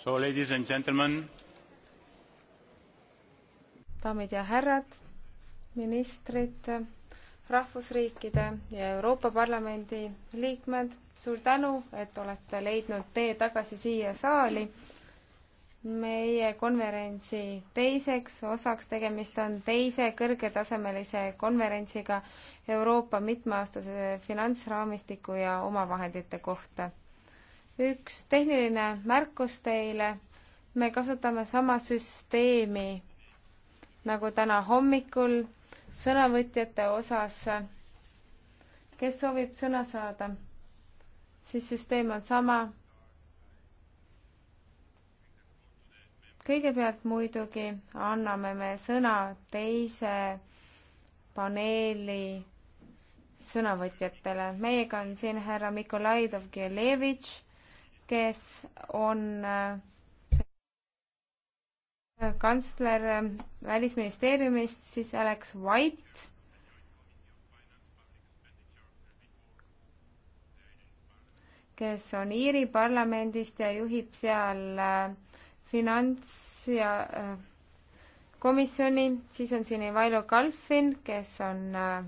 So ladies and gentlemen. daamid ja härrad, ministrid, rahvusriikide ja Euroopa Parlamendi liikmed, suur tänu, et olete leidnud tee tagasi siia saali meie konverentsi teiseks osaks, tegemist on teise kõrgetasemelise konverentsiga Euroopa mitmeaastase finantsraamistiku ja omavahendite kohta üks tehniline märkus teile. me kasutame sama süsteemi nagu täna hommikul sõnavõtjate osas. kes soovib sõna saada, siis süsteem on sama. kõigepealt muidugi anname me sõna teise paneeli sõnavõtjatele. meiega on siin härra Mikolai Dovgilevitš kes on äh, kantsler äh, Välisministeeriumist, siis Alex White. kes on Iiri parlamendist ja juhib seal äh, finants ja komisjoni, siis on siin Ivailo Kalfin, kes on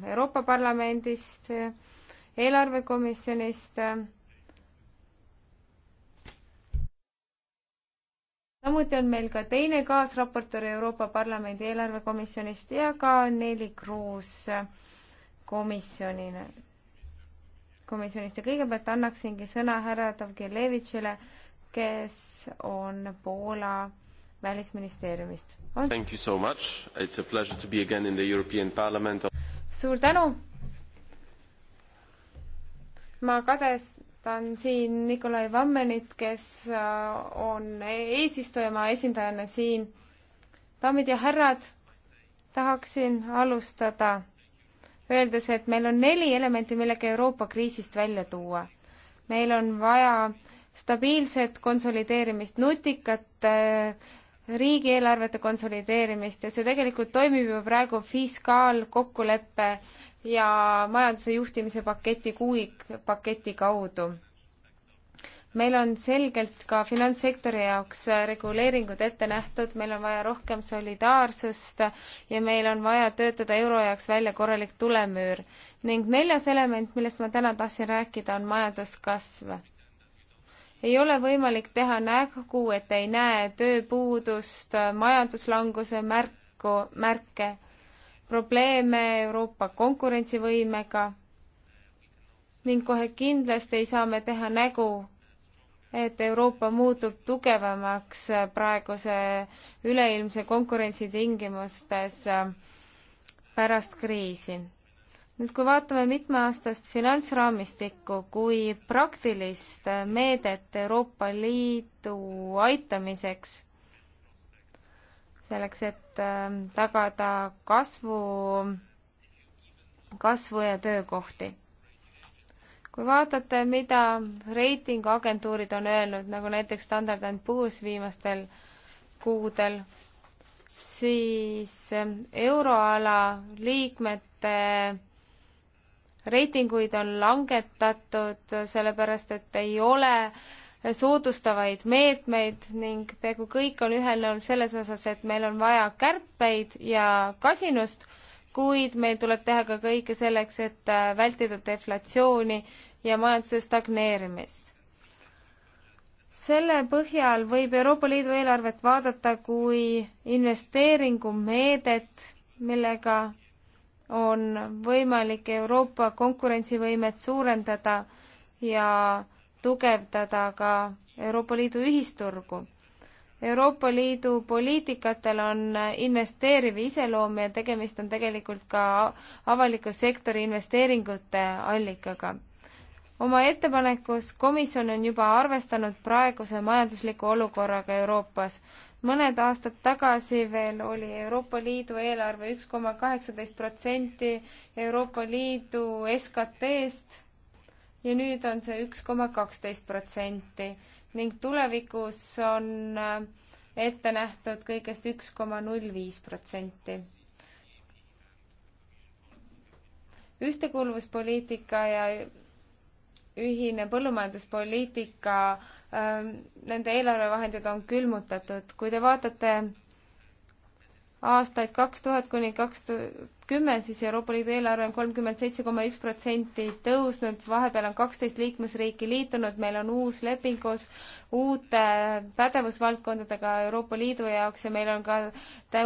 Euroopa Parlamendist, eelarvekomisjonist samuti on meil ka teine kaasraportöör Euroopa Parlamendi eelarvekomisjonist ja ka Neeli Kruus komisjonina, komisjonist ja kõigepealt annaksingi sõna härra Dovgilevitšile, kes on Poola välisministeeriumist. Thank you so much, it's a pleasure to be again in the European Parliament. suur tänu! ma kades, ta on siin Nikolai Vammenit, kes äh, on eesistujamaa esindajana siin. daamid ja härrad, tahaksin alustada öeldes, et meil on neli elementi, millega Euroopa kriisist välja tuua. meil on vaja stabiilset konsolideerimist, nutikat äh, riigieelarvete konsolideerimist ja see tegelikult toimib ju praegu fiskaalkokkuleppe ja majanduse juhtimise paketi kuuik paketi kaudu. meil on selgelt ka finantssektori jaoks reguleeringud ette nähtud, meil on vaja rohkem solidaarsust ja meil on vaja töötada euro jaoks välja korralik tulemüür. ning neljas element, millest ma täna tahtsin rääkida, on majanduskasv ei ole võimalik teha nägu, et ei näe tööpuudust, majanduslanguse märku, märke probleeme Euroopa konkurentsivõimega ning kohe kindlasti ei saa me teha nägu, et Euroopa muutub tugevamaks praeguse üleilmse konkurentsi tingimustes pärast kriisi. nüüd, kui vaatame mitmeaastast finantsraamistikku kui praktilist meedet Euroopa Liidu aitamiseks selleks, et ähm, tagada kasvu, kasvu ja töökohti. kui vaatate, mida reitinguagentuurid on öelnud, nagu näiteks Standard and Poor's viimastel kuudel, siis ähm, euroala liikmete reitinguid on langetatud, sellepärast et ei ole äh, soodustavaid meetmeid ning peaaegu kõik on ühel nõul selles osas, et meil on vaja kärpeid ja kasinust, kuid meil tuleb teha ka kõike selleks, et äh, vältida deflatsiooni ja majanduse stagneerimist. selle põhjal võib Euroopa Liidu eelarvet vaadata kui investeeringumeedet, millega on võimalik Euroopa konkurentsivõimet suurendada ja tugevdada ka Euroopa Liidu ühisturgu. Euroopa Liidu poliitikatel on investeeriv iseloom ja tegemist on tegelikult ka avaliku sektori investeeringute allikaga. oma ettepanekus komisjon on juba arvestanud praeguse majandusliku olukorraga Euroopas mõned aastad tagasi veel oli Euroopa Liidu eelarve üks koma kaheksateist protsenti Euroopa Liidu SKT-st ja nüüd on see üks koma kaksteist protsenti ning tulevikus on äh, ette nähtud kõigest üks koma null viis protsenti. ühtekuuluvuspoliitika ja ühine põllumajanduspoliitika, ähm, nende eelarvevahendid on külmutatud. kui te vaatate aastaid kaks tuhat kuni kaks tuhat kümme, siis Euroopa Liidu eelarve on kolmkümmend seitse koma üks protsenti tõusnud, vahepeal on kaksteist liikmesriiki liitunud, meil on uus leping koos uute pädevusvaldkondadega Euroopa Liidu jaoks ja meil on ka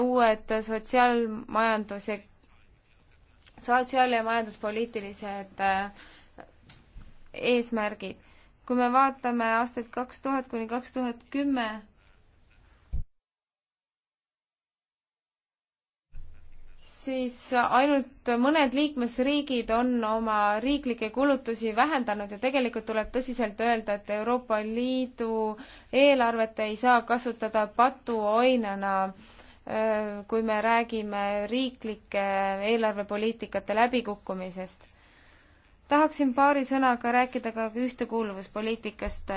uued sotsiaalmajandus ja sotsiaal- ja majanduspoliitilised äh, eesmärgid. kui me vaatame aastaid kaks tuhat kuni kaks tuhat kümme, siis ainult mõned liikmesriigid on oma riiklikke kulutusi vähendanud ja tegelikult tuleb tõsiselt öelda, et Euroopa Liidu eelarvet ei saa kasutada patuoinena, kui me räägime riiklike eelarvepoliitikate läbikukkumisest. tahaksin paari sõnaga rääkida ka ühtekuuluvuspoliitikast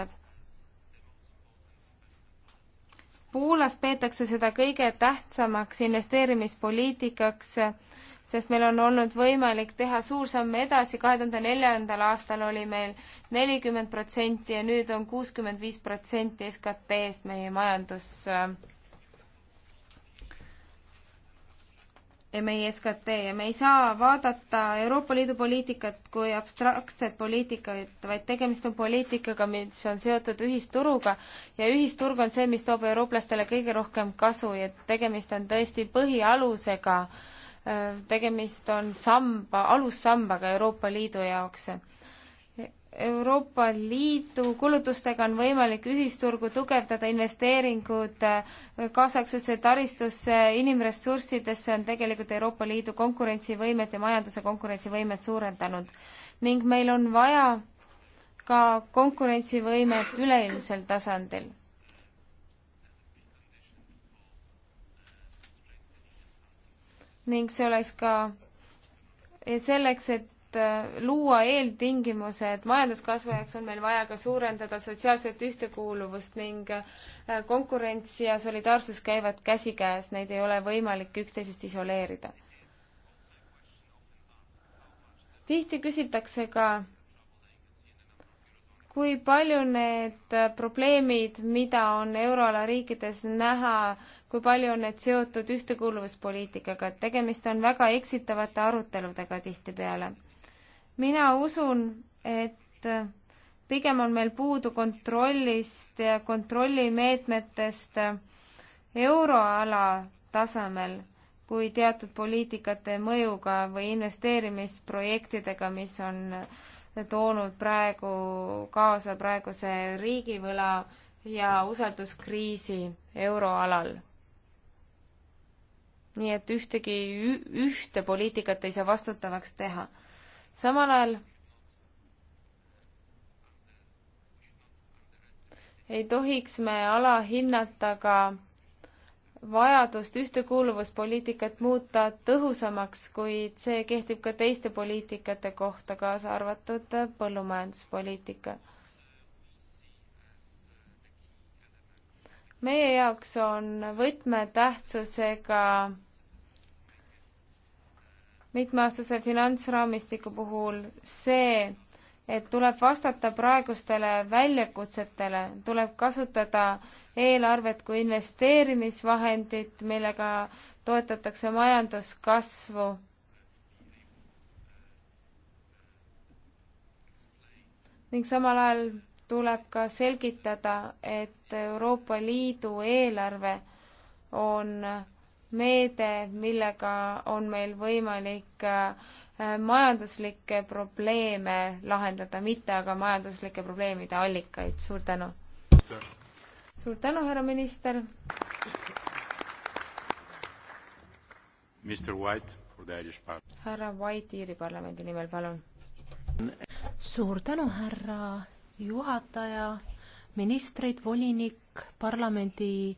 Poolas peetakse seda kõige tähtsamaks investeerimispoliitikaks, sest meil on olnud võimalik teha suur samm edasi, kahe tuhande neljandal aastal oli meil nelikümmend protsenti ja nüüd on kuuskümmend viis protsenti SKT-st meie majandus äh, meie SKT ja me ei saa vaadata Euroopa Liidu poliitikat kui abstraktset poliitikat, vaid tegemist on poliitikaga, mis on seotud ühisturuga ja ühisturg on see, mis toob eurooplastele kõige rohkem kasu ja tegemist on tõesti põhialusega, tegemist on samba, alussambaga Euroopa Liidu jaoks Euroopa Liidu kulutustega on võimalik ühisturgu tugevdada, investeeringud äh, kaasaegsesse taristusse, inimressurssidesse on tegelikult Euroopa Liidu konkurentsivõimet ja majanduse konkurentsivõimet suurendanud. ning meil on vaja ka konkurentsivõimet üleilmsel tasandil. ning see oleks ka selleks, et et äh, luua eeltingimused majanduskasvu jaoks, on meil vaja ka suurendada sotsiaalset ühtekuuluvust ning äh, konkurents ja solidaarsus käivad käsikäes, neid ei ole võimalik üksteisest isoleerida. tihti küsitakse ka, kui palju need äh, probleemid, mida on euroala riikides näha, kui palju on need seotud ühtekuuluvuspoliitikaga, et tegemist on väga eksitavate aruteludega tihtipeale mina usun, et pigem on meil puudu kontrollist ja kontrollimeetmetest euroala tasemel kui teatud poliitikate mõjuga või investeerimisprojektidega, mis on toonud praegu kaasa praeguse riigivõla ja usalduskriisi euroalal. nii et ühtegi, ühte poliitikat ei saa vastutavaks teha samal ajal ei tohiks me alahinnata ka vajadust ühtekuuluvuspoliitikat muuta tõhusamaks, kuid see kehtib ka teiste poliitikate kohta, kaasa arvatud põllumajanduspoliitika. meie jaoks on võtmetähtsusega mitmeaastase finantsraamistiku puhul see, et tuleb vastata praegustele väljakutsetele, tuleb kasutada eelarvet kui investeerimisvahendit, millega toetatakse majanduskasvu. ning samal ajal tuleb ka selgitada, et Euroopa Liidu eelarve on meede, millega on meil võimalik äh, majanduslikke probleeme lahendada, mitte aga majanduslike probleemide allikaid. suur tänu! suur tänu, härra minister! härra White Iiri parlamendi nimel, palun! suur tänu, härra juhataja, ministrid, volinik, parlamendi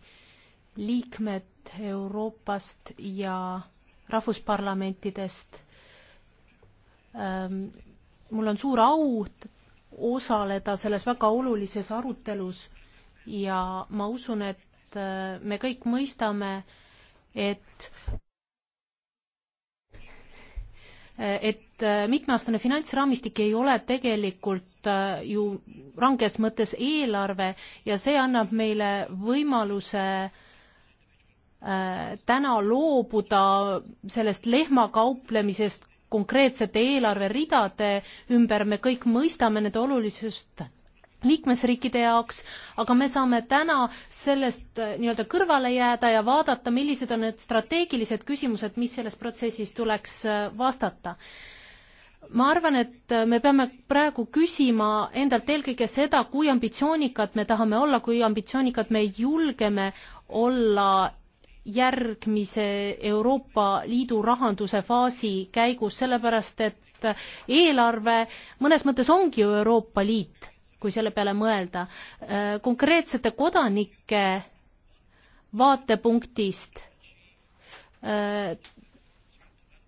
liikmed, Euroopast ja rahvusparlamentidest. Ähm, mul on suur au osaleda selles väga olulises arutelus ja ma usun, et äh, me kõik mõistame, et et äh, mitmeaastane finantsraamistik ei ole tegelikult äh, ju ranges mõttes eelarve ja see annab meile võimaluse äh, Äh, täna loobuda sellest lehmakauplemisest konkreetsete eelarveridade ümber, me kõik mõistame nende olulisust liikmesriikide jaoks, aga me saame täna sellest äh, nii-öelda kõrvale jääda ja vaadata, millised on need strateegilised küsimused, mis selles protsessis tuleks äh, vastata. ma arvan, et me peame praegu küsima endalt eelkõige seda, kui ambitsioonikad me tahame olla, kui ambitsioonikad me julgeme olla järgmise Euroopa Liidu rahanduse faasi käigus, sellepärast et eelarve mõnes mõttes ongi ju Euroopa Liit, kui selle peale mõelda. Äh, konkreetsete kodanike vaatepunktist äh,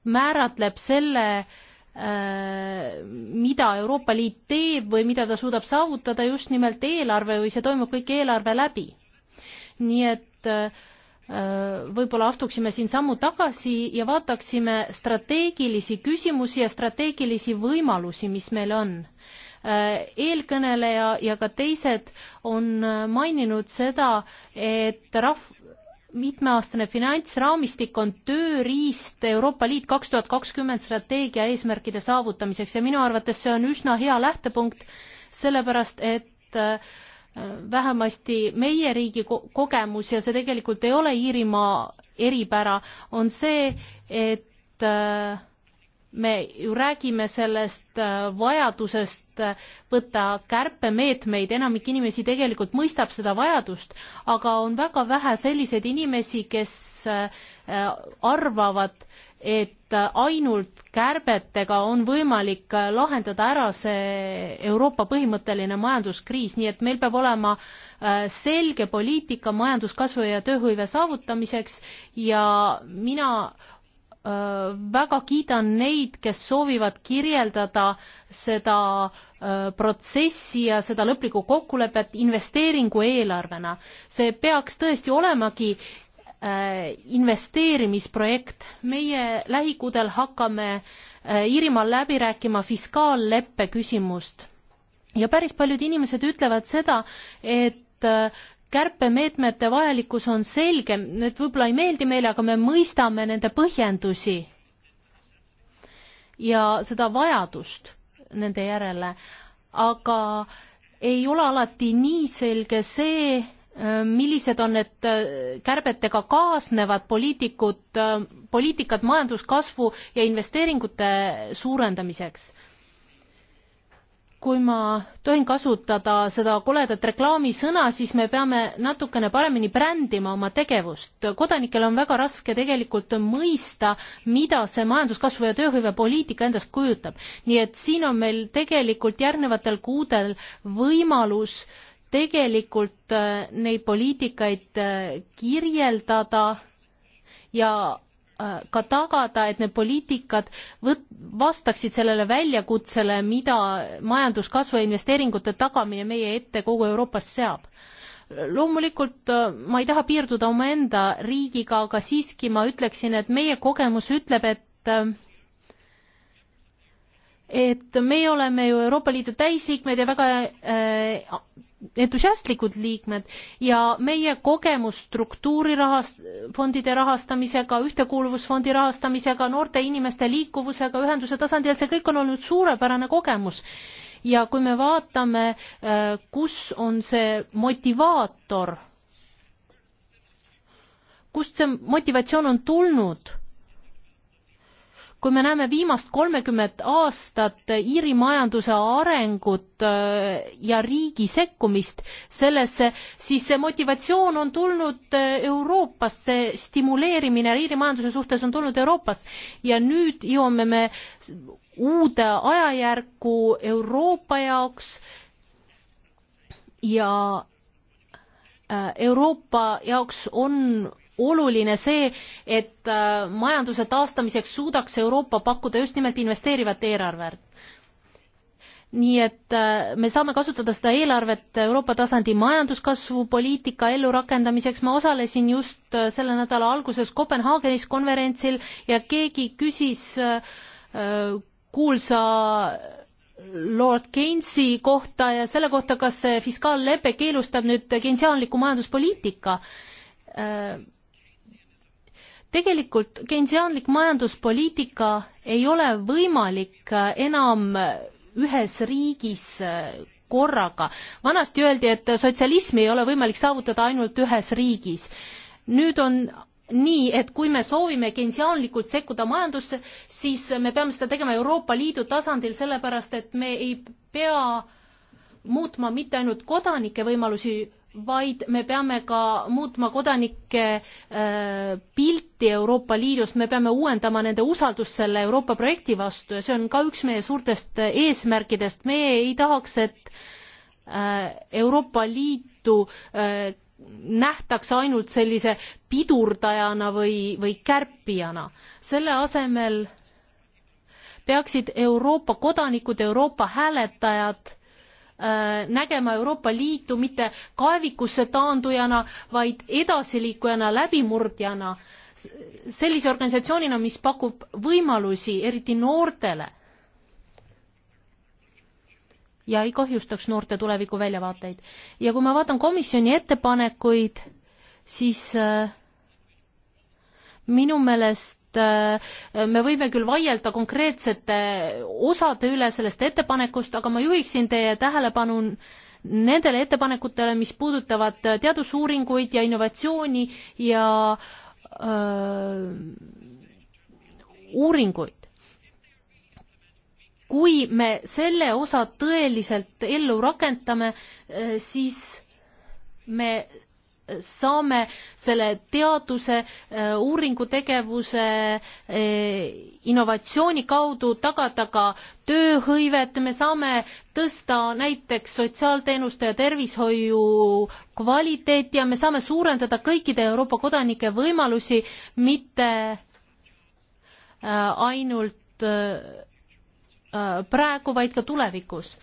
määratleb selle, äh, mida Euroopa Liit teeb või mida ta suudab saavutada just nimelt eelarve või see toimub kõik eelarve läbi. nii et äh, võib-olla astuksime siin sammu tagasi ja vaataksime strateegilisi küsimusi ja strateegilisi võimalusi, mis meil on. Äh, eelkõneleja ja ka teised on äh, maininud seda, et rahv-, mitmeaastane finantsraamistik on tööriist Euroopa Liit kaks tuhat kakskümmend strateegia eesmärkide saavutamiseks ja minu arvates see on üsna hea lähtepunkt, sellepärast et äh, vähemasti meie riigi ko kogemus ja see tegelikult ei ole Iirimaa eripära, on see, et äh, me ju räägime sellest äh, vajadusest äh, võtta kärpemeetmeid, enamik inimesi tegelikult mõistab seda vajadust, aga on väga vähe selliseid inimesi, kes arvavad, et ainult kärbetega on võimalik lahendada ära see Euroopa põhimõtteline majanduskriis, nii et meil peab olema äh, selge poliitika majanduskasvu ja tööhõive saavutamiseks ja mina äh, väga kiidan neid, kes soovivad kirjeldada seda äh, protsessi ja seda lõplikku kokkulepet investeeringu eelarvena. see peaks tõesti olemagi Äh, investeerimisprojekt. meie lähikuudel hakkame äh, Iirimaal läbi rääkima fiskaalleppe küsimust ja päris paljud inimesed ütlevad seda, et äh, kärpemeetmete vajalikkus on selge, need võib-olla ei meeldi meile, aga me mõistame nende põhjendusi ja seda vajadust nende järele, aga ei ole alati nii selge see, Äh, millised on need äh, kärbetega kaasnevad poliitikud, äh, poliitikad majanduskasvu ja investeeringute suurendamiseks? kui ma tohin kasutada seda koledat reklaamisõna, siis me peame natukene paremini brändima oma tegevust. kodanikel on väga raske tegelikult mõista, mida see majanduskasvu ja tööhõivepoliitika endast kujutab. nii et siin on meil tegelikult järgnevatel kuudel võimalus äh, tegelikult äh, neid poliitikaid äh, kirjeldada ja äh, ka tagada, et need poliitikad võt-, vastaksid sellele väljakutsele, mida majanduskasvu ja investeeringute tagamine meie ette kogu Euroopas seab. loomulikult ma ei taha piirduda omaenda riigiga, aga siiski ma ütleksin, et meie kogemus ütleb, et et meie oleme ju Euroopa Liidu täisliikmed ja väga äh, entusiastlikud liikmed ja meie kogemus struktuurirahast, fondide rahastamisega, ühtekuuluvusfondi rahastamisega, noorte inimeste liikuvusega ühenduse tasandil, see kõik on olnud suurepärane kogemus. ja kui me vaatame äh,, kus on see motivaator, kust see motivatsioon on tulnud kui me näeme viimast kolmekümmet aastat Iiri majanduse arengut äh, ja riigi sekkumist sellesse, siis see motivatsioon on tulnud äh, Euroopast, see stimuleerimine Iiri majanduse suhtes on tulnud Euroopast ja nüüd jõuame me uude ajajärku Euroopa jaoks ja äh, Euroopa jaoks on oluline see, et äh, majanduse taastamiseks suudaks Euroopa pakkuda just nimelt investeerivat eelarvet. nii et äh, me saame kasutada seda eelarvet Euroopa tasandi majanduskasvu poliitika ellurakendamiseks, ma osalesin just äh, selle nädala alguses Kopenhaagenis konverentsil ja keegi küsis kuulsa Lord Keinsi kohta ja selle kohta, kas see fiskaallepe keelustab nüüd keinsiaanliku majanduspoliitika tegelikult keynesiaanlik majanduspoliitika ei ole võimalik äh, enam äh, ühes riigis äh, korraga. vanasti öeldi, et sotsialismi ei ole võimalik saavutada ainult ühes riigis. nüüd on nii, et kui me soovime keynesiaanlikult sekkuda majandusse, siis me peame seda tegema Euroopa Liidu tasandil, sellepärast et me ei pea muutma mitte ainult kodanike võimalusi, vaid me peame ka muutma kodanike äh, pilti Euroopa Liidust, me peame uuendama nende usaldust selle Euroopa projekti vastu ja see on ka üks meie suurtest äh, eesmärkidest, meie ei tahaks, et äh, Euroopa Liitu nähtakse ainult sellise pidurdajana või, või kärpijana. selle asemel peaksid Euroopa kodanikud, Euroopa hääletajad Äh, nägema Euroopa Liitu mitte kaevikusse taandujana, vaid edasiliikujana, läbimurdjana, sellise organisatsioonina, mis pakub võimalusi eriti noortele ja ei kahjustaks noorte tuleviku väljavaateid. ja kui ma vaatan komisjoni ettepanekuid, siis äh, minu meelest et äh, me võime küll vaielda konkreetsete osade üle sellest ettepanekust, aga ma juhiksin teie tähelepanu nendele ettepanekutele, mis puudutavad teadusuuringuid ja innovatsiooni ja öö, äh, uuringuid. kui me selle osa tõeliselt ellu rakendame, äh, siis me saame selle teaduse, äh, uuringutegevuse, äh, innovatsiooni kaudu tagada ka tööhõivet, me saame tõsta näiteks sotsiaalteenuste ja tervishoiu kvaliteeti ja me saame suurendada kõikide Euroopa kodanike võimalusi, mitte äh, ainult praegu, vaid ka tulevikus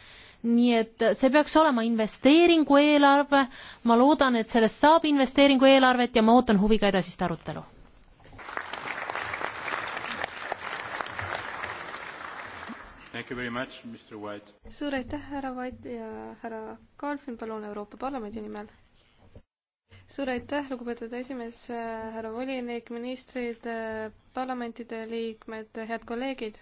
nii et see peaks olema investeeringu eelarve, ma loodan, et sellest saab investeeringu eelarvet ja ma ootan huviga edasist arutelu. suur aitäh, härra White ja härra Kalvin, palun Euroopa Parlamendi nimel. suur aitäh, lugupeetud esimees, härra volinik, ministrid, parlamentide liikmed, head kolleegid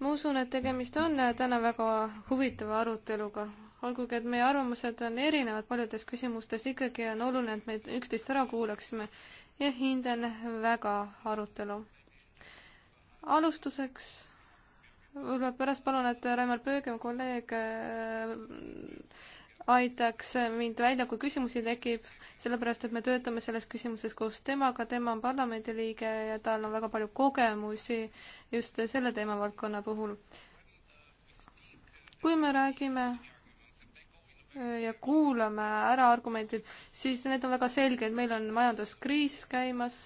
ma usun, et tegemist on äh, täna väga huvitava aruteluga, olgugi et meie arvamused on erinevad paljudes küsimustes, ikkagi on oluline, et me üksteist ära kuulaksime ja hindan väga arutelu. alustuseks võib-olla pärast palun, et Raimar Pööge, mu kolleeg, äh, aitaks mind välja, kui küsimusi tekib sellepärast et me töötame selles küsimuses koos temaga, tema on parlamendiliige ja tal on väga palju kogemusi just selle teemavaldkonna puhul. kui me räägime äh, ja kuulame ära argumendid, siis need on väga selged, meil on majanduskriis käimas,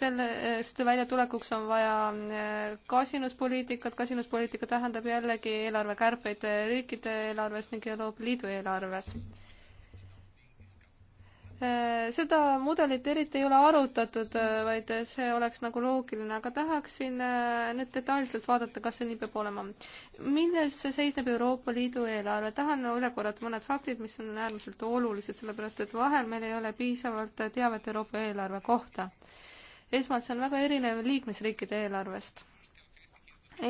sellest väljatulekuks on vaja äh, kasinuspoliitikat, kasinuspoliitika tähendab jällegi eelarvekärpeid riikide eelarves ning Euroopa Liidu eelarves. Äh, seda mudelit eriti ei ole arutatud, äh, vaid see oleks nagu loogiline, aga tahaksin äh, nüüd detailselt vaadata, kas see nii peab olema. milles seisneb Euroopa Liidu eelarve? tahan üle korrata mõned faktid, mis on äärmiselt olulised, sellepärast et vahel meil ei ole piisavalt teavet Euroopa eelarve kohta. esmalt, see on väga erinev liikmesriikide eelarvest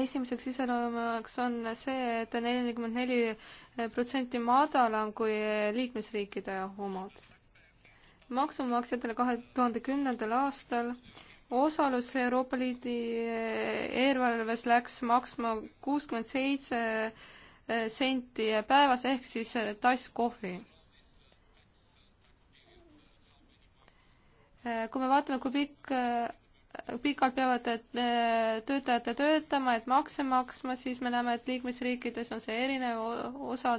esimeseks iseloomuks on see et, et nelikümmend neli protsenti madalam kui liikmesriikide omad maksumaksjatele kahe tuhande kümnendal aastal osalus Euroopa Liidu eh, eelarves läks maksma kuuskümmend seitse eh, senti päevas ehk siis eh, tass kohvi. kui me vaatame, kui pikk, pikalt peavad töötajad töötama, et makse maksma, siis me näeme, et liikmesriikides on see erinev osa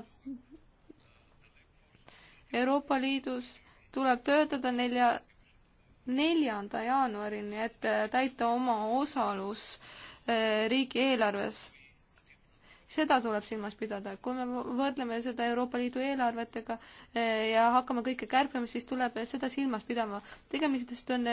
Euroopa Liidus tuleb töötada nelja, neljanda jaanuarini, et äh, täita oma osalus äh, riigieelarves. seda tuleb silmas pidada, kui me võrdleme seda Euroopa Liidu eelarvetega äh, ja hakkame kõike kärpima, siis tuleb seda silmas pidama. tegemistest on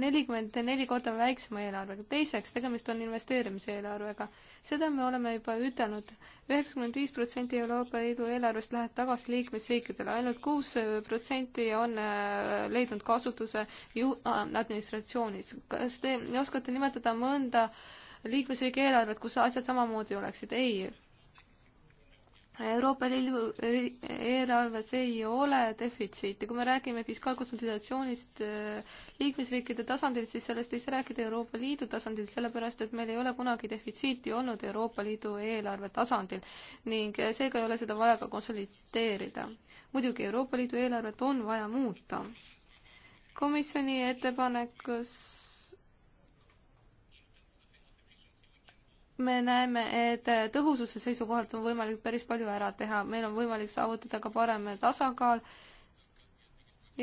nelikümmend neli korda väiksema eelarvega. teiseks, tegemist on investeerimise eelarvega. seda me oleme juba ütelnud. üheksakümmend viis protsenti Euroopa Liidu eelarvest läheb tagasi liikmesriikidele ainult, ainult kuus protsenti on äh, leidnud kasutuse ju-, äh, administratsioonis. kas te oskate nimetada mõnda liikmesriigi eelarvet, kus asjad samamoodi oleksid? ei Euroopa Liidu eelarves ei ole defitsiiti, kui me räägime fiskaalkonsultatsioonist äh, liikmesriikide tasandil, siis sellest ei saa rääkida Euroopa Liidu tasandil, sellepärast et meil ei ole kunagi defitsiiti olnud Euroopa Liidu eelarve tasandil ning äh, seega ei ole seda vaja ka konsolideerida. muidugi Euroopa Liidu eelarvet on vaja muuta. komisjoni ettepanekus me näeme, et tõhususe seisukohalt on võimalik päris palju ära teha, meil on võimalik saavutada ka parem tasakaal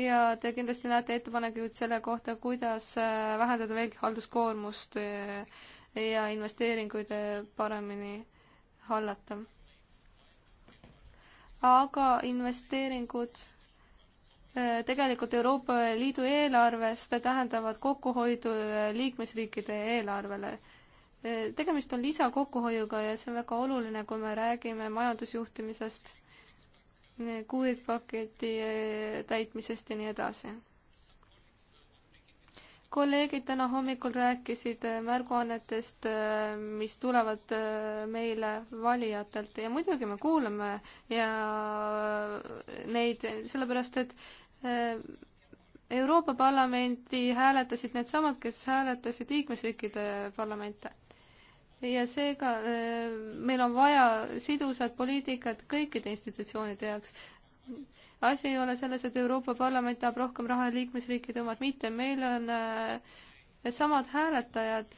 ja te kindlasti näete ettepanekuid selle kohta, kuidas äh, vähendada veelgi halduskoormust äh, ja investeeringuid äh, paremini hallata. aga investeeringud tegelikult Euroopa Liidu eelarvest tähendavad kokkuhoidu liikmesriikide eelarvele tegemist on lisakokkuhoiuga ja see on väga oluline, kui me räägime majandusjuhtimisest, kuuikpaketi eh, täitmisest ja nii edasi. kolleegid täna hommikul rääkisid eh, märguannetest, eh, mis tulevad meile valijatelt ja muidugi me kuulame ja neid, sellepärast et Euroopa Parlamenti hääletasid needsamad, kes hääletasid liikmesriikide parlamente ja seega äh, meil on vaja sidusat poliitikat kõikide institutsioonide jaoks. asi ei ole selles, et Euroopa Parlament tahab rohkem raha liikmesriikide omad, mitte, meil on äh, samad hääletajad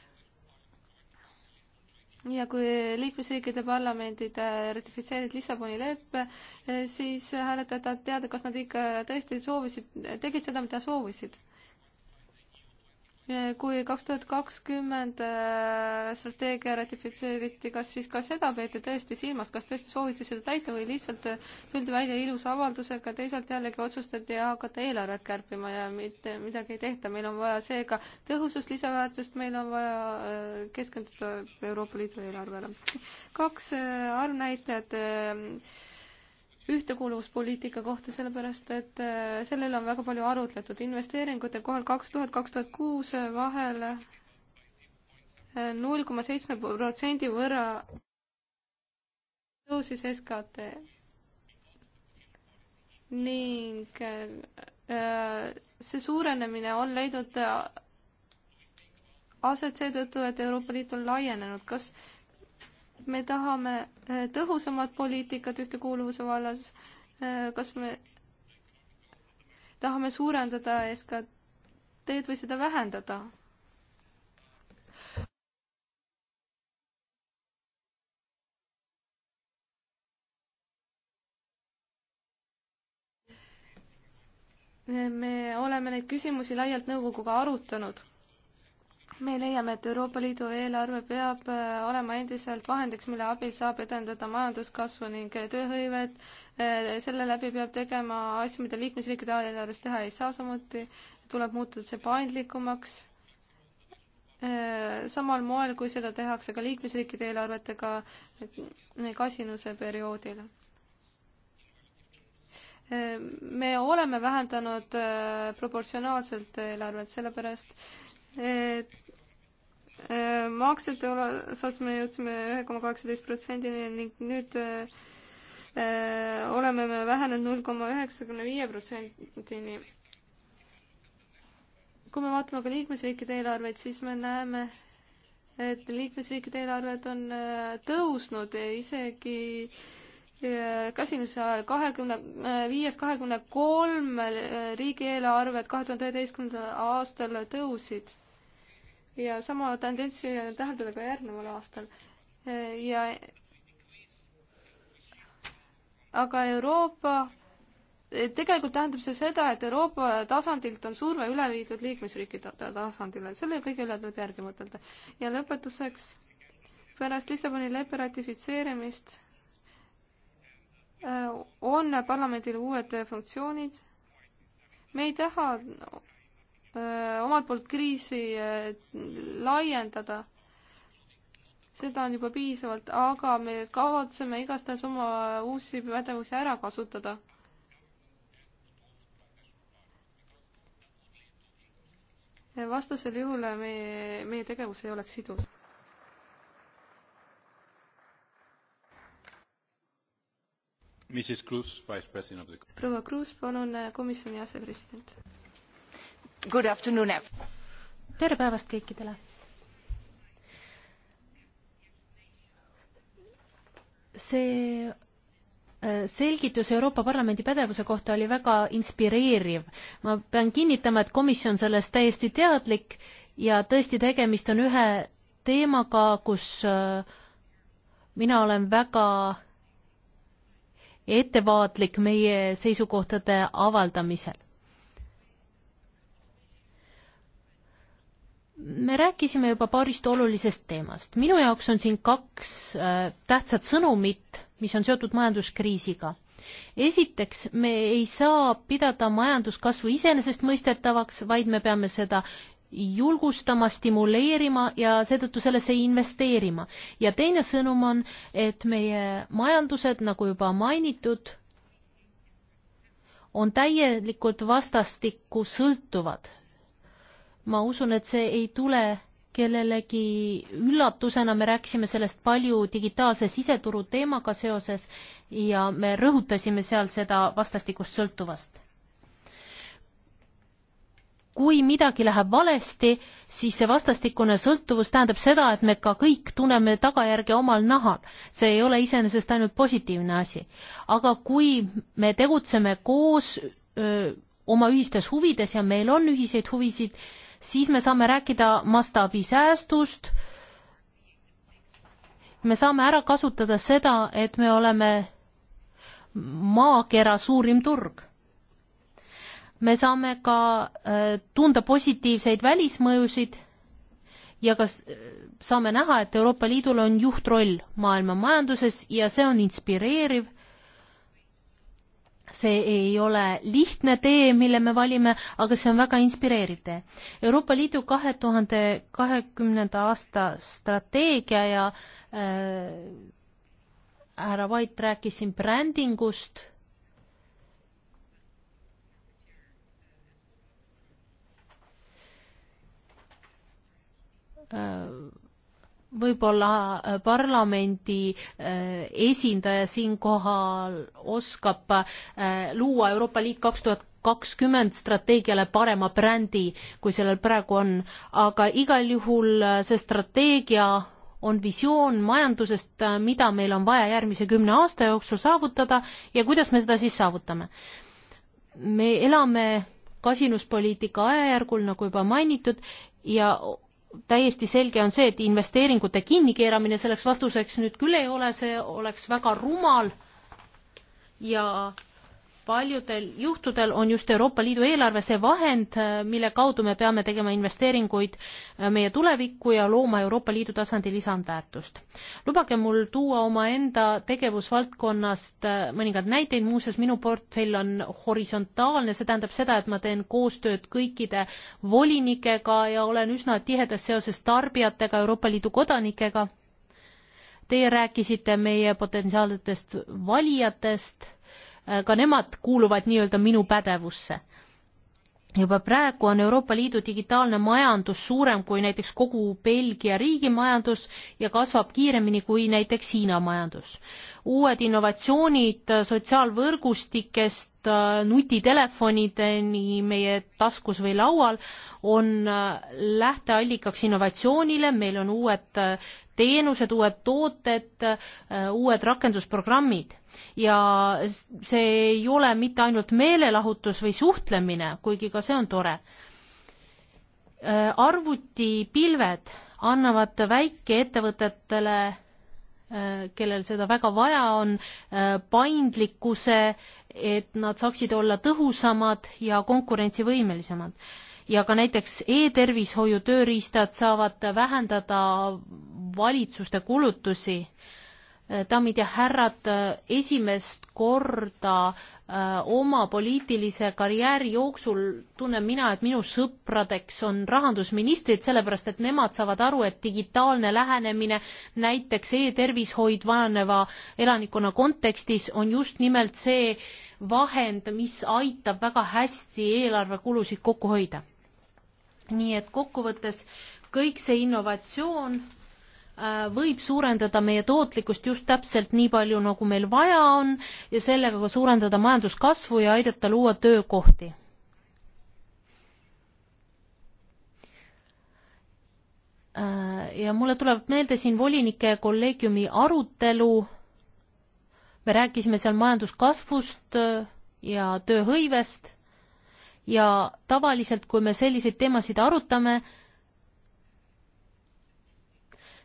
ja kui liikmesriikide parlamendid äh, ratifitseerivad Lissaboni leppe, siis hääletajad tahavad teada, kas nad ikka tõesti soovisid, tegid seda, mida soovisid kui kaks tuhat kakskümmend äh, strateegia ratifitseeriti, kas siis ka seda peeti tõesti silmas, kas tõesti sooviti seda täita või lihtsalt äh, tuldi välja ilusa avaldusega, teisalt jällegi otsustati hakata eelarvet kärpima ja mitte midagi ei tehta, meil on vaja seega tõhusust, lisaväärtust, meil on vaja äh, keskenduda Euroopa Liidu eelarvele. kaks arvnäitajat ühtekuuluvuspoliitika kohta, sellepärast et äh, selle üle on väga palju arutletud. investeeringute kohal kaks tuhat, kaks tuhat kuus äh, vahel äh, null koma seitsme protsendi võrra tõusis SKT ning see suurenemine on leidnud aset seetõttu, et Euroopa Liit on laienenud. kas me tahame eh, tõhusamat poliitikat ühtekuuluvuse vallas, eh, kas me tahame suurendada SKT-d või seda vähendada? Eh, me oleme neid küsimusi laialt nõukoguga arutanud me leiame, et Euroopa Liidu eelarve peab äh, olema endiselt vahendiks, mille abil saab edendada majanduskasvu ning äh, tööhõivet. Äh, selle läbi peab tegema asju, mida liikmesriikide eelarves teha ei saa, samuti tuleb muuta see paindlikumaks. samal moel, kui seda tehakse ka liikmesriikide eelarvetega kasinuse perioodil me oleme vähendanud proportsionaalselt eelarvet, sellepärast et Äh, maksete osas me jõudsime ühe koma kaheksateist protsendini ning nüüd äh, oleme me vähenenud null koma üheksakümne viie protsendini. kui me vaatame ka liikmesriikide eelarveid, siis me näeme, et liikmesriikide eelarved on äh, tõusnud isegi käsinduse ajal kahekümne viies, kahekümne kolmel riigieelarved kahe tuhande üheteistkümnendal aastal tõusid ja sama tendentsi täheldada ka järgneval aastal. ja aga Euroopa, tegelikult tähendab see seda, et Euroopa tasandilt on surve üle viidud liikmesriikide tasandile, selle kõige üle tuleb järgi mõtelda. ja lõpetuseks, pärast Lissaboni leppe ratifitseerimist äh, on parlamendil uued funktsioonid. me ei taha Äh, omalt poolt kriisi äh, laiendada. seda on juba piisavalt, aga me kavatseme igastahes oma uusi pädevusi ära kasutada. vastasel juhul meie, meie tegevus ei oleks sidus. proua Kruus, palun äh, komisjoni asepresident. Good afternoon. tere päevast kõikidele. see äh, selgitus Euroopa Parlamendi pädevuse kohta oli väga inspireeriv. ma pean kinnitama, et komisjon sellest täiesti teadlik ja tõesti, tegemist on ühe teemaga, kus äh, mina olen väga ettevaatlik meie seisukohtade avaldamisel me rääkisime juba paarist olulisest teemast. minu jaoks on siin kaks äh, tähtsat sõnumit, mis on seotud majanduskriisiga. esiteks, me ei saa pidada majanduskasvu iseenesestmõistetavaks, vaid me peame seda julgustama, stimuleerima ja seetõttu sellesse investeerima. ja teine sõnum on, et meie majandused, nagu juba mainitud, on täielikult vastastikku sõltuvad ma usun, et see ei tule kellelegi üllatusena, me rääkisime sellest palju digitaalse siseturu teemaga seoses ja me rõhutasime seal seda vastastikust sõltuvast. kui midagi läheb valesti, siis see vastastikune sõltuvus tähendab seda, et me ka kõik tunneme tagajärge omal nahal. see ei ole iseenesest ainult positiivne asi. aga kui me tegutseme koos öö, oma ühistes huvides ja meil on ühiseid huvisid, siis me saame rääkida mastaabisäästust, me saame ära kasutada seda, et me oleme maakera suurim turg. me saame ka äh, tunda positiivseid välismõjusid ja kas saame näha, et Euroopa Liidul on juhtroll maailma majanduses ja see on inspireeriv see ei ole lihtne tee, mille me valime, aga see on väga inspireeriv tee. Euroopa Liidu kahe tuhande kahekümnenda aasta strateegia ja äh, härra Vait rääkis siin brändingust. Äh, võib-olla äh, parlamendi äh, esindaja siinkohal oskab äh, luua Euroopa Liit kaks tuhat kakskümmend strateegiale parema brändi, kui sellel praegu on, aga igal juhul see strateegia on visioon majandusest, mida meil on vaja järgmise kümne aasta jooksul saavutada ja kuidas me seda siis saavutame. me elame kasinuspoliitika ajajärgul, nagu juba mainitud, ja täiesti selge on see, et investeeringute kinnikeeramine selleks vastuseks nüüd küll ei ole, see oleks väga rumal ja paljudel juhtudel on just Euroopa Liidu eelarve see vahend, äh, mille kaudu me peame tegema investeeringuid äh, meie tulevikku ja looma Euroopa Liidu tasandil lisandväärtust. lubage mul tuua omaenda tegevusvaldkonnast äh, mõningad näiteid, muuseas minu portfell on horisontaalne, see tähendab seda, et ma teen koostööd kõikide volinikega ja olen üsna tihedas seoses tarbijatega, Euroopa Liidu kodanikega. Teie rääkisite meie potentsiaalsetest valijatest Äh, ka nemad kuuluvad nii-öelda minu pädevusse. juba praegu on Euroopa Liidu digitaalne majandus suurem kui näiteks kogu Belgia riigi majandus ja kasvab kiiremini kui näiteks Hiina majandus. uued innovatsioonid sotsiaalvõrgustikest äh, nutitelefonideni meie taskus või laual on äh, lähteallikaks innovatsioonile, meil on uued teenused, uued tooted, uued rakendusprogrammid. ja see ei ole mitte ainult meelelahutus või suhtlemine, kuigi ka see on tore. Äh, arvutipilved annavad väikeettevõtetele äh, kellel seda väga vaja on, äh, paindlikkuse, et nad saaksid olla tõhusamad ja konkurentsivõimelisemad. ja ka näiteks e-tervishoiu tööriistad saavad vähendada valitsuste kulutusi. daamid ja härrad, esimest korda äh, oma poliitilise karjääri jooksul tunnen mina, et minu sõpradeks on rahandusministrid, sellepärast et nemad saavad aru, et digitaalne lähenemine näiteks e-tervishoid vananeva elanikkonna kontekstis on just nimelt see vahend, mis aitab väga hästi eelarvekulusid kokku hoida. nii et kokkuvõttes kõik see innovatsioon Äh, võib suurendada meie tootlikkust just täpselt nii palju, nagu meil vaja on ja sellega ka suurendada majanduskasvu ja aidata luua töökohti. Äh, ja mulle tuleb meelde siin volinike kolleegiumi arutelu, me rääkisime seal majanduskasvust äh, ja tööhõivest ja tavaliselt, kui me selliseid teemasid arutame,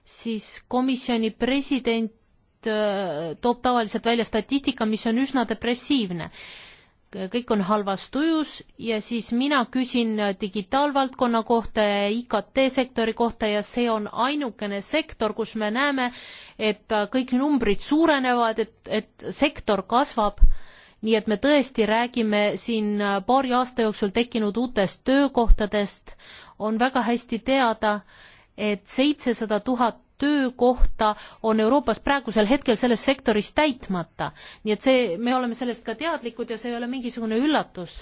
siis komisjoni president äh, toob tavaliselt välja statistika, mis on üsna depressiivne. kõik on halvas tujus ja siis mina küsin digitaalvaldkonna kohta ja IKT sektori kohta ja see on ainukene sektor, kus me näeme, et kõik numbrid suurenevad, et, et sektor kasvab nii et me tõesti räägime siin paari aasta jooksul tekkinud uutest töökohtadest, on väga hästi teada, et seitsesada tuhat töökohta on Euroopas praegusel hetkel selles sektoris täitmata. nii et see, me oleme sellest ka teadlikud ja see ei ole mingisugune üllatus.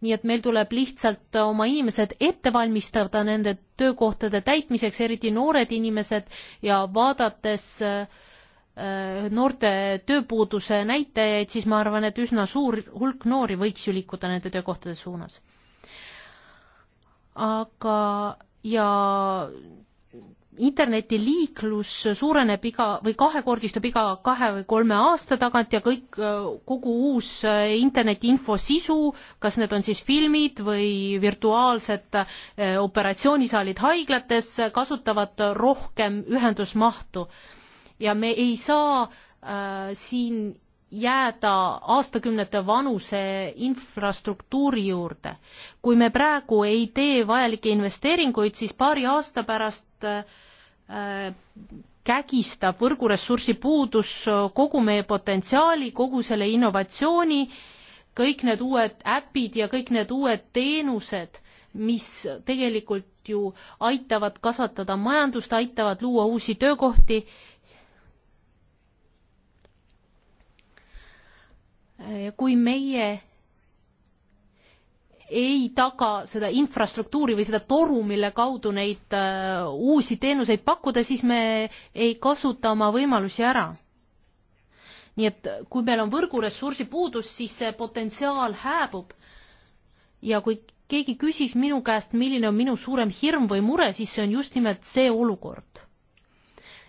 nii et meil tuleb lihtsalt oma inimesed ette valmistada nende töökohtade täitmiseks, eriti noored inimesed ja vaadates äh, noorte tööpuuduse näitajaid, siis ma arvan, et üsna suur hulk noori võiks ju liikuda nende töökohtade suunas aga, ja internetiliiklus suureneb iga või kahekordistub iga kahe või kolme aasta tagant ja kõik, kogu uus eh, interneti infosisu, kas need on siis filmid või virtuaalsed eh, operatsioonisaalid haiglates, kasutavad rohkem ühendusmahtu. ja me ei saa äh, siin jääda aastakümnete vanuse infrastruktuuri juurde. kui me praegu ei tee vajalikke investeeringuid, siis paari aasta pärast äh, kägistab võrguressursi puudus kogu meie potentsiaali, kogu selle innovatsiooni, kõik need uued äpid ja kõik need uued teenused, mis tegelikult ju aitavad kasvatada majandust, aitavad luua uusi töökohti Äh, kui meie ei taga seda infrastruktuuri või seda toru, mille kaudu neid äh, uusi teenuseid pakkuda, siis me ei kasuta oma võimalusi ära. nii et kui meil on võrguressursi puudus, siis see potentsiaal hääbub. ja kui keegi küsiks minu käest, milline on minu suurem hirm või mure, siis see on just nimelt see olukord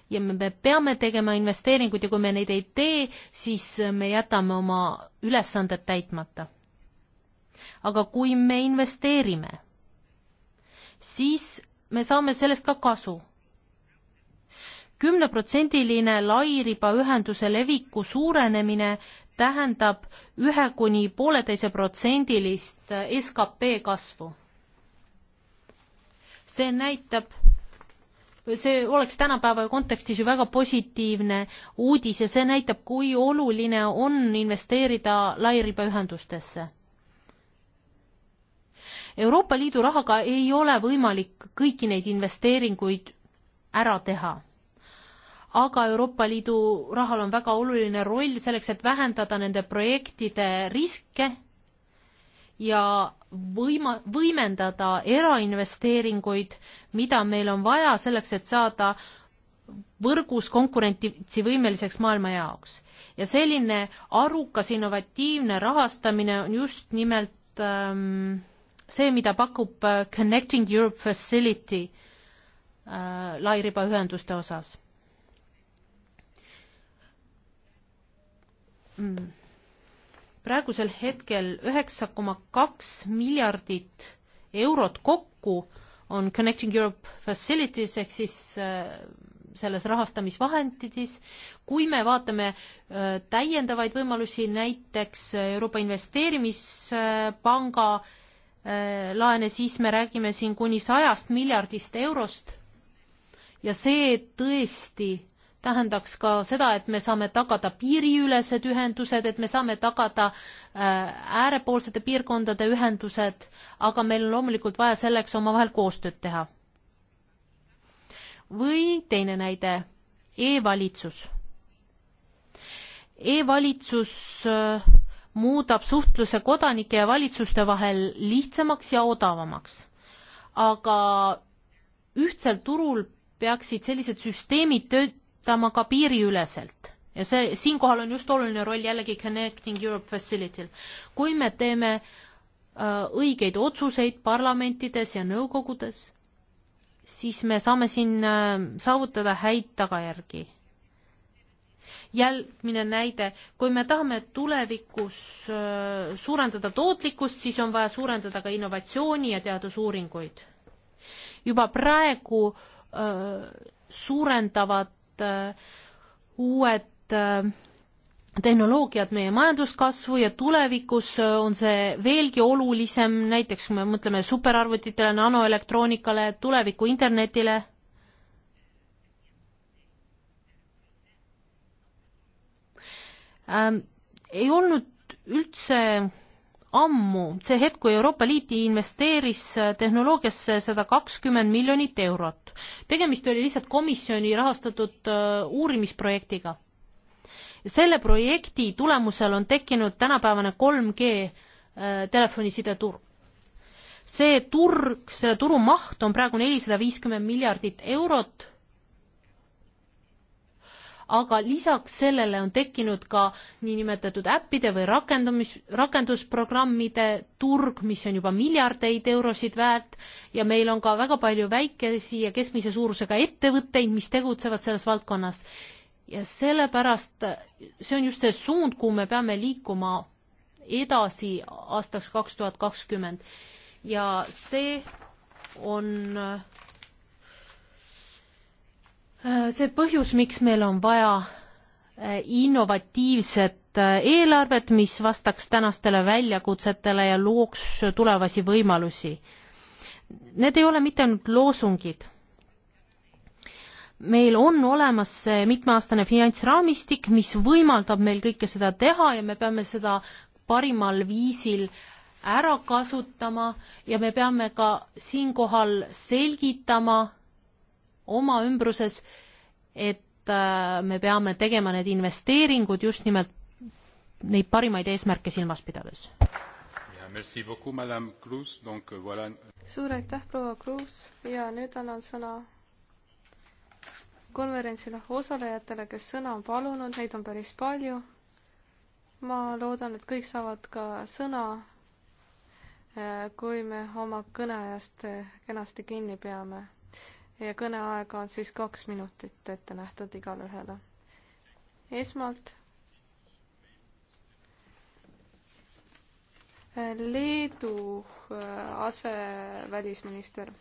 ja me peame tegema investeeringuid ja kui me neid ei tee, siis me jätame oma ülesanded täitmata. aga kui me investeerime, siis me saame sellest ka kasu. kümneprotsendiline lairibaühenduse leviku suurenemine tähendab ühe kuni pooleteise protsendilist skp kasvu. see näitab see oleks tänapäeva kontekstis ju väga positiivne uudis ja see näitab, kui oluline on investeerida lairibaühendustesse. Euroopa Liidu rahaga ei ole võimalik kõiki neid investeeringuid ära teha aga Euroopa Liidu rahal on väga oluline roll selleks, et vähendada nende projektide riske ja võima-, võimendada erainvesteeringuid, mida meil on vaja selleks, et saada võrgus konkurentsivõimeliseks maailma jaoks. ja selline arukas innovatiivne rahastamine on just nimelt ähm, see, mida pakub äh, Connecting Europe Facility äh, lairibaühenduste osas mm praegusel hetkel üheksa koma kaks miljardit eurot kokku on Connecting Europe Facilities ehk siis äh, selles rahastamisvahenditis. kui me vaatame äh, täiendavaid võimalusi, näiteks Euroopa Investeerimispanga äh, laene, siis me räägime siin kuni sajast miljardist eurost ja see tõesti tähendaks ka seda, et me saame tagada piiriülesed ühendused, et me saame tagada äh, äärepoolsete piirkondade ühendused, aga meil on loomulikult vaja selleks omavahel koostööd teha. või teine näide e, e-valitsus e. E-valitsus äh, muudab suhtluse kodanike ja valitsuste vahel lihtsamaks ja odavamaks. aga ühtsel turul peaksid sellised süsteemid töö-, vaatama ka piiriüleselt ja see, siinkohal on just oluline roll jällegi Connecting Europe Facility'l. kui me teeme äh, õigeid otsuseid parlamentides ja nõukogudes, siis me saame siin äh, saavutada häid tagajärgi. järgmine näide, kui me tahame tulevikus äh, suurendada tootlikkust, siis on vaja suurendada ka innovatsiooni ja teadusuuringuid. juba praegu äh, suurendavad Äh, uued äh, tehnoloogiad meie majanduskasvu ja tulevikus äh, on see veelgi olulisem, näiteks kui me mõtleme superarvutitele, nanoelektroonikale, tuleviku internetile. Ähm, ei olnud üldse ammu see hetk, kui Euroopa Liit investeeris tehnoloogiasse sada kakskümmend miljonit eurot tegemist oli lihtsalt komisjoni rahastatud äh, uurimisprojektiga. selle projekti tulemusel on tekkinud tänapäevane 3G äh, telefonisideturu see turg, selle turu maht on praegu nelisada viiskümmend miljardit eurot aga lisaks sellele on tekkinud ka niinimetatud äppide või rakendumis, rakendusprogrammide turg, mis on juba miljardeid eurosid väärt ja meil on ka väga palju väikesi ja keskmise suurusega ettevõtteid, mis tegutsevad selles valdkonnas. ja sellepärast see on just see suund, kuhu me peame liikuma edasi aastaks kaks tuhat kakskümmend ja see on äh, Äh, see põhjus, miks meil on vaja äh, innovatiivset äh, eelarvet, mis vastaks tänastele väljakutsetele ja looks tulevasi võimalusi. Need ei ole mitte ainult loosungid. meil on olemas see mitmeaastane finantsraamistik, mis võimaldab meil kõike seda teha ja me peame seda parimal viisil ära kasutama ja me peame ka siinkohal selgitama oma ümbruses, et äh, me peame tegema need investeeringud just nimelt neid parimaid eesmärke silmas pidades. Euh, voilà... suur aitäh, proua Kruus ja nüüd annan sõna konverentsil osalejatele, kes sõna on palunud, neid on päris palju. ma loodan, et kõik saavad ka sõna, äh, kui me oma kõneajast äh, kenasti kinni peame ja kõneaega on siis kaks minutit ette nähtud igale ühele. esmalt Leedu äh, asevälisminister.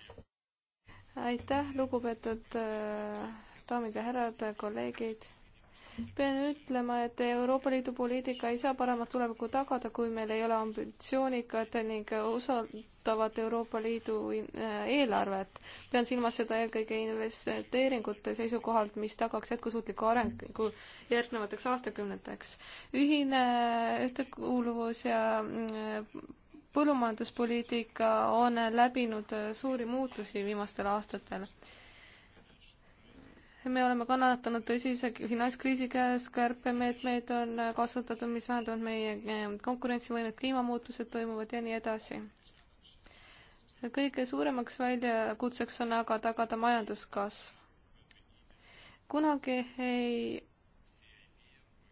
aitäh, lugupeetud äh, daamid ja härrad, kolleegid pean ütlema, et Euroopa Liidu poliitika ei saa paremat tulevikku tagada, kui meil ei ole ambitsioonikat ning usaldavat Euroopa Liidu äh, eelarvet. pean silmas seda eelkõige investeeringute seisukohalt, mis tagaks jätkusuutliku arengu järgnevateks aastakümneteks. ühine ühtekuuluvus ja äh, põllumajanduspoliitika on läbinud äh, suuri muutusi viimastel aastatel me oleme kannatanud tõsise finantskriisi käes, kärpemeetmeid on kasvatatud, mis vähendavad meie eh, konkurentsivõimet, kliimamuutused toimuvad ja nii edasi. kõige suuremaks väljakutseks on aga tagada majanduskasv. kunagi ei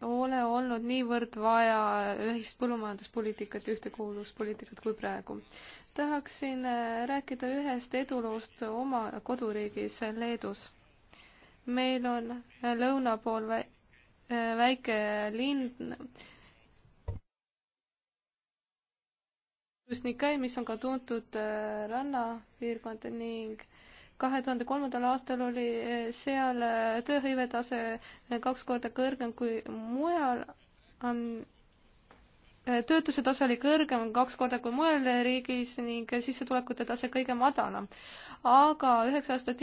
ole olnud niivõrd vaja ühist põllumajanduspoliitikat ja ühtekuuluvuspoliitikat kui praegu. tahaksin eh, rääkida ühest eduloost oma koduriigis Leedus meil on lõuna pool äh, väike linn, Rusnikai, mis on ka tuntud äh, rannapiirkond ning kahe tuhande kolmandal aastal oli äh, seal tööhõivetase kaks korda kõrgem kui mujal, Äh, töötuse tase oli kõrgem kaks korda kui mujal riigis ning sissetulekute tase kõige madalam. aga üheksa aastat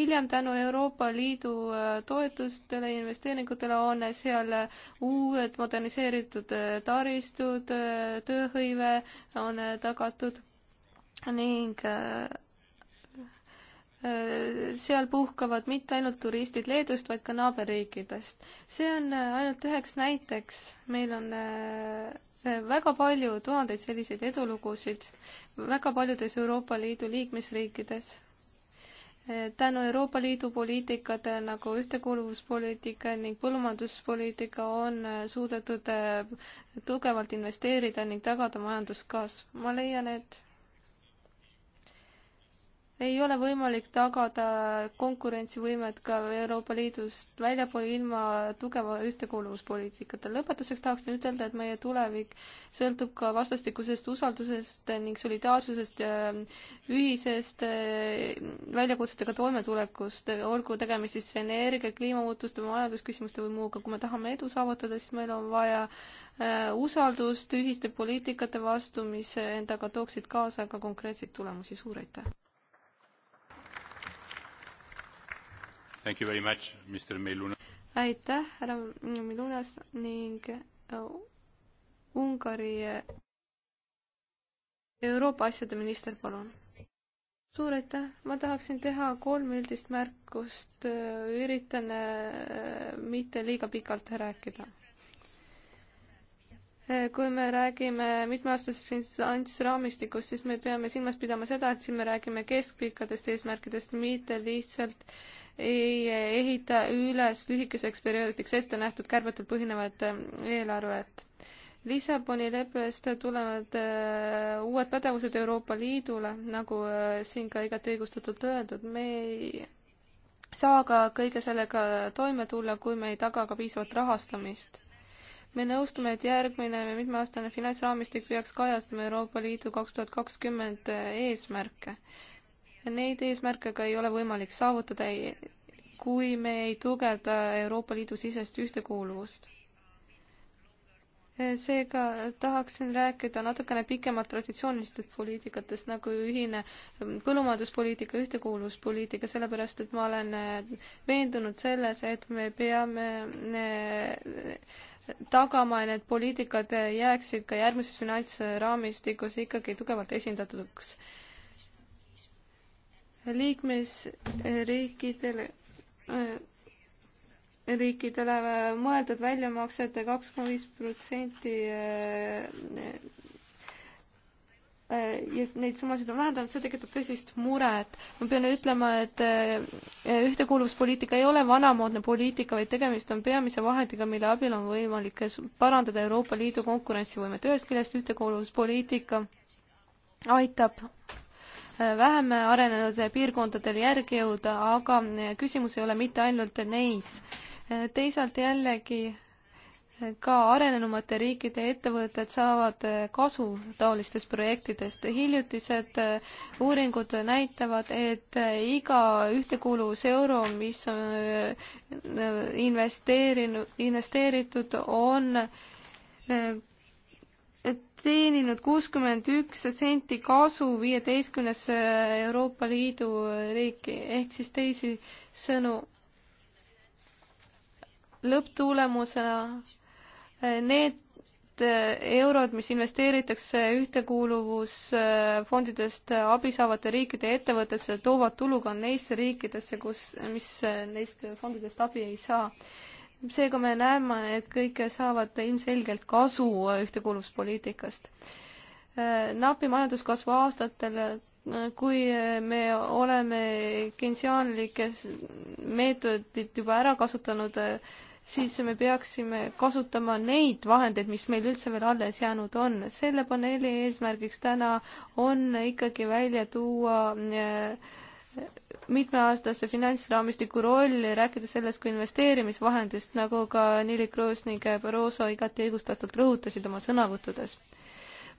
hiljem tänu Euroopa Liidu äh, toetustele, investeeringutele on seal uued moderniseeritud äh, taristud, tööhõive on tagatud ning Äh, seal puhkavad mitte ainult turistid Leedust, vaid ka naaberriikidest. see on äh, ainult üheks näiteks, meil on äh, väga palju tuhandeid selliseid edulugusid väga paljudes Euroopa Liidu liikmesriikides. tänu Euroopa Liidu poliitikatele nagu ühtekuuluvuspoliitika ning põllumajanduspoliitika on suudetud tugevalt investeerida ning tagada majanduskasv. ma leian, et ei ole võimalik tagada konkurentsivõimet ka Euroopa Liidust väljapoole ilma tugeva ühtekuuluvuspoliitikata. lõpetuseks tahaksin ütelda, et meie tulevik sõltub ka vastastikusest usaldusest ning solidaarsusest ja ühisest eh, väljakutsetega toimetulekust, olgu tegemist siis energia, kliimamuutuste, majandusküsimuste või muuga. kui me tahame edu saavutada, siis meil on vaja eh, usaldust ühiste poliitikate vastu, mis endaga tooksid kaasa ka konkreetseid tulemusi. suur aitäh! aitäh, härra Milunas ning uh, Ungari uh, Euroopa asjade minister, palun. suur aitäh, ma tahaksin teha kolm üldist märkust, uh, üritan mitte liiga pikalt rääkida. kui me räägime mitmeaastasest finantsraamistikust, siis me peame silmas pidama seda, et siin me räägime keskpikkadest eesmärkidest, mitte lihtsalt äh, ei ehita üles lühikeseks perioodiks ette nähtud kärbetel põhinevat ähm, eelarvet. Lissaboni leppest tulevad äh, uued pädevused Euroopa Liidule, nagu äh, siin ka igati õigustatult öeldud, me ei saa ka kõige sellega toime tulla, kui me ei taga ka piisavat rahastamist. me nõustume, et järgmine mitmeaastane finantsraamistik peaks kajastama Euroopa Liidu kaks tuhat kakskümmend äh, eesmärke. Neid eesmärke aga ei ole võimalik saavutada, kui me ei tugevda Euroopa Liidu sisest ühtekuuluvust. seega tahaksin rääkida natukene pikemalt traditsioonilistest poliitikatest nagu ühine põllumajanduspoliitika, ühtekuuluvuspoliitika, sellepärast et ma olen veendunud selles, et me peame tagama, et need poliitikad jääksid ka järgmises finantsraamistikus ikkagi tugevalt esindatuks liikmesriikidele äh, riikidele äh, mõeldud väljamaksete kaks koma viis protsenti äh, ja neid summasid on vähendanud, see tekitab tõsist muret. ma pean ütlema, et ühtekuuluvuspoliitika ei ole vanamoodne poliitika, vaid tegemist on peamise vahendiga, mille abil on võimalik parandada Euroopa Liidu konkurentsivõimet. ühest küljest ühtekuuluvuspoliitika aitab vähem arenenud piirkondadel järgi jõuda, aga küsimus ei ole mitte ainult neis. teisalt jällegi ka arenenumate riikide ettevõtted saavad kasu taolistest projektidest. hiljutised uuringud näitavad, et iga ühtekuuluvuseuro, mis on äh, investeerinud, investeeritud, on äh, teeninud kuuskümmend üks senti kasu viieteistkümnes Euroopa Liidu riiki, ehk siis teisisõnu lõpptulemusena eh, need eh, eurod, mis investeeritakse ühtekuuluvusfondidest eh, abi saavate riikide ettevõttesse, toovad tulu ka neisse riikidesse, kus, mis neist fondidest abi ei saa seega me näeme, et kõik saavad ilmselgelt kasu äh, ühtekuuluvuspoliitikast. Äh, napi majanduskasvu aastatel, äh, kui me oleme kentsiaanlikes meetodit juba ära kasutanud, siis me peaksime kasutama neid vahendeid, mis meil üldse veel alles jäänud on. selle paneeli eesmärgiks täna on ikkagi välja tuua äh, mitmeaastase finantsraamistiku rolli, rääkides sellest kui investeerimisvahendist, nagu ka Nili Kroos ning Barroso igati õigustatult rõhutasid oma sõnavõttudes.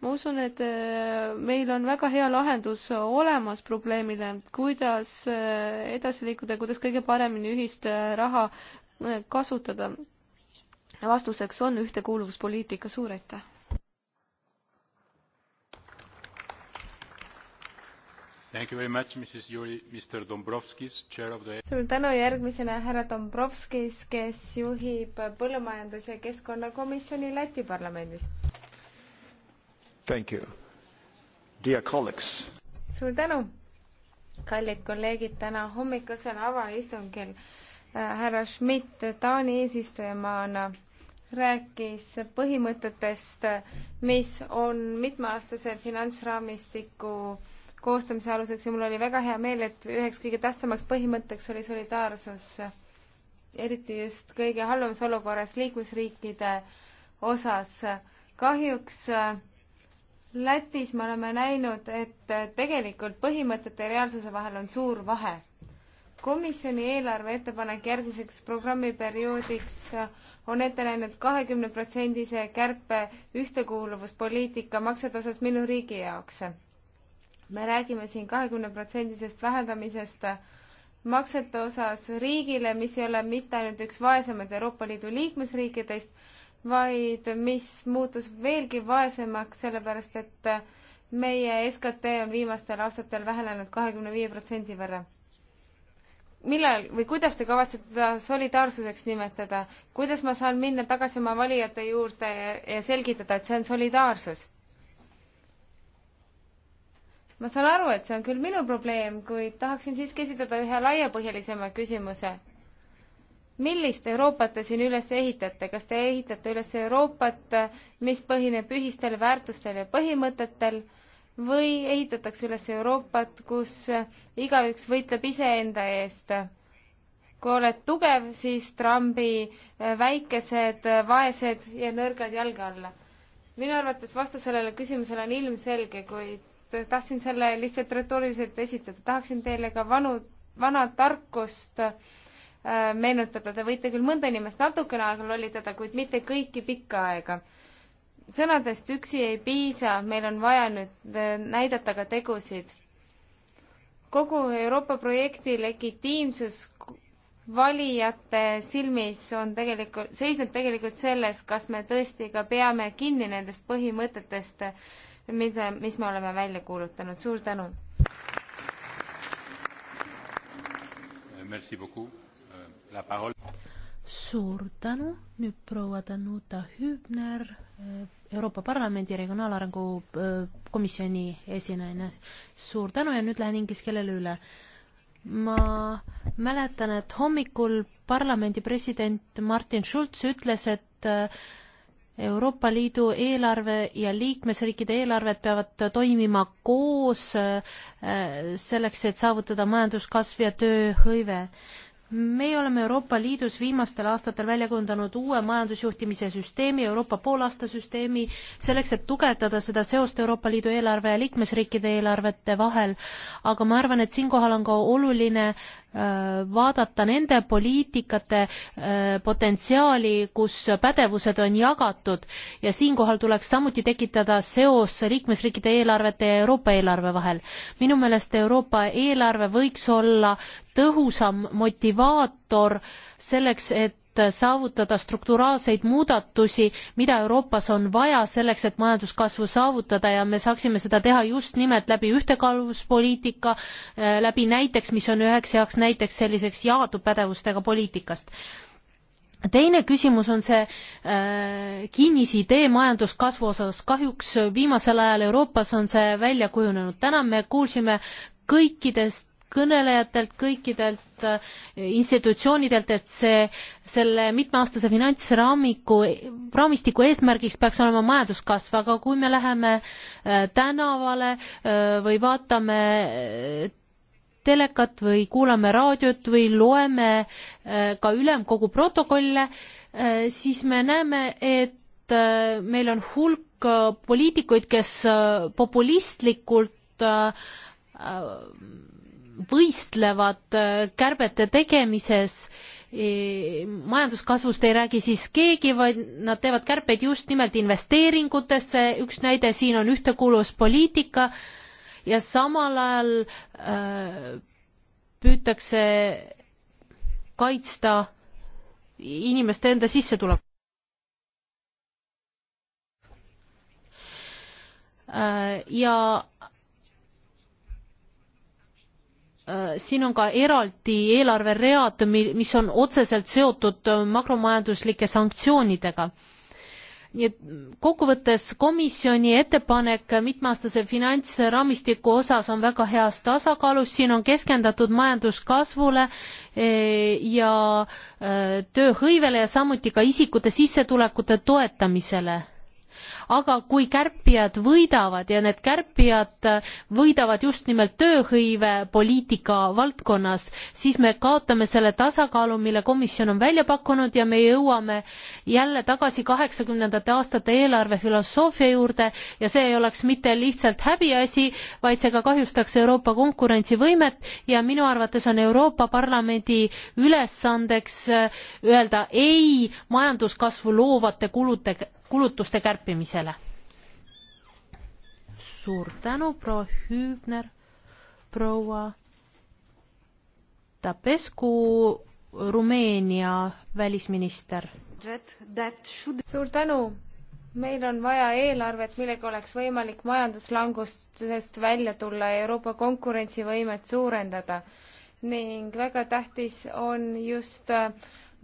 ma usun, et äh, meil on väga hea lahendus olemas probleemile, kuidas äh, edasi liikuda, kuidas kõige paremini ühist äh, raha kasutada. vastuseks on ühtekuuluvuspoliitika, suur aitäh! suur tänu järgmisena härra Dombrovskis, kes juhib põllumajandus- ja keskkonnakomisjoni Läti parlamendis. suur tänu, kallid kolleegid, täna hommikusel avaistungil äh, härra Schmidt Taani eesistujamaana rääkis põhimõtetest, mis on mitmeaastase finantsraamistiku koostamise aluseks ja mul oli väga hea meel, et üheks kõige tähtsamaks põhimõtteks oli solidaarsus, eriti just kõige halvemas olukorras liikmesriikide osas. kahjuks äh, Lätis me oleme näinud, et äh, tegelikult põhimõtete ja reaalsuse vahel on suur vahe. komisjoni eelarve ettepanek järgmiseks programmiperioodiks äh, on ette näinud kahekümne protsendise kärpe ühtekuuluvuspoliitika maksete osas minu riigi jaoks me räägime siin kahekümne protsendisest vähendamisest maksete osas riigile, mis ei ole mitte ainult üks vaesemaid Euroopa Liidu liikmesriikidest, vaid mis muutus veelgi vaesemaks, sellepärast et meie SKT on viimastel aastatel vähenenud kahekümne viie protsendi võrra. millal või kuidas te kavatsete seda solidaarsuseks nimetada? kuidas ma saan minna tagasi oma valijate juurde ja, ja selgitada, et see on solidaarsus? ma saan aru, et see on küll minu probleem, kuid tahaksin siiski esitada ühe laiapõhjalisema küsimuse. millist Euroopat te siin üles ehitate, kas te ehitate üles Euroopat, mis põhineb ühistel väärtustel ja põhimõtetel või ehitatakse üles Euroopat, kus igaüks võitleb iseenda eest? kui oled tugev, siis trambi äh, väikesed, äh, vaesed ja nõrgad jalge alla. minu arvates vastus sellele küsimusele on ilmselge, kuid tahtsin selle lihtsalt retooriliselt esitada, tahaksin teile ka vanu, vana tarkust äh, meenutada, te võite küll mõnda inimest natukene aega lollitada, kuid mitte kõiki pikka aega. sõnadest üksi ei piisa, meil on vaja nüüd äh, näidata ka tegusid. kogu Euroopa projekti legitiimsus valijate silmis on tegelikult, seisneb tegelikult selles, kas me tõesti ka peame kinni nendest põhimõtetest, mida, mis me oleme välja kuulutanud, suur tänu! Euh, suur tänu, nüüd proua Danuta Hübner, äh, Euroopa Parlamendi Regionaalarengu äh, Komisjoni esinaine. suur tänu ja nüüd lähen inglise keelele üle ma mäletan, et hommikul parlamendi president Martin Schulz ütles, et äh, Euroopa Liidu eelarve ja liikmesriikide eelarved peavad toimima koos äh, selleks, et saavutada majanduskasv ja tööhõive. meie oleme Euroopa Liidus viimastel aastatel välja kujundanud uue majandusjuhtimise süsteemi, Euroopa poolaastasüsteemi, selleks, et tugevdada seda seost Euroopa Liidu eelarve ja liikmesriikide eelarvete vahel. aga ma arvan, et siinkohal on ka oluline Äh, vaadata nende poliitikate äh, potentsiaali, kus pädevused on jagatud ja siinkohal tuleks samuti tekitada seos liikmesriikide eelarvete ja Euroopa eelarve vahel. minu meelest Euroopa eelarve võiks olla tõhusam motivaator selleks, et et saavutada strukturaalseid muudatusi, mida Euroopas on vaja selleks, et majanduskasvu saavutada ja me saaksime seda teha just nimelt läbi ühtekaaluvuspoliitika, äh, läbi näiteks, mis on üheks heaks näiteks selliseks jagatud pädevustega poliitikast teine küsimus on see äh, kinnisidee majanduskasvu osas, kahjuks viimasel ajal Euroopas on see välja kujunenud, täna me kuulsime kõikidest kõnelejatelt, kõikidelt äh, institutsioonidelt, et see, selle mitmeaastase finantsraamiku, raamistiku eesmärgiks peaks olema majanduskasv, aga kui me läheme äh, tänavale äh, või vaatame telekat või kuulame raadiot või loeme ka ülemkogu protokolle, siis me näeme, et meil on hulk poliitikuid, kes populistlikult võistlevad äh, kärbete tegemises. E, majanduskasvust ei räägi siis keegi, vaid nad teevad kärpeid just nimelt investeeringutesse, üks näide siin on ühtekuuluvuspoliitika ja samal ajal äh, püütakse kaitsta inimeste enda sissetulekut. Äh, ja Äh, siin on ka eraldi eelarveread, mis on otseselt seotud äh, makromajanduslike sanktsioonidega. nii et kokkuvõttes komisjoni ettepanek mitmeaastase finantsraamistiku osas on väga heas tasakaalus, siin on keskendatud majanduskasvule e, ja äh, tööhõivele ja samuti ka isikute sissetulekute toetamisele aga kui kärpijad võidavad ja need kärpijad äh, võidavad just nimelt tööhõivepoliitika valdkonnas, siis me kaotame selle tasakaalu, mille komisjon on välja pakkunud ja me jõuame jälle tagasi kaheksakümnendate aastate eelarvefilosoofia juurde ja see ei oleks mitte lihtsalt häbiasi, vaid see ka kahjustaks Euroopa konkurentsivõimet ja minu arvates on Euroopa Parlamendi ülesandeks äh, öelda ei majanduskasvu loovate kulude kulutuste kärpimisele. suur tänu, proua Hüübner, proua Tapescu, Rumeenia välisminister. suur tänu meil on vaja eelarvet, millega oleks võimalik majanduslangustest välja tulla ja Euroopa konkurentsivõimet suurendada. ning väga tähtis on just äh,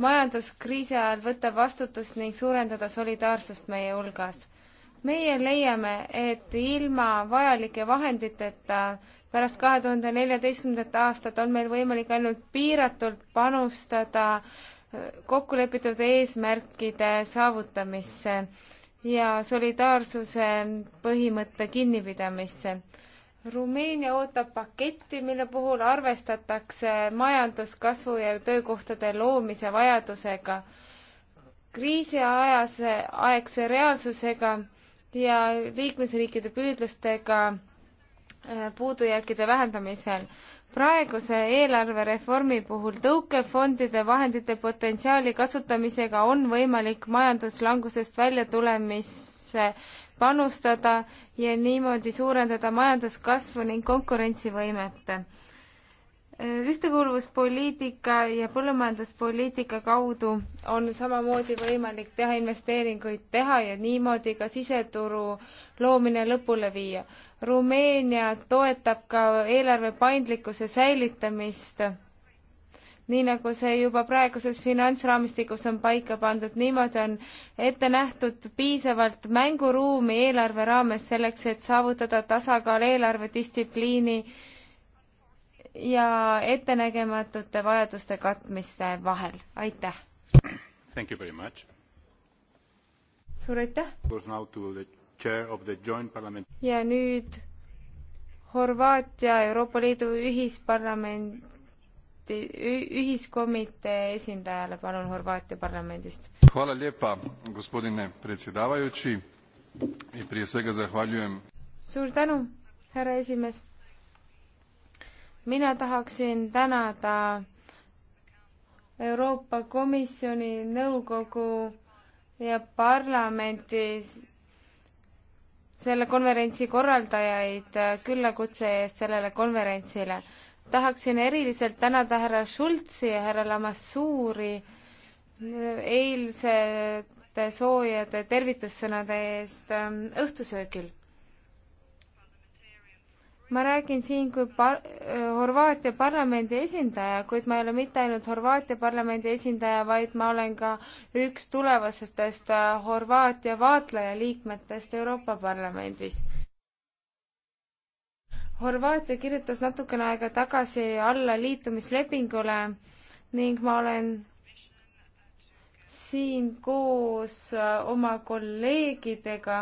majanduskriisi ajal võtta vastutust ning suurendada solidaarsust meie hulgas. meie leiame, et ilma vajalike vahenditeta pärast kahe tuhande neljateistkümnendat aastat on meil võimalik ainult piiratult panustada äh, kokkulepitud eesmärkide saavutamisse ja solidaarsuse põhimõtte kinnipidamisse Rumeenia ootab paketti, mille puhul arvestatakse majanduskasvu ja töökohtade loomise vajadusega, kriisiajase, aegse reaalsusega ja liikmesriikide püüdlustega äh, puudujääkide vähendamisel praeguse eelarvereformi puhul tõukefondide vahendite potentsiaali kasutamisega on võimalik majanduslangusest väljatulemisse panustada ja niimoodi suurendada majanduskasvu ning konkurentsivõimet ühtekuuluvuspoliitika ja põllumajanduspoliitika kaudu on samamoodi võimalik teha investeeringuid teha ja niimoodi ka siseturu loomine lõpule viia. Rumeenia toetab ka eelarve paindlikkuse säilitamist, nii nagu see juba praeguses finantsraamistikus on paika pandud, niimoodi on ette nähtud piisavalt mänguruumi eelarve raames selleks, et saavutada tasakaal eelarvedistsipliini ja ettenägematute vajaduste katmiste vahel, aitäh! suur aitäh! ja nüüd Horvaatia Euroopa Liidu ühisparlamenti, ühiskomitee esindajale, palun, Horvaatia parlamendist. Hvala lijepa, gospodine predsjedavajući i prije svega zahvaljujem. suur tänu, härra esimees mina tahaksin tänada Euroopa Komisjoni, nõukogu ja parlamendi selle konverentsi korraldajaid küllakutse eest sellele konverentsile. tahaksin eriliselt tänada härra Schultzi ja härra Lamassuuri eilsete soojade tervitussõnade eest ähm, õhtusöögil ma räägin siin kui par-, Horvaatia parlamendi esindaja, kuid ma ei ole mitte ainult Horvaatia parlamendi esindaja, vaid ma olen ka üks tulevastest äh, Horvaatia vaatleja liikmetest Euroopa Parlamendis. Horvaatia kirjutas natukene aega tagasi alla liitumislepingule ning ma olen siin koos äh, oma kolleegidega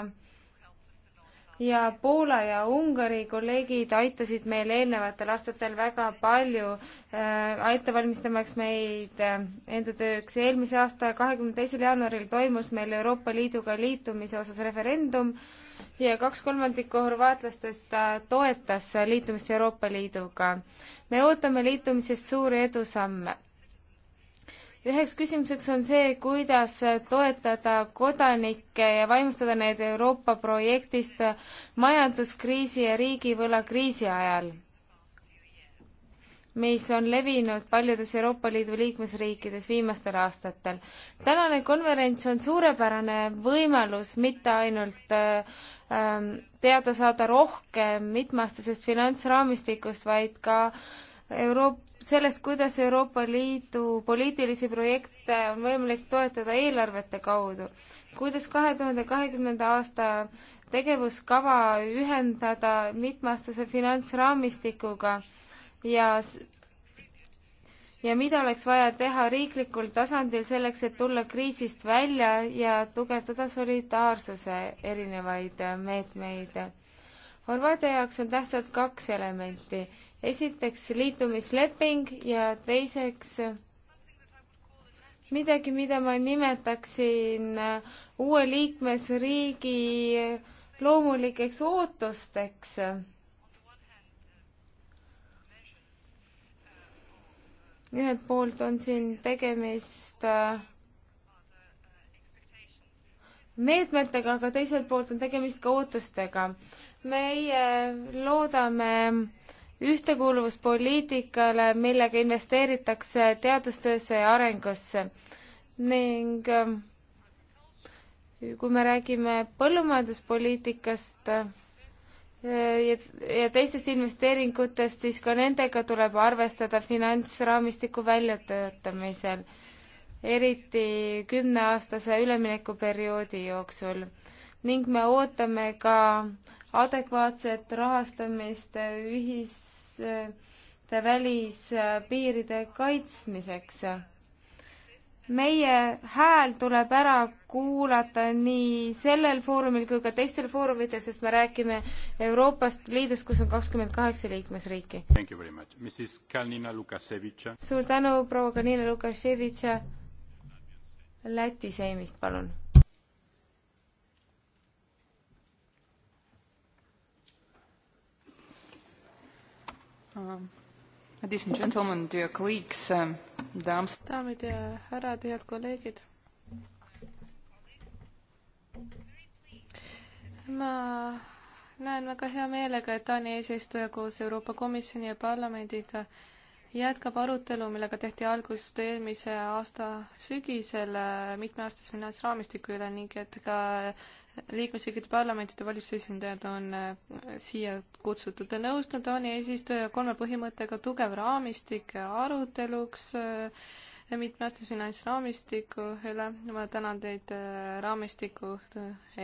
ja Poola ja Ungari kolleegid aitasid meil eelnevatel aastatel väga palju äh, ettevalmistamaks meid äh, enda tööks. eelmise aasta kahekümne teisel jaanuaril toimus meil Euroopa Liiduga liitumise osas referendum ja kaks kolmandikku horvaatlastest äh, toetas liitumist Euroopa Liiduga. me ootame liitumisest suuri edusamme üheks küsimuseks on see, kuidas toetada kodanikke ja vaimustada neid Euroopa projektist majanduskriisi ja riigivõlakriisi ajal, mis on levinud paljudes Euroopa Liidu liikmesriikides viimastel aastatel. tänane konverents on suurepärane võimalus mitte ainult ähm, teada saada rohkem mitmeaastasest finantsraamistikust, vaid ka Euroopa sellest, kuidas Euroopa Liidu poliitilisi projekte on võimalik toetada eelarvete kaudu, kuidas kahe tuhande kahekümnenda aasta tegevuskava ühendada mitmeaastase finantsraamistikuga ja ja mida oleks vaja teha riiklikul tasandil selleks, et tulla kriisist välja ja tugevdada solidaarsuse erinevaid meetmeid. Horvaatia jaoks on tähtsad kaks elementi esiteks liitumisleping ja teiseks midagi, mida ma nimetaksin uue liikmesriigi loomulikeks ootusteks. ühelt poolt on siin tegemist äh, meetmetega, aga teiselt poolt on tegemist ka ootustega. meie loodame äh, ühtekuuluvuspoliitikale, millega investeeritakse teadustöösse ja arengusse ning ähm, kui me räägime põllumajanduspoliitikast äh, ja teistest investeeringutest, siis ka nendega tuleb arvestada finantsraamistiku väljatöötamisel, eriti kümneaastase üleminekuperioodi jooksul. ning me ootame ka adekvaatset rahastamist ühiste välispiiride kaitsmiseks. meie hääl tuleb ära kuulata nii sellel foorumil kui ka teistel foorumitel, sest me räägime Euroopast Liidust, kus on kakskümmend kaheksa liikmesriiki. suur tänu, proua Kalina Lukaševitša Läti seimist, palun Um, ladies and gentlemen, dear colleagues, um, daamid ja härrad, head kolleegid. ma näen väga hea meelega, et Taani eesistuja koos Euroopa Komisjoni ja parlamendiga äh, jätkab arutelu, millega tehti algust eelmise aasta sügisel äh, mitmeaastase finantsraamistiku üle ning et ka liikmesriikide parlamentide valitsuse esindajad on äh, siia kutsutud. nõustunud on eesistuja kolme põhimõttega tugev raamistik aruteluks äh, mitmeaastase finantsraamistiku üle. ma tänan teid raamistiku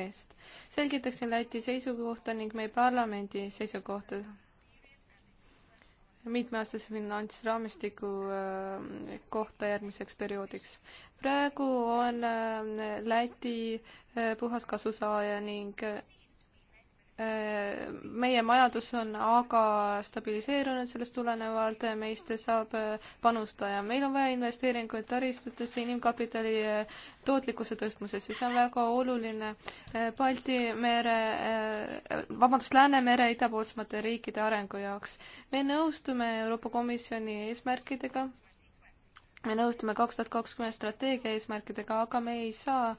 eest. selgitaksin Läti seisukohta ning meie parlamendi seisukohta mitmeaastase finantsraamistiku äh, kohta järgmiseks perioodiks. praegu on äh, Läti äh, puhas kasusaaja ning Äh, meie majandus on aga stabiliseerunud sellest tulenevalt, meist saab äh, panustaja. meil on vaja investeeringuid taristutesse, inimkapitali äh, tootlikkuse tõstmisesse, see on väga oluline Balti mere, vabandust, Läänemere idapoolsemate riikide arengu jaoks. me nõustume Euroopa Komisjoni eesmärkidega me nõustume kaks tuhat kakskümmend strateegia eesmärkidega, aga me ei saa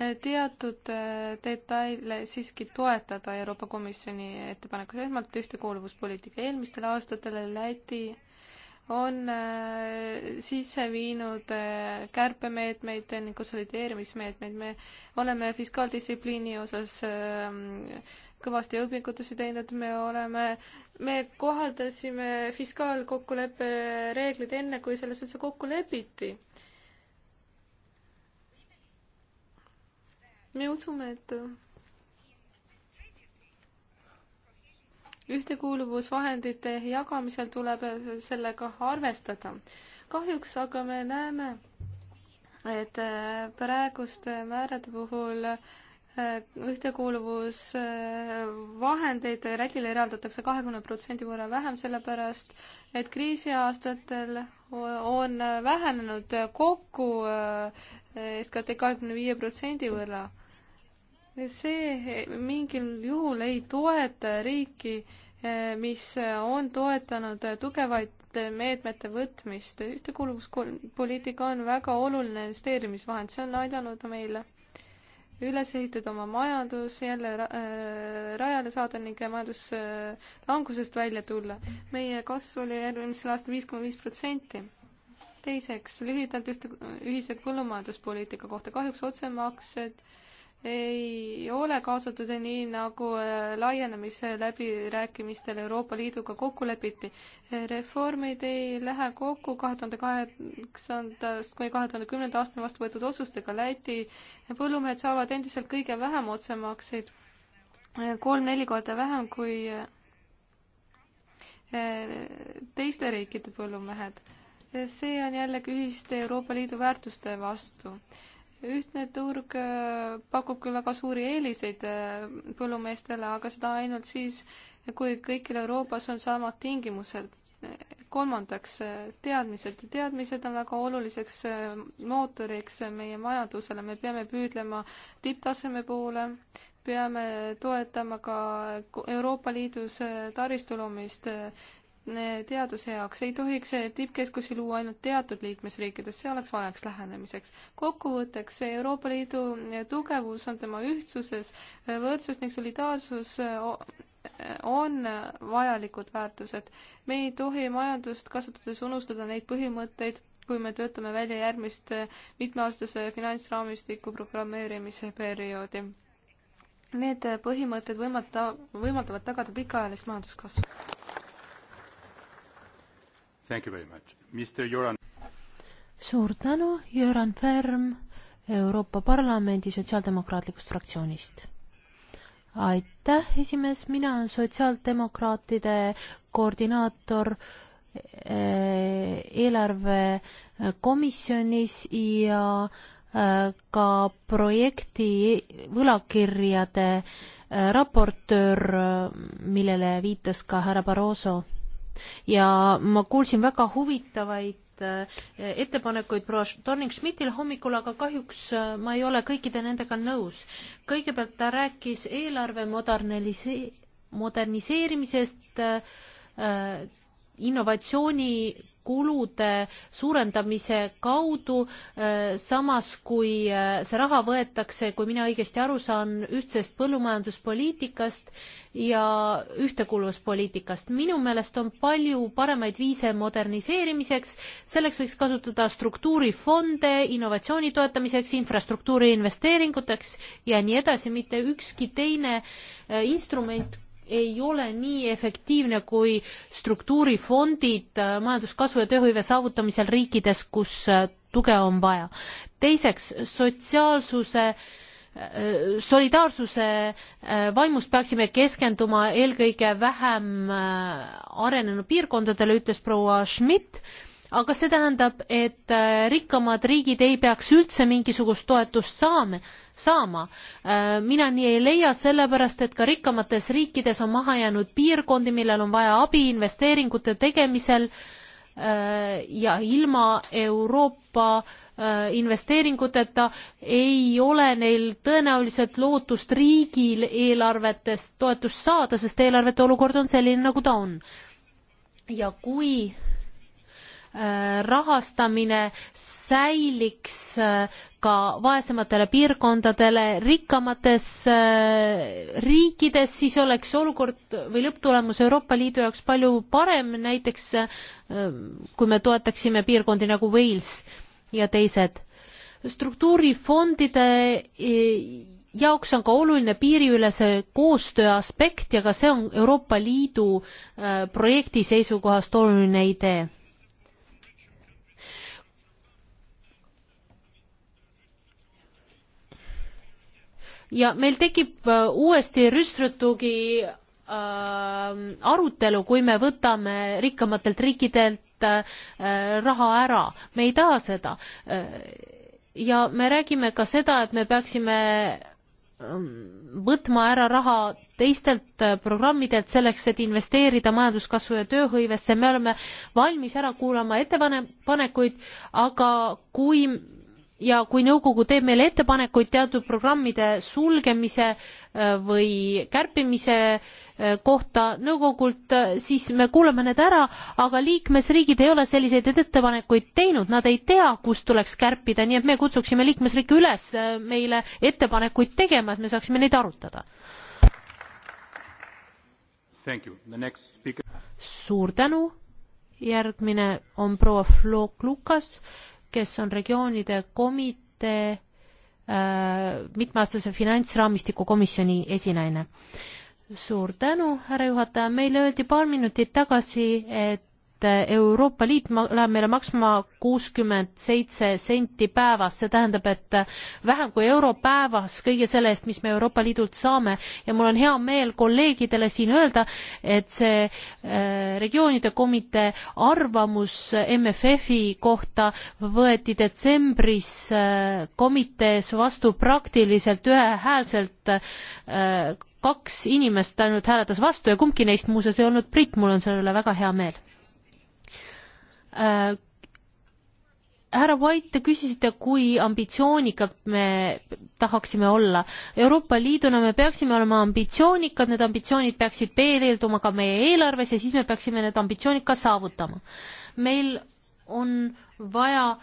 eh, teatud eh, detaile siiski toetada Euroopa Komisjoni ettepanekus, esmalt ühtekuuluvuspoliitika. eelmistel aastatel Läti on eh, sisse viinud kärpemeetmeid ning konsolideerimismeetmeid. me oleme fiskaaldistsipliini osas kõvasti õpingutusi teinud, me oleme, me kohaldasime fiskaalkokkuleppe reeglid enne, kui selles üldse kokku lepiti. me usume, et ühtekuuluvusvahendite jagamisel tuleb sellega arvestada. kahjuks aga me näeme, et praeguste määrade puhul äh, Äh, ühtekuuluvusvahendeid Lätile eraldatakse kahekümne protsendi võrra vähem, sellepärast et kriisiaastatel on vähenenud kokku äh, SKT kahekümne viie protsendi võrra. see mingil juhul ei toeta riiki, äh, mis on toetanud tugevaid meetmete võtmist. ühtekuuluvuspoliitika on väga oluline investeerimisvahend, see on aidanud meile üles ehitada oma majandus, jälle äh, rajale saada ning majanduslangusest välja tulla. meie kasv oli eelmisel aastal viis koma viis protsenti. teiseks, lühidalt ühte, ühise põllumajanduspoliitika kohta, kahjuks otsemaksed äh, ei ole kaasatud nii, nagu äh, laienemise läbirääkimistel Euroopa Liiduga kokku lepiti. reformid ei lähe kokku kahe tuhande kaheksandast kuni kahe tuhande kümnenda aastani vastu võetud otsustega. Läti põllumehed saavad endiselt kõige vähem otsemakseid, äh, kolm-neli korda vähem kui äh, teiste riikide põllumehed. see on jällegi ühiste Euroopa Liidu väärtuste vastu ühtne turg äh, pakub küll väga suuri eeliseid äh, põllumeestele, aga seda ainult siis, kui kõikjal Euroopas on samad tingimused. kolmandaks, äh, teadmised. teadmised on väga oluliseks mootoriks meie majandusele, me peame püüdlema tipptaseme poole, peame toetama ka Euroopa Liidus taristu loomist teaduse jaoks ei tohiks tippkeskusi luua ainult teatud liikmesriikides, see oleks valeks lähenemiseks. kokkuvõtteks, Euroopa Liidu tugevus on tema ühtsuses, võrdsus ning solidaarsus on vajalikud väärtused. me ei tohi majandust kasutades unustada neid põhimõtteid, kui me töötame välja järgmist mitmeaastase finantsraamistiku programmeerimise perioodi. Need põhimõtted võimata-, võimaldavad tagada pikaajalist majanduskasvu. Thank you very much. Mr Göran. suur tänu, Göran Färm Euroopa Parlamendi Sotsiaaldemokraatlikust fraktsioonist. aitäh, esimees, mina olen sotsiaaldemokraatide koordinaator eh, eelarvekomisjonis ja eh, ka projekti võlakirjade eh, raportöör, millele viitas ka härra Barroso ja ma kuulsin väga huvitavaid äh, ettepanekuid proua Torning-Schmidtil hommikul, aga kahjuks äh, ma ei ole kõikide nendega nõus. kõigepealt ta rääkis eelarve modernise-, moderniseerimisest, äh, innovatsiooni kulude suurendamise kaudu, äh, samas kui äh, see raha võetakse, kui mina õigesti aru saan, ühtsest põllumajanduspoliitikast ja ühtekuuluvuspoliitikast. minu meelest on palju paremaid viise moderniseerimiseks, selleks võiks kasutada struktuurifonde innovatsiooni toetamiseks, infrastruktuuri investeeringuteks ja nii edasi, mitte ükski teine äh, instrument ei ole nii efektiivne kui struktuurifondid äh, majanduskasvu ja tööhõive saavutamisel riikides, kus äh, tuge on vaja. teiseks, sotsiaalsuse äh, solidaarsuse vaimust peaksime keskenduma eelkõige vähem arenenud piirkondadele, ütles proua Schmidt aga kas see tähendab, et äh, rikkamad riigid ei peaks üldse mingisugust toetust saama, saama? Äh, mina nii ei leia, sellepärast et ka rikkamates riikides on maha jäänud piirkondi, millel on vaja abi investeeringute tegemisel äh, ja ilma Euroopa investeeringuteta ei ole neil tõenäoliselt lootust riigil eelarvetest toetust saada, sest eelarvete olukord on selline, nagu ta on. ja kui äh, Äh, rahastamine säiliks äh, ka vaesematele piirkondadele rikkamates äh, riikides, siis oleks olukord või lõpptulemus Euroopa Liidu jaoks palju parem, näiteks kui me toetaksime piirkondi nagu Wales ja teised. struktuurifondide jaoks on ka oluline piiriülese koostöö aspekt ja ka see on Euroopa Liidu projekti seisukohast oluline idee ja meil tekib äh, uuesti rüstrutugi äh, arutelu, kui me võtame rikkamatelt riikidelt äh, äh, raha ära, me ei taha seda äh,. ja me räägime ka seda, et me peaksime ähm, võtma ära raha teistelt äh, programmidelt selleks, et investeerida majanduskasvu ja tööhõivesse, me oleme valmis ära kuulama ettepanekuid, aga kui ja kui nõukogu teeb meile ettepanekuid teatud programmide sulgemise äh, või kärpimise äh, kohta nõukogult, äh, siis me kuulame need ära, aga liikmesriigid ei ole selliseid ettepanekuid teinud, nad ei tea, kust tuleks kärpida, nii et me kutsuksime liikmesriike üles meile ettepanekuid tegema, et me saaksime neid arutada. suur tänu, järgmine on proua Flo Klukas kes on regioonide komitee äh, mitmeaastase finantsraamistiku komisjoni esinaine. suur tänu, härra juhataja, meile öeldi paar minutit tagasi, et et Euroopa Liit läheb meile maksma kuuskümmend seitse senti päevas, see tähendab, et vähem kui euro päevas kõige selle eest, mis me Euroopa Liidult saame ja mul on hea meel kolleegidele siin öelda, et see äh, regioonide komitee arvamus MFF-i kohta võeti detsembris äh, komitees vastu praktiliselt ühehäälselt äh, kaks inimest ainult hääletas vastu ja kumbki neist muuseas ei olnud britt, mul on selle üle väga hea meel. Äh, härra White, te küsisite, kui ambitsioonikad me tahaksime olla. Euroopa Liiduna me peaksime olema ambitsioonikad, need ambitsioonid peaksid peegelduma ka meie eelarves ja siis me peaksime need ambitsioonid ka saavutama. meil on vaja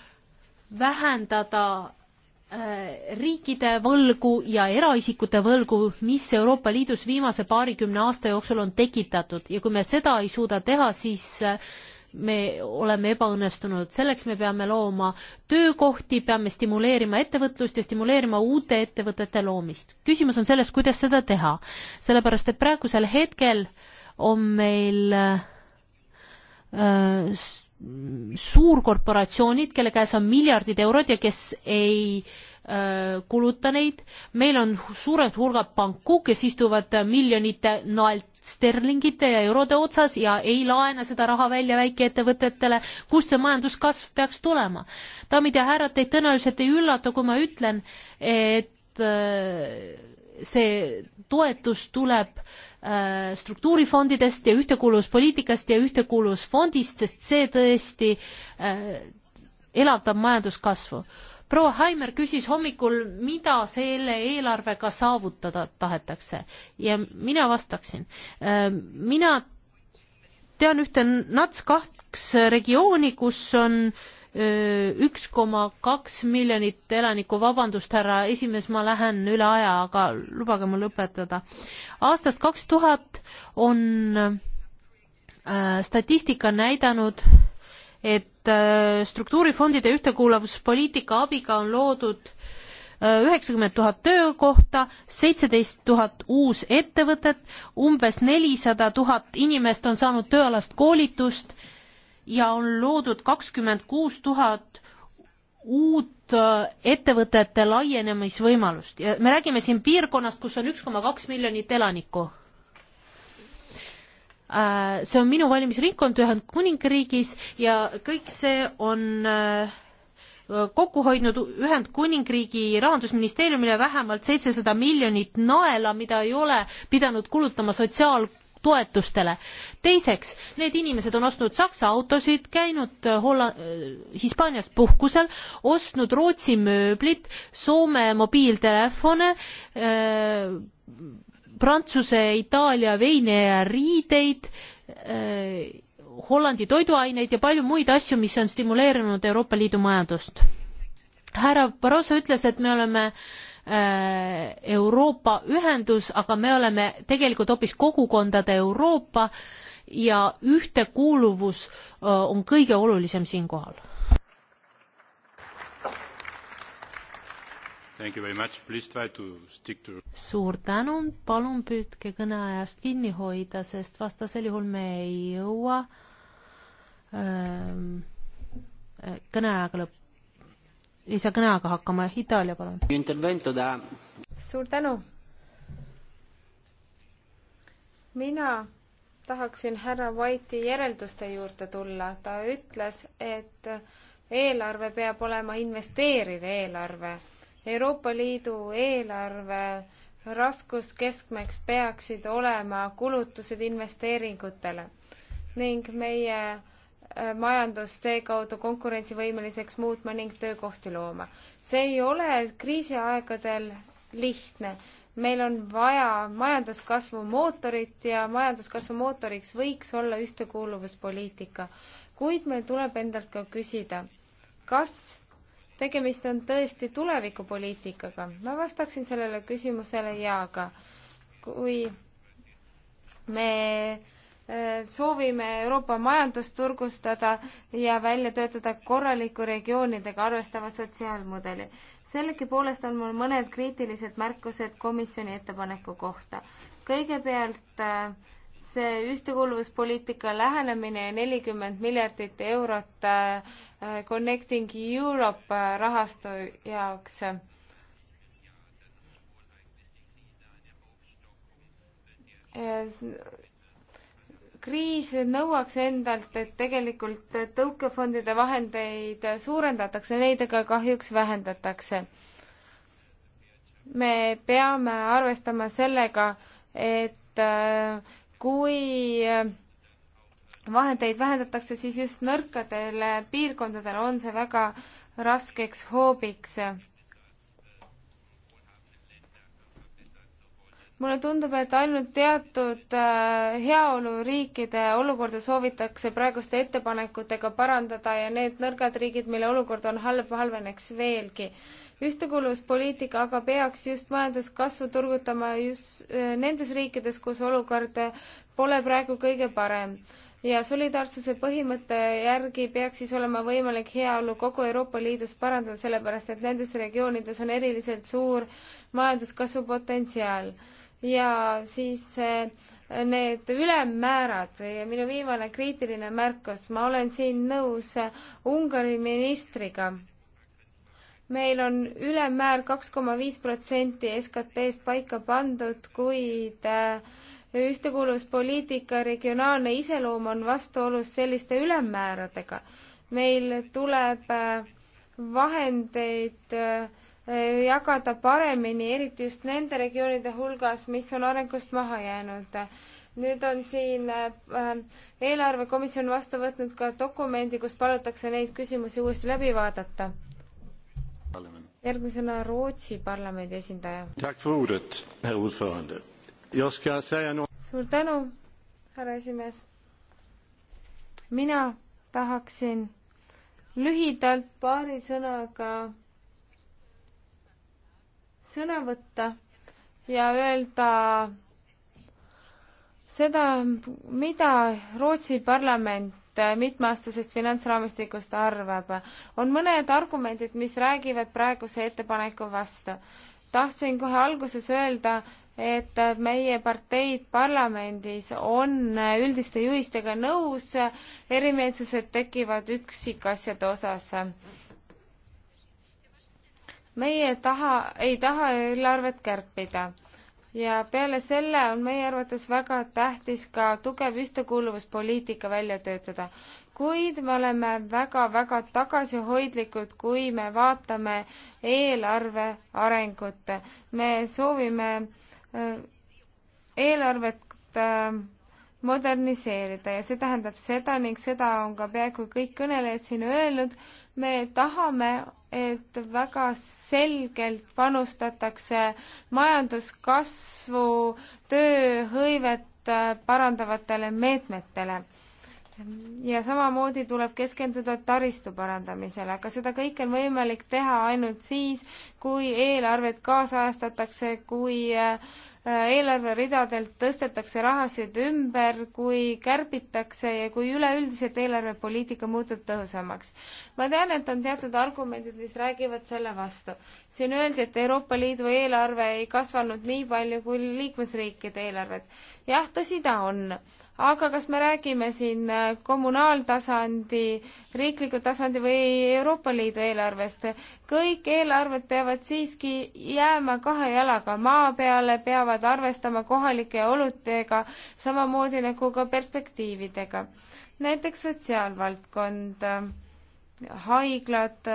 vähendada äh, riikide võlgu ja eraisikute võlgu, mis Euroopa Liidus viimase paarikümne aasta jooksul on tekitatud ja kui me seda ei suuda teha, siis äh, me oleme ebaõnnestunud, selleks me peame looma töökohti, peame stimuleerima ettevõtlust ja stimuleerima uute ettevõtete loomist. küsimus on selles, kuidas seda teha, sellepärast et praegusel hetkel on meil äh, suurkorporatsioonid, kelle käes on miljardid eurod ja kes ei äh, kuluta neid, meil on suured hulgad panku, kes istuvad miljonite naelt sterlingite ja eurode otsas ja ei laena seda raha välja väikeettevõtetele, kust see majanduskasv peaks tulema. daamid ja härrad, teid tõenäoliselt ei üllata, kui ma ütlen, et äh, see toetus tuleb äh, struktuurifondidest ja ühtekuuluvuspoliitikast ja ühtekuuluvusfondist, sest see tõesti äh, elavdab majanduskasvu proua Haimer küsis hommikul, mida selle eelarvega saavutada tahetakse ja mina vastaksin. Äh, mina tean ühte NATS kaks regiooni, kus on äh, üks koma kaks miljonit elanikku, vabandust, härra esimees, ma lähen üle aja, aga lubage mul lõpetada. aastast kaks tuhat on äh, statistika näidanud, et äh, struktuurifondide ühtekuuluvuspoliitika abiga on loodud äh, üheksakümmend tuhat töökohta, seitseteist tuhat uus ettevõtet, umbes nelisada tuhat inimest on saanud tööalast koolitust ja on loodud kakskümmend kuus tuhat uut äh, ettevõtete laienemisvõimalust ja me räägime siin piirkonnast, kus on üks koma kaks miljonit elanikku Äh, see on minu valimisringkond Ühendkuningriigis ja kõik see on äh, kokku hoidnud Ühendkuningriigi rahandusministeeriumile vähemalt seitsesada miljonit naela, mida ei ole pidanud kulutama sotsiaal- toetustele. teiseks, need inimesed on ostnud Saksa autosid, käinud äh, Holla-, Hispaanias puhkusel, ostnud Rootsi mööblit, Soome mobiiltelefone, Prantsuse, Itaalia veine ja riideid, äh, Hollandi toiduaineid ja palju muid asju, mis on stimuleerinud Euroopa Liidu majandust. härra Barroso ütles, et me oleme äh, Euroopa ühendus, aga me oleme tegelikult hoopis kogukondade Euroopa ja ühtekuuluvus äh, on kõige olulisem siinkohal To... suur tänu, palun püüdke kõneajast kinni hoida, sest vastasel juhul me ei jõua ähm, kõneajaga lõpp, ei saa kõneajaga hakkama, Itaalia palun. suur tänu. mina tahaksin härra White'i järelduste juurde tulla, ta ütles, et eelarve peab olema investeeriv eelarve Euroopa Liidu eelarve raskuskeskmeks peaksid olema kulutused investeeringutele ning meie äh, majandust seekaudu konkurentsivõimeliseks muutma ning töökohti looma. see ei ole kriisiaegadel lihtne. meil on vaja majanduskasvu mootorit ja majanduskasvu mootoriks võiks olla ühtekuuluvuspoliitika. kuid meil tuleb endalt ka küsida, kas tegemist on tõesti tulevikupoliitikaga. ma vastaksin sellele küsimusele jaaga. kui me äh, soovime Euroopa majandust turgustada ja välja töötada korraliku regioonidega arvestava sotsiaalmudeli. sellegipoolest on mul mõned kriitilised märkused komisjoni ettepaneku kohta. kõigepealt äh, see ühtekuuluvuspoliitika lähenemine ja nelikümmend miljardit eurot äh, Connecting Europe äh, rahastu jaoks. kriis nõuaks endalt, et tegelikult tõukefondide vahendeid suurendatakse, neid aga kahjuks vähendatakse. me peame arvestama sellega, et äh, kui äh, vahendeid vähendatakse, siis just nõrkadele äh, piirkondadele on see väga raskeks hoobiks. mulle tundub, et ainult teatud äh, heaoluriikide olukorda soovitakse praeguste ettepanekutega parandada ja need nõrgad riigid, mille olukord on halb, halveneks veelgi ühtekuuluvuspoliitika aga peaks just majanduskasvu turgutama just eh, nendes riikides, kus olukord eh, pole praegu kõige parem. ja solidaarsuse põhimõtte järgi peaks siis olema võimalik heaolu kogu Euroopa Liidus parandada, sellepärast et nendes regioonides on eriliselt suur majanduskasvu potentsiaal. ja siis eh, need ülemmäärad ja minu viimane kriitiline märkus, ma olen siin nõus Ungari ministriga meil on ülemmäär kaks koma viis protsenti SKT-st paika pandud, kuid äh, ühtekuuluvuspoliitika regionaalne iseloom on vastuolus selliste ülemmääradega. meil tuleb äh, vahendeid äh, jagada paremini, eriti just nende regioonide hulgas, mis on arengust maha jäänud nüüd on siin eelarvekomisjon vastu võtnud ka dokumendi, kus palutakse neid küsimusi uuesti läbi vaadata järgmisena Rootsi parlamendi esindaja. suur tänu, härra esimees. mina tahaksin lühidalt paari sõnaga sõna võtta ja öelda seda, mida Rootsi parlament mitmeaastasest finantsraamistikust arvab. on mõned argumendid, mis räägivad praeguse ettepaneku vastu. tahtsin kohe alguses öelda, et meie parteid parlamendis on üldiste juhistega nõus, erimeelsused tekivad üksikasjade osas. meie taha, ei taha eelarvet kärpida ja peale selle on meie arvates väga tähtis ka tugev ühtekuuluvuspoliitika välja töötada. kuid me oleme väga-väga tagasihoidlikud, kui me vaatame eelarve arengut. me soovime äh, eelarvet äh, moderniseerida ja see tähendab seda ning seda on ka peaaegu kõik kõnelejad siin öelnud, me tahame, et väga selgelt panustatakse majanduskasvu, tööhõivet äh, parandavatele meetmetele. ja samamoodi tuleb keskenduda taristu parandamisele, aga seda kõike on võimalik teha ainult siis, kui eelarvet kaasajastatakse, kui äh, eelarveridadelt tõstetakse rahasid ümber, kui kärbitakse ja kui üleüldiselt eelarvepoliitika muutub tõhusamaks. ma tean, et on teatud argumendid, mis räägivad selle vastu. siin öeldi, et Euroopa Liidu eelarve ei kasvanud nii palju kui liikmesriikide eelarved. jah, tõsi ta on, aga kas me räägime siin äh, kommunaaltasandi, riikliku tasandi või Euroopa Liidu eelarvest, kõik eelarved peavad siiski jääma kahe jalaga maa peale, peavad arvestama kohalike oludega, samamoodi nagu ka perspektiividega. näiteks sotsiaalvaldkond, haiglad,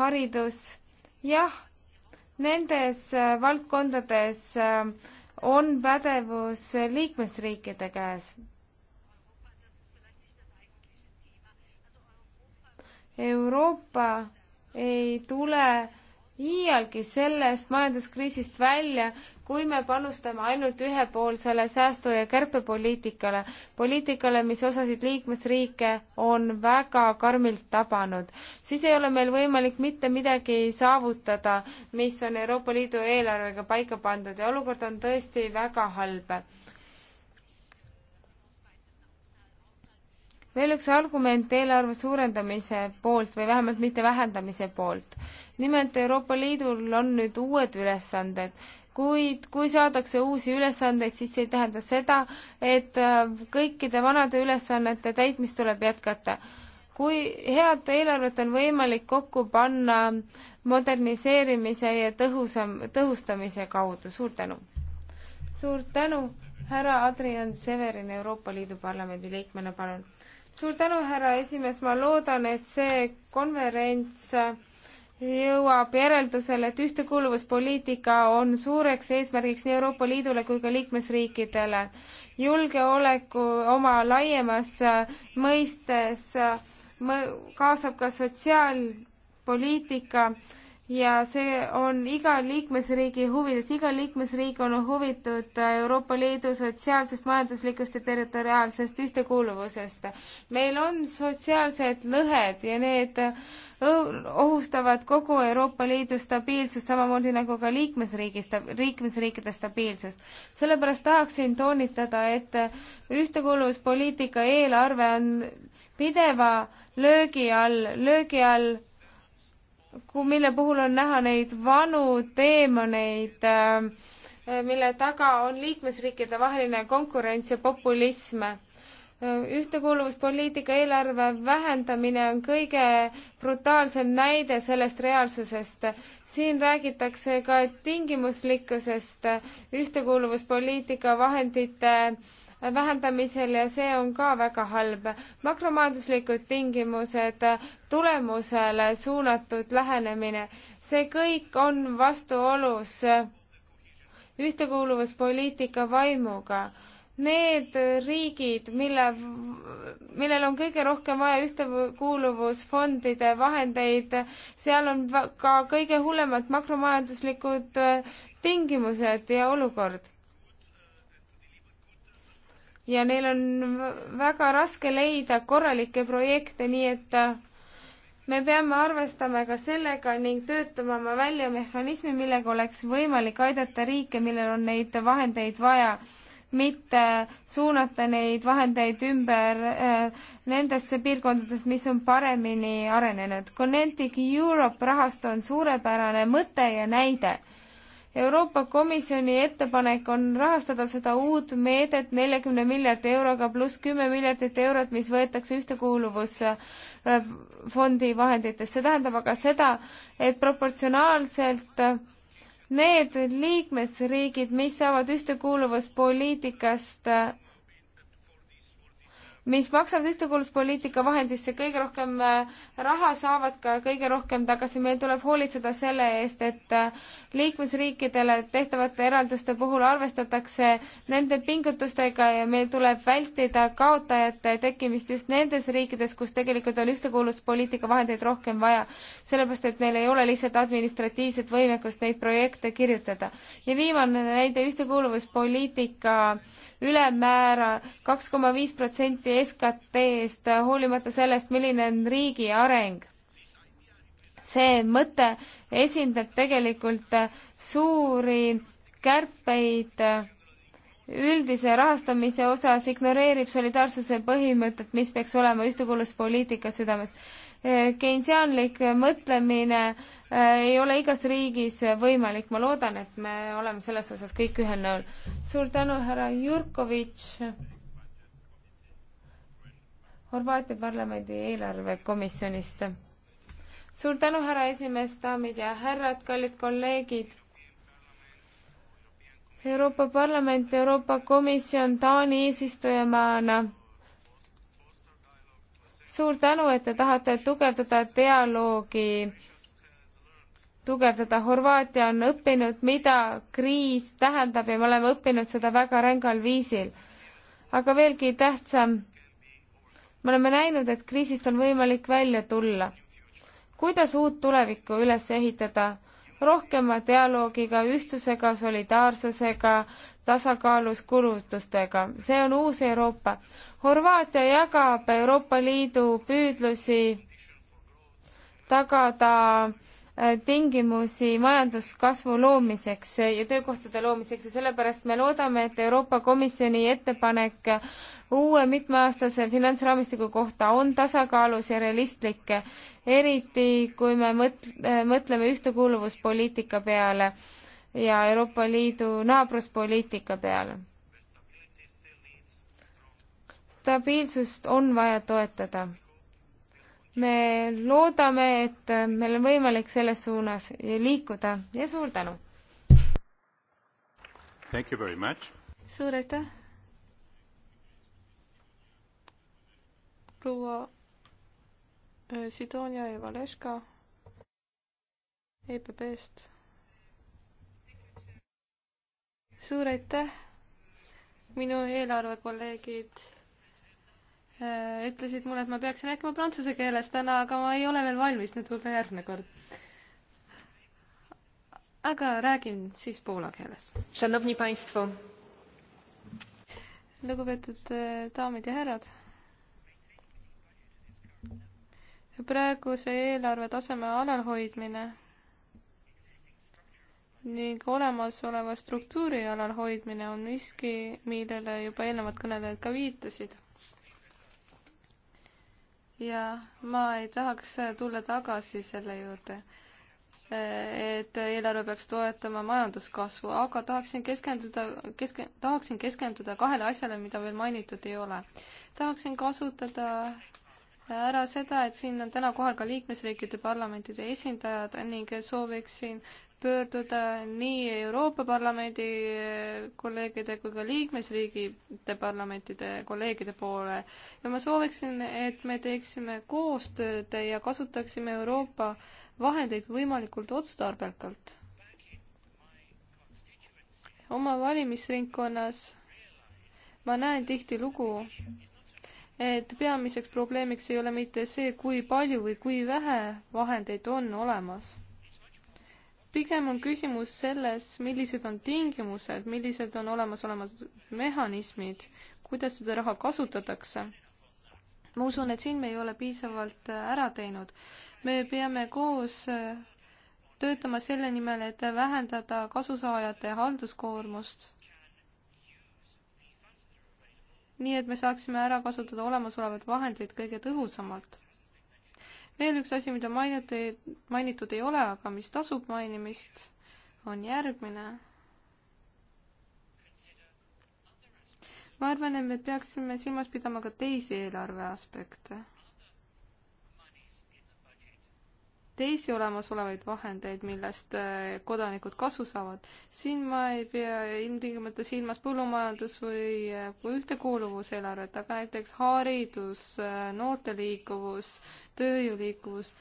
haridus, jah, nendes äh, valdkondades äh, on pädevus liikmesriikide käes. Euroopa ei tule iialgi sellest majanduskriisist välja, kui me panustame ainult ühepoolsele säästu- ja kärpepoliitikale, poliitikale, mis osasid liikmesriike on väga karmilt tabanud. siis ei ole meil võimalik mitte midagi saavutada, mis on Euroopa Liidu eelarvega paika pandud ja olukord on tõesti väga halb veel üks argument eelarve suurendamise poolt või vähemalt mitte vähendamise poolt. nimelt Euroopa Liidul on nüüd uued ülesanded, kuid kui saadakse uusi ülesandeid, siis see ei tähenda seda, et äh, kõikide vanade ülesannete täitmist tuleb jätkata. kui head eelarvet on võimalik kokku panna moderniseerimise ja tõhusam, tõhustamise kaudu, suur tänu! suur tänu, härra Adrian Severin Euroopa Liidu Parlamendi liikmena, palun! suur tänu, härra esimees, ma loodan, et see konverents jõuab järeldusele, et ühtekuuluvuspoliitika on suureks eesmärgiks nii Euroopa Liidule kui ka liikmesriikidele. julgeoleku oma laiemas mõistes kaasab ka sotsiaalpoliitika ja see on iga liikmesriigi huvides, iga liikmesriik on huvitud Euroopa Liidu sotsiaalsest, majanduslikust ja territoriaalsest ühtekuuluvusest. meil on sotsiaalsed lõhed ja need ohustavad kogu Euroopa Liidu stabiilsust, samamoodi nagu ka liikmesriigi sta-, liikmesriikide stabiilsust. sellepärast tahaksin toonitada, et ühtekuuluvuspoliitika eelarve on pideva löögi all, löögi all mille puhul on näha neid vanu teemaneid, äh, mille taga on liikmesriikide vaheline konkurents ja populism. Äh, ühtekuuluvuspoliitika eelarve vähendamine on kõige brutaalsem näide sellest reaalsusest. siin räägitakse ka tingimuslikkusest ühtekuuluvuspoliitika vahendite vähendamisel ja see on ka väga halb. makromajanduslikud tingimused, tulemusele suunatud lähenemine, see kõik on vastuolus ühtekuuluvuspoliitika vaimuga. Need riigid, mille, millel on kõige rohkem vaja ühtekuuluvusfondide vahendeid, seal on ka kõige hullemad makromajanduslikud äh, tingimused ja olukord ja neil on väga raske leida korralikke projekte, nii et äh, me peame arvestama ka sellega ning töötama oma välja mehhanismi, millega oleks võimalik aidata riike, millel on neid vahendeid vaja, mitte suunata neid vahendeid ümber äh, nendesse piirkondades, mis on paremini arenenud. Connecting Europe rahastu on suurepärane mõte ja näide Euroopa Komisjoni ettepanek on rahastada seda uut meedet neljakümne miljardi euroga pluss kümme miljardit eurot, mis võetakse ühtekuuluvusfondi vahenditest. see tähendab aga seda, et proportsionaalselt need liikmesriigid, mis saavad ühtekuuluvuspoliitikast mis maksavad ühtekuuluvuspoliitika vahendisse kõige rohkem äh, raha, saavad ka kõige rohkem tagasi. meil tuleb hoolitseda selle eest, et äh, liikmesriikidele tehtavate eralduste puhul arvestatakse nende pingutustega ja meil tuleb vältida kaotajate tekkimist just nendes riikides, kus tegelikult on ühtekuuluvuspoliitika vahendeid rohkem vaja. sellepärast, et neil ei ole lihtsalt administratiivset võimekust neid projekte kirjutada. ja viimane näide ühtekuuluvuspoliitika äh, ülemmäära kaks koma viis protsenti SKT-st, hoolimata sellest, milline on riigi areng. see mõte esindab tegelikult suuri kärpeid üldise rahastamise osas, ignoreerib solidaarsuse põhimõtet, mis peaks olema ühtekuuluvuspoliitika südames Keynesianlik mõtlemine äh, ei ole igas riigis võimalik, ma loodan, et me oleme selles osas kõik ühel nõul. suur tänu, härra Jurkovitš. Horvaatia parlamendi eelarvekomisjonist. suur tänu, härra esimees, daamid ja härrad, kallid kolleegid. Euroopa Parlament, Euroopa Komisjon Taani eesistujamaana suur tänu, et te tahate tugevdada dialoogi, tugevdada. Horvaatia on õppinud, mida kriis tähendab ja me oleme õppinud seda väga rängal viisil. aga veelgi tähtsam, me oleme näinud, et kriisist on võimalik välja tulla. kuidas uut tulevikku üles ehitada? rohkema dialoogiga, ühtsusega, solidaarsusega, tasakaalus kulutustega. see on uus Euroopa Horvaatia jagab Euroopa Liidu püüdlusi tagada äh, tingimusi majanduskasvu loomiseks ja töökohtade loomiseks ja sellepärast me loodame, et Euroopa Komisjoni ettepanek uue mitmeaastase finantsraamistiku kohta on tasakaalus ja realistlik, eriti kui me mõt-, äh, mõtleme ühtekuuluvuspoliitika peale ja Euroopa Liidu naabruspoliitika peale stabiilsust on vaja toetada. me loodame, et meil on võimalik selles suunas liikuda ja suur tänu! suur aitäh! proua äh, Sidonia Evaleska EPP-st. suur aitäh, minu eelarvekolleegid Äh, ütlesid mulle, et ma peaksin rääkima prantsuse keeles täna, aga ma ei ole veel valmis, nüüd võib-olla järgmine kord. aga räägin siis poola keeles. lugupeetud äh, daamid ja härrad. praeguse eelarve taseme alalhoidmine ning olemasoleva struktuuri alalhoidmine on miski, millele juba eelnevad kõnelejad ka viitasid ja ma ei tahaks tulla tagasi selle juurde, et eelarve peaks toetama majanduskasvu, aga tahaksin keskenduda, keske-, tahaksin keskenduda kahele asjale, mida veel mainitud ei ole. tahaksin kasutada ära seda, et siin on täna kohal ka liikmesriikide parlamentide esindajad ning sooviksin pöörduda nii Euroopa Parlamendi eh, kolleegide kui ka liikmesriigide parlamentide kolleegide poole ja ma sooviksin, et me teeksime koostööd ja kasutaksime Euroopa vahendeid võimalikult otstarbekalt. oma valimisringkonnas ma näen tihtilugu, et peamiseks probleemiks ei ole mitte see, kui palju või kui vähe vahendeid on olemas pigem on küsimus selles, millised on tingimused, millised on olemasolevad mehhanismid, kuidas seda raha kasutatakse. ma usun, et siin me ei ole piisavalt äh, ära teinud. me peame koos äh, töötama selle nimel, et vähendada kasusaajate halduskoormust. nii et me saaksime ära kasutada olemasolevaid vahendeid kõige tõhusamalt veel üks asi, mida mainiti, mainitud ei ole, aga mis tasub mainimist, on järgmine. ma arvan, et me peaksime silmas pidama ka teisi eelarve aspekte teisi olemasolevaid vahendeid, millest äh, kodanikud kasu saavad. siin ma ei pea ilmtingimata silmas põllumajandus või äh, ühtekuuluvuseelarvet, aga näiteks haridus, äh, noorte liikuvus, tööjõu liikuvus.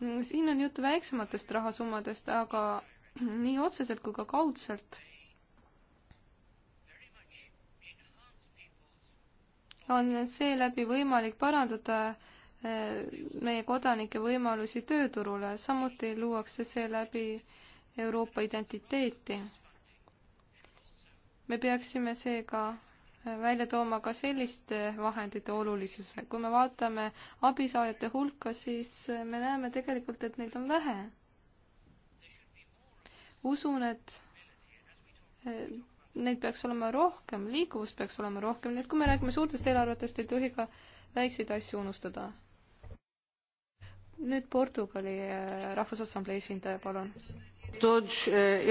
Mm, siin on juttu väiksematest rahasummadest, aga nii otseselt kui ka kaudselt on seeläbi võimalik parandada meie kodanike võimalusi tööturule, samuti luuakse seeläbi Euroopa identiteeti. me peaksime seega välja tooma ka selliste vahendite olulisuse. kui me vaatame abisaajate hulka, siis me näeme tegelikult, et neid on vähe. usun, et eh, neid peaks olema rohkem, liikuvust peaks olema rohkem, nii et kui me räägime suurtest eelarvetest, ei tohi ka väikseid asju unustada nüüd Portugali äh, Rahvusassamblee esindaja, palun. Äh,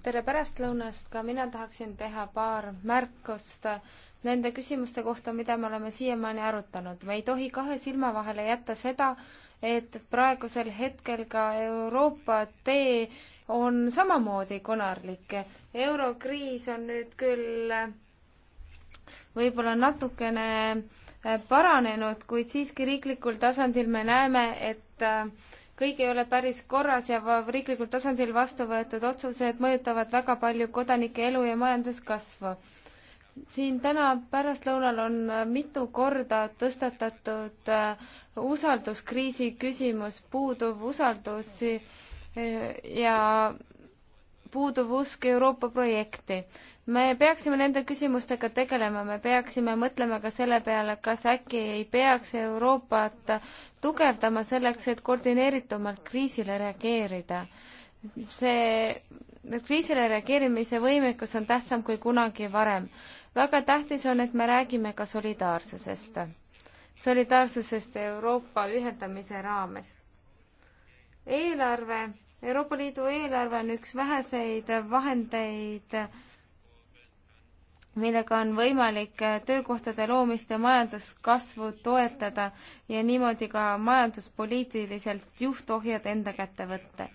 tere pärastlõunast, ka mina tahaksin teha paar märkust äh, nende küsimuste kohta, mida me oleme siiamaani arutanud. me ei tohi kahe silma vahele jätta seda, et praegusel hetkel ka Euroopa tee on samamoodi konarlik. eurokriis on nüüd küll võib-olla natukene Äh, paranenud, kuid siiski riiklikul tasandil me näeme, et äh, kõik ei ole päris korras ja riiklikul tasandil vastu võetud otsused mõjutavad väga palju kodanike elu ja majanduskasvu. siin täna pärastlõunal on äh, mitu korda tõstatatud usalduskriisi küsimus, puuduv usaldus ja puuduv usk Euroopa projekti. me peaksime nende küsimustega tegelema, me peaksime mõtlema ka selle peale, kas äkki ei peaks Euroopat tugevdama selleks, et koordineeritumalt kriisile reageerida. see kriisile reageerimise võimekus on tähtsam kui kunagi varem. väga tähtis on, et me räägime ka solidaarsusest. solidaarsusest Euroopa ühendamise raames. eelarve Euroopa Liidu eelarve on üks väheseid vahendeid, millega on võimalik töökohtade loomist ja majanduskasvu toetada ja niimoodi ka majanduspoliitiliselt juhtohjad enda kätte võtta.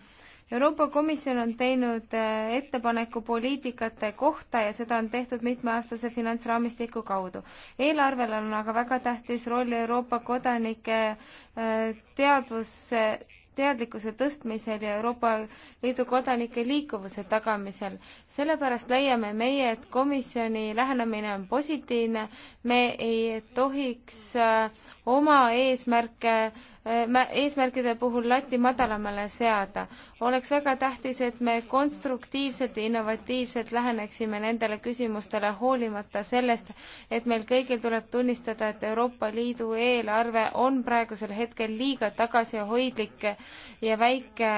Euroopa Komisjon on teinud eh, ettepaneku poliitikate kohta ja seda on tehtud mitmeaastase finantsraamistiku kaudu. eelarvel on aga väga tähtis roll Euroopa kodanike eh, teadvus, teadlikkuse tõstmisel ja Euroopa Liidu kodanike liikuvuse tagamisel. sellepärast leiame meie, et komisjoni lähenemine on positiivne, me ei tohiks äh, oma eesmärke Äh, eesmärkide puhul latti madalamale seada. oleks väga tähtis, et me konstruktiivselt ja innovatiivselt läheneksime nendele küsimustele, hoolimata sellest, et meil kõigil tuleb tunnistada, et Euroopa Liidu eelarve on praegusel hetkel liiga tagasihoidlik ja väike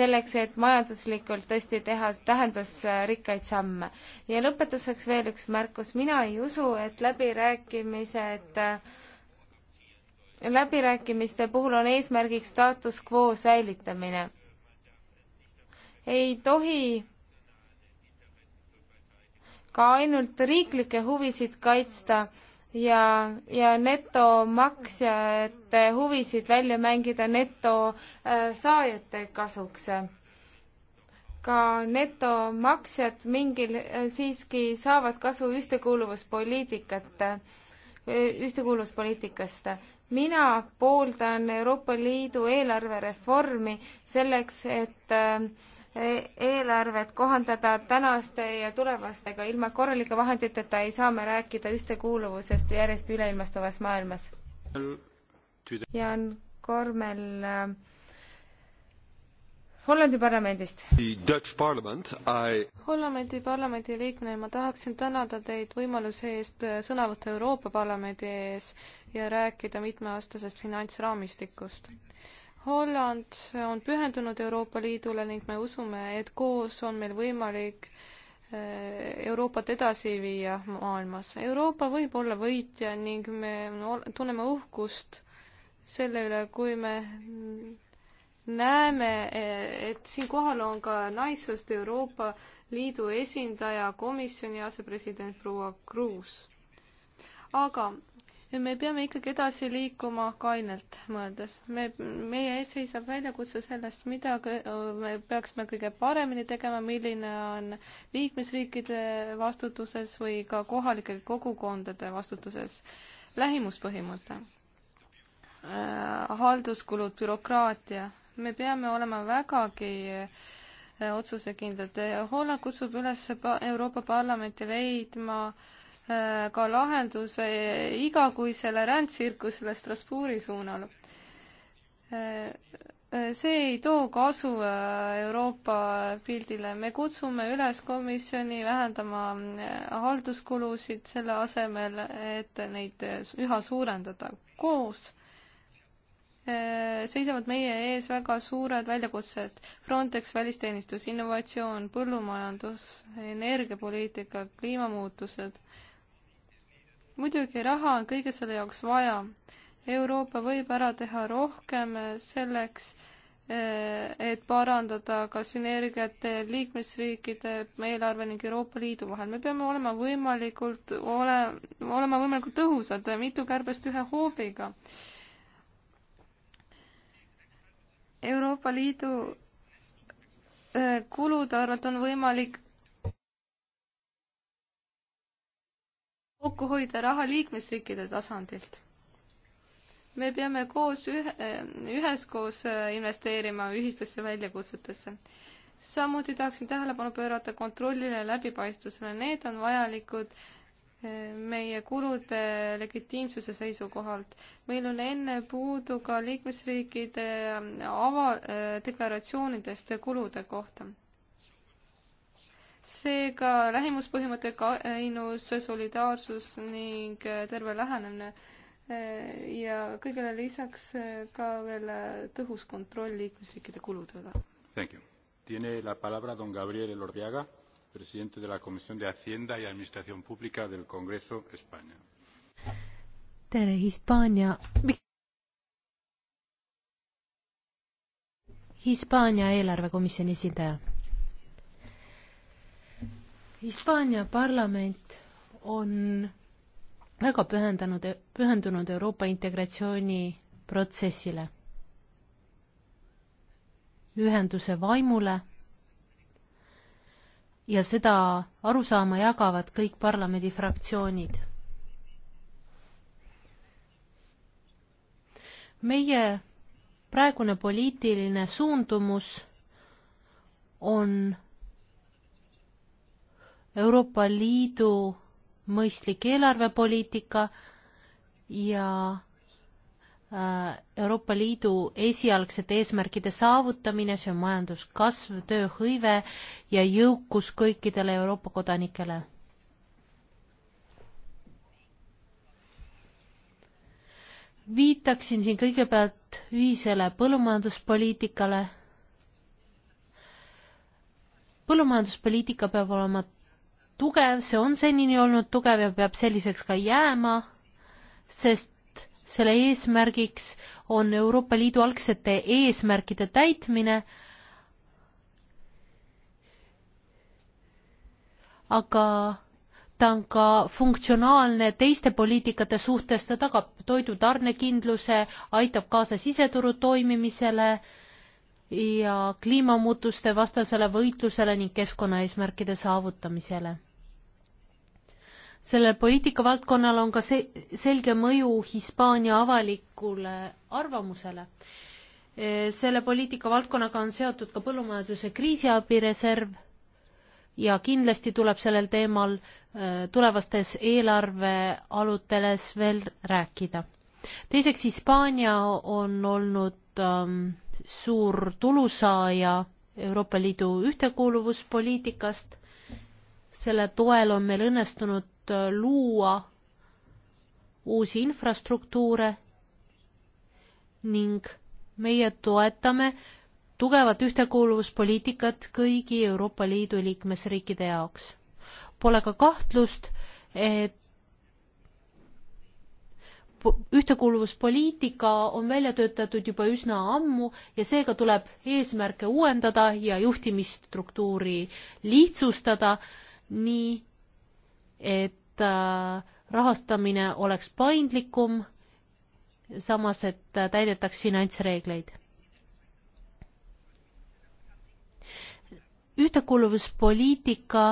selleks, et majanduslikult tõesti teha tähendusrikkaid samme. ja lõpetuseks veel üks märkus, mina ei usu, et läbirääkimised et äh, läbirääkimiste puhul on eesmärgiks status quo säilitamine. ei tohi ka ainult riiklikke huvisid kaitsta ja, ja netomaksjate huvisid välja mängida netosaajate äh, kasuks. ka netomaksjad mingil äh, siiski saavad kasu ühtekuuluvuspoliitikat ühtekuuluvuspoliitikast. mina pooldan Euroopa Liidu eelarvereformi selleks, et äh, eelarvet kohandada tänaste ja tulevastega. ilma korralike vahenditeta ei saa me rääkida ühtekuuluvusest järjest üleilmastuvas maailmas. Jan Kormel äh, Hollandi parlamendist. Parliament, I... Hollandi parlamendi liikmena ma tahaksin tänada teid võimaluse eest sõna võtta Euroopa Parlamendi ees ja rääkida mitmeaastasest finantsraamistikust. Holland on pühendunud Euroopa Liidule ning me usume, et koos on meil võimalik eh, Euroopat edasi viia maailmas. Euroopa võib olla võitja ning me tunneme uhkust selle üle, kui me näeme, et siinkohal on ka naissoost Euroopa Liidu esindaja, komisjoni asepresident proua Kruus. aga me peame ikkagi edasi liikuma kainelt mõeldes. me, meie ees seisab väljakutse sellest, mida me peaksime kõige paremini tegema, milline on liikmesriikide vastutuses või ka kohalike kogukondade vastutuses lähimuspõhimõte, äh, halduskulud, bürokraatia me peame olema vägagi eh, otsusekindlad. Holland kutsub üles Euroopa Parlamenti leidma eh, ka lahenduse igakuisele rändtsirkusele Strasbourgi suunal. Eh, see ei too kasu Euroopa pildile, me kutsume üles komisjoni vähendama halduskulusid selle asemel, et neid üha suurendada koos Äh, seisavad meie ees väga suured väljakutsed. Frontex, välisteenistus, innovatsioon, põllumajandus, energiapoliitika, kliimamuutused. muidugi raha on kõige selle jaoks vaja. Euroopa võib ära teha rohkem selleks, äh, et parandada ka sünergiat liikmesriikide eelarve ning Euroopa Liidu vahel. me peame olema võimalikult, ole, olema võimalikult tõhusad, mitu kärbest ühe hoobiga Euroopa Liidu äh, kulude arvelt on võimalik kokku hoida raha liikmesriikide tasandilt. me peame koos ühe, äh, üheskoos äh, investeerima ühistesse väljakutsetesse. samuti tahaksin tähelepanu pöörata kontrollile ja läbipaistvusele, need on vajalikud äh, meie kulude legitiimsuse seisukohalt. meil on enne puudu ka liikmesriikide äh, ava-, äh, deklaratsioonidest kulude kohta. seega lähimuspõhimõte kainus, solidaarsus ning äh, terve lähenemine ja kõigele lisaks ka veel tõhus kontroll liikmesriikide kulude üle. Thank you. Tiene la palabra don Gabriel Elordiaga presidente de la Comisión de Hacienda y Administración Pública del Congreso, España. tere, Hispaania. Hispaania eelarvekomisjoni esindaja. Hispaania parlament on väga pühendanud, pühendunud Euroopa integratsiooni protsessile, ühenduse vaimule ja seda arusaama jagavad kõik parlamendifraktsioonid. meie praegune poliitiline suundumus on Euroopa Liidu mõistlik eelarvepoliitika ja Äh, Euroopa Liidu esialgsete eesmärkide saavutamine, see on majanduskasv, tööhõive ja jõukus kõikidele Euroopa kodanikele. viitaksin siin kõigepealt ühisele põllumajanduspoliitikale. põllumajanduspoliitika peab olema tugev, see on senini olnud tugev ja peab selliseks ka jääma, sest selle eesmärgiks on Euroopa Liidu algsete eesmärkide täitmine, aga ta on ka funktsionaalne teiste poliitikate suhtes, ta tagab toidu tarnekindluse, aitab kaasa siseturu toimimisele ja kliimamuutuste vastasele võitlusele ning keskkonnaeesmärkide saavutamisele sellel poliitikavaldkonnal on ka see selge mõju Hispaania avalikule arvamusele. E, selle poliitikavaldkonnaga on seotud ka põllumajanduse kriisiabireserv ja kindlasti tuleb sellel teemal e, tulevastes eelarvealuteles veel rääkida. teiseks, Hispaania on olnud ähm, suur tulusaaja Euroopa Liidu ühtekuuluvuspoliitikast selle toel on meil õnnestunud Äh, luua uusi infrastruktuure ning meie toetame tugevat ühtekuuluvuspoliitikat kõigi Euroopa Liidu liikmesriikide jaoks. Pole ka kahtlust, et ühtekuuluvuspoliitika on välja töötatud juba üsna ammu ja seega tuleb eesmärke uuendada ja juhtimisstruktuuri lihtsustada nii, et äh, rahastamine oleks paindlikum, samas et äh, täidetaks finantsreegleid. ühtekuuluvuspoliitika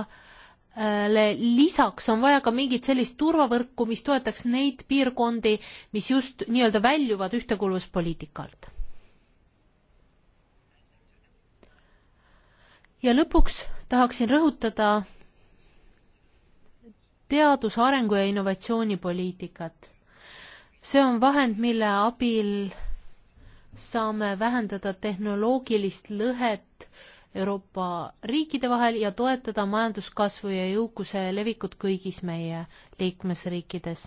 äh, lisaks on vaja ka mingit sellist turvavõrku, mis toetaks neid piirkondi, mis just nii-öelda väljuvad ühtekuuluvuspoliitikalt. ja lõpuks tahaksin rõhutada teadus, arengu ja innovatsioonipoliitikat. see on vahend, mille abil saame vähendada tehnoloogilist lõhet Euroopa riikide vahel ja toetada majanduskasvu ja jõukuse levikut kõigis meie liikmesriikides.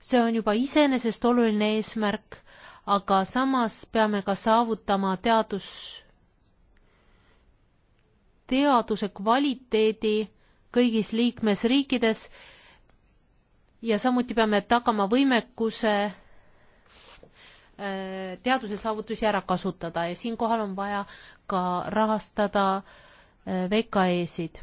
see on juba iseenesest oluline eesmärk, aga samas peame ka saavutama teadus, teaduse kvaliteedi kõigis liikmesriikides ja samuti peame tagama võimekuse äh, teaduse saavutusi ära kasutada ja siinkohal on vaja ka rahastada äh, VKE-sid.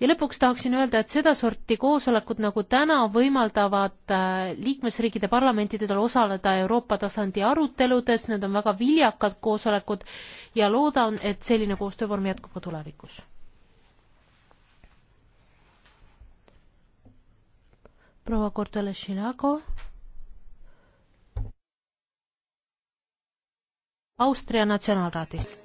ja lõpuks tahaksin öelda, et sedasorti koosolekud nagu täna võimaldavad äh, liikmesriikide parlamentidel osaleda Euroopa tasandi aruteludes, need on väga viljakad koosolekud ja loodan, et selline koostöövorm jätkub ka tulevikus. proua Kortele-Šinago. Austria Natsionaalraadist.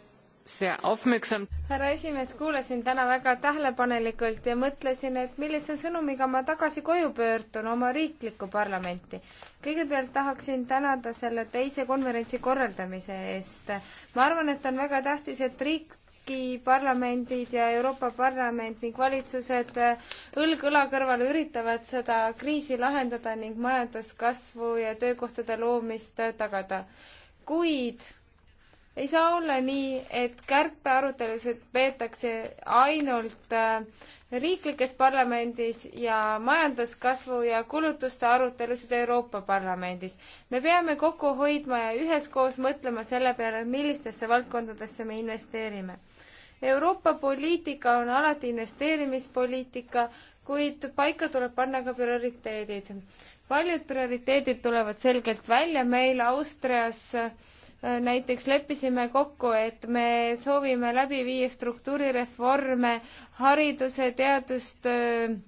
härra esimees, kuulasin täna väga tähelepanelikult ja mõtlesin, et millise sõnumiga ma tagasi koju pöördun, oma riiklikku parlamenti. kõigepealt tahaksin tänada selle teise konverentsi korraldamise eest. ma arvan, et on väga tähtis, et riik riigi parlamendid ja Euroopa Parlament ning valitsused õlg õla kõrval üritavad seda kriisi lahendada ning majanduskasvu ja töökohtade loomist tagada. kuid ei saa olla nii, et kärpearutelusid peetakse ainult äh, riiklikes parlamendis ja majanduskasvu ja kulutuste arutelusid Euroopa Parlamendis. me peame kokku hoidma ja üheskoos mõtlema selle peale, millistesse valdkondadesse me investeerime. Euroopa poliitika on alati investeerimispoliitika, kuid paika tuleb panna ka prioriteedid. paljud prioriteedid tulevad selgelt välja, meil Austrias äh, näiteks leppisime kokku, et me soovime läbi viia struktuurireforme hariduse, teaduste äh,